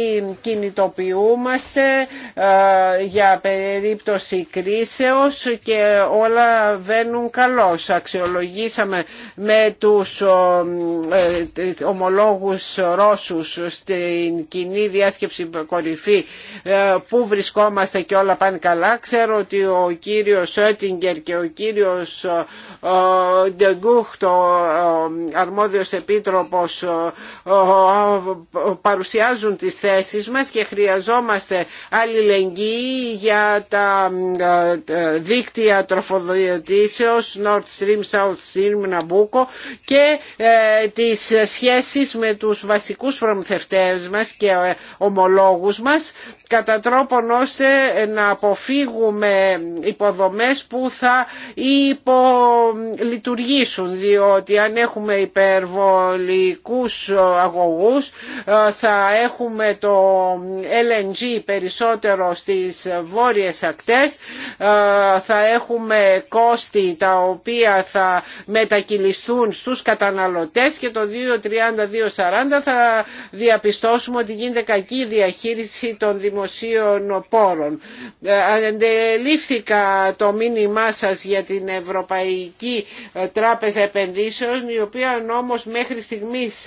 κινητοποιούμαστε ε, για περίπτωση κρίσεως και όλα βαίνουν καλώς. Αξιολογήσαμε με τους ε, ομολόγους Ρώσους στην κοινή διάσκεψη κορυφή ε, που βρισκόμαστε και όλα πάνε καλά. Ξέρω ότι ο κύριος Σέτιγκερ και ο κύριος Ντεγκούχ, το αρμόδιος επίτροπος παρουσιάζουν τις θέσεις μας και χρειαζόμαστε αλληλεγγύη για τα ε, δίκτυα τροφοδοτήσεως Nord Stream, South Stream, Ναμπούκο και ε, τις σχέσεις με τους βασικούς προμηθευτές μας και ε, ομολόγους μας κατά τρόπον ώστε να αποφύγουμε υποδομές που θα υπολειτουργήσουν διότι αν έχουμε υπερβολικούς αγωγούς, ε, θα έχουμε το LNG περισσότερο στις βόρειες ακτές, ε, θα έχουμε κόστη τα οποία θα μετακυλιστούν στους καταναλωτές και το 230 2040 θα διαπιστώσουμε ότι γίνεται κακή διαχείριση των δημοσίων πόρων. Ε, αντελήφθηκα το μήνυμά σας για την Ευρωπαϊκή Τράπεζα Επενδύσεων, η οποία όμως μέχρι στιγμής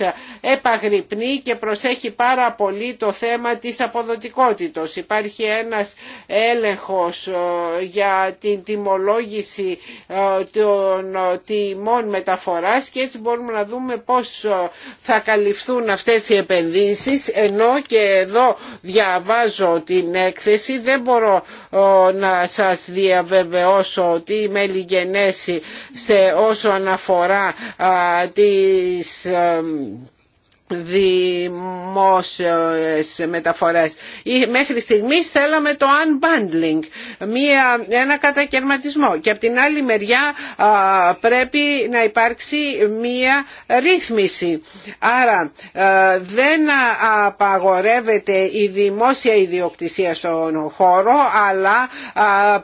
επαγρυπνεί και προσέχει πάρα πολύ το θέμα της αποδοτικότητος. Υπάρχει ένας έλεγχος ε, για την τιμολόγηση ε, των ε, τιμών μεταφοράς και έτσι μπορούμε να δούμε πώς θα καλυφθούν αυτές οι επενδύσεις ενώ και εδώ διαβάζω την έκθεση δεν μπορώ να σας διαβεβαιώσω ότι είμαι λιγενέση σε όσο αναφορά τις δημόσιες μεταφορές. Μέχρι στιγμής θέλαμε το unbundling, μία, ένα κατακαιρματισμό και από την άλλη μεριά πρέπει να υπάρξει μία ρύθμιση. Άρα ε, δεν απαγορεύεται η δημόσια ιδιοκτησία στον χώρο αλλά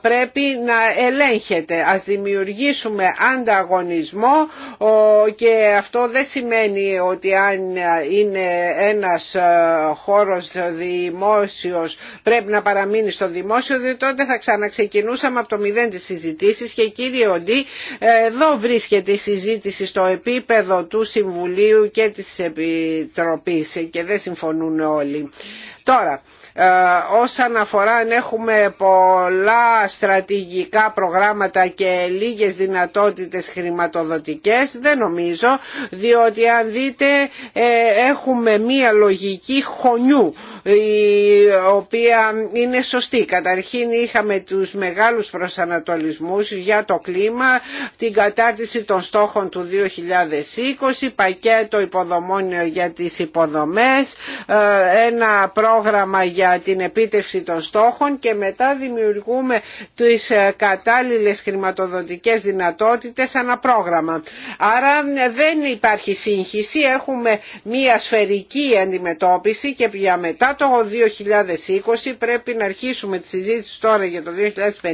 πρέπει να ελέγχεται. Ας δημιουργήσουμε ανταγωνισμό και αυτό δεν σημαίνει ότι αν είναι ένας ε, χώρος δημόσιος πρέπει να παραμείνει στο δημόσιο διότι τότε θα ξαναξεκινούσαμε από το μηδέν της συζητήσεις και κύριε Οντή ε, εδώ βρίσκεται η συζήτηση στο επίπεδο του Συμβουλίου και της Επιτροπής και δεν συμφωνούν όλοι. Τώρα, ε, όσον αφορά αν έχουμε πολλά στρατηγικά προγράμματα και λίγες δυνατότητες χρηματοδοτικές δεν νομίζω διότι αν δείτε ε, έχουμε μία λογική χωνιού η οποία είναι σωστή. Καταρχήν είχαμε τους μεγάλους προσανατολισμούς για το κλίμα, την κατάρτιση των στόχων του 2020, πακέτο υποδομών για τις υποδομές, ε, ένα πρόγραμμα για για την επίτευξη των στόχων και μετά δημιουργούμε τις ε, κατάλληλες χρηματοδοτικές δυνατότητες ανά πρόγραμμα. Άρα ε, δεν υπάρχει σύγχυση, έχουμε μία σφαιρική αντιμετώπιση και για μετά το 2020 πρέπει να αρχίσουμε τη συζήτηση τώρα για το 2050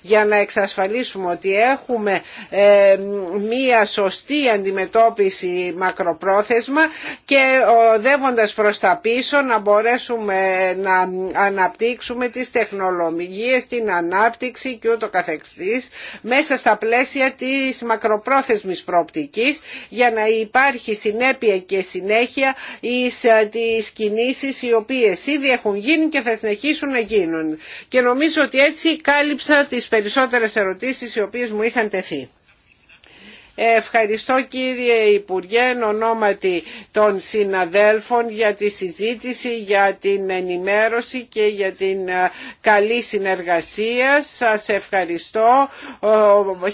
για να εξασφαλίσουμε ότι έχουμε ε, μία σωστή αντιμετώπιση μακροπρόθεσμα και οδεύοντας προς τα πίσω να μπορέσουμε να αναπτύξουμε τις τεχνολογίες, την ανάπτυξη και ούτω καθεξής μέσα στα πλαίσια της μακροπρόθεσμης προοπτικής για να υπάρχει συνέπεια και συνέχεια εις ε, τις κινήσεις οι οποίες ήδη έχουν γίνει και θα συνεχίσουν να γίνουν. Και νομίζω ότι έτσι κάλυψα τις περισσότερες ερωτήσεις οι οποίες μου είχαν τεθεί. Ευχαριστώ κύριε Υπουργέ εν ονόματι των συναδέλφων για τη συζήτηση, για την ενημέρωση και για την ε, καλή συνεργασία. Σας ευχαριστώ.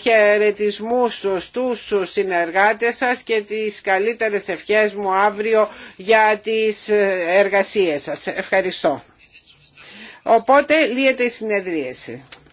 Χαιρετισμού στους συνεργάτες σας και τις καλύτερες ευχές μου αύριο για τις ε, εργασίες σας. Ευχαριστώ. Οπότε λύεται η συνεδρίαση.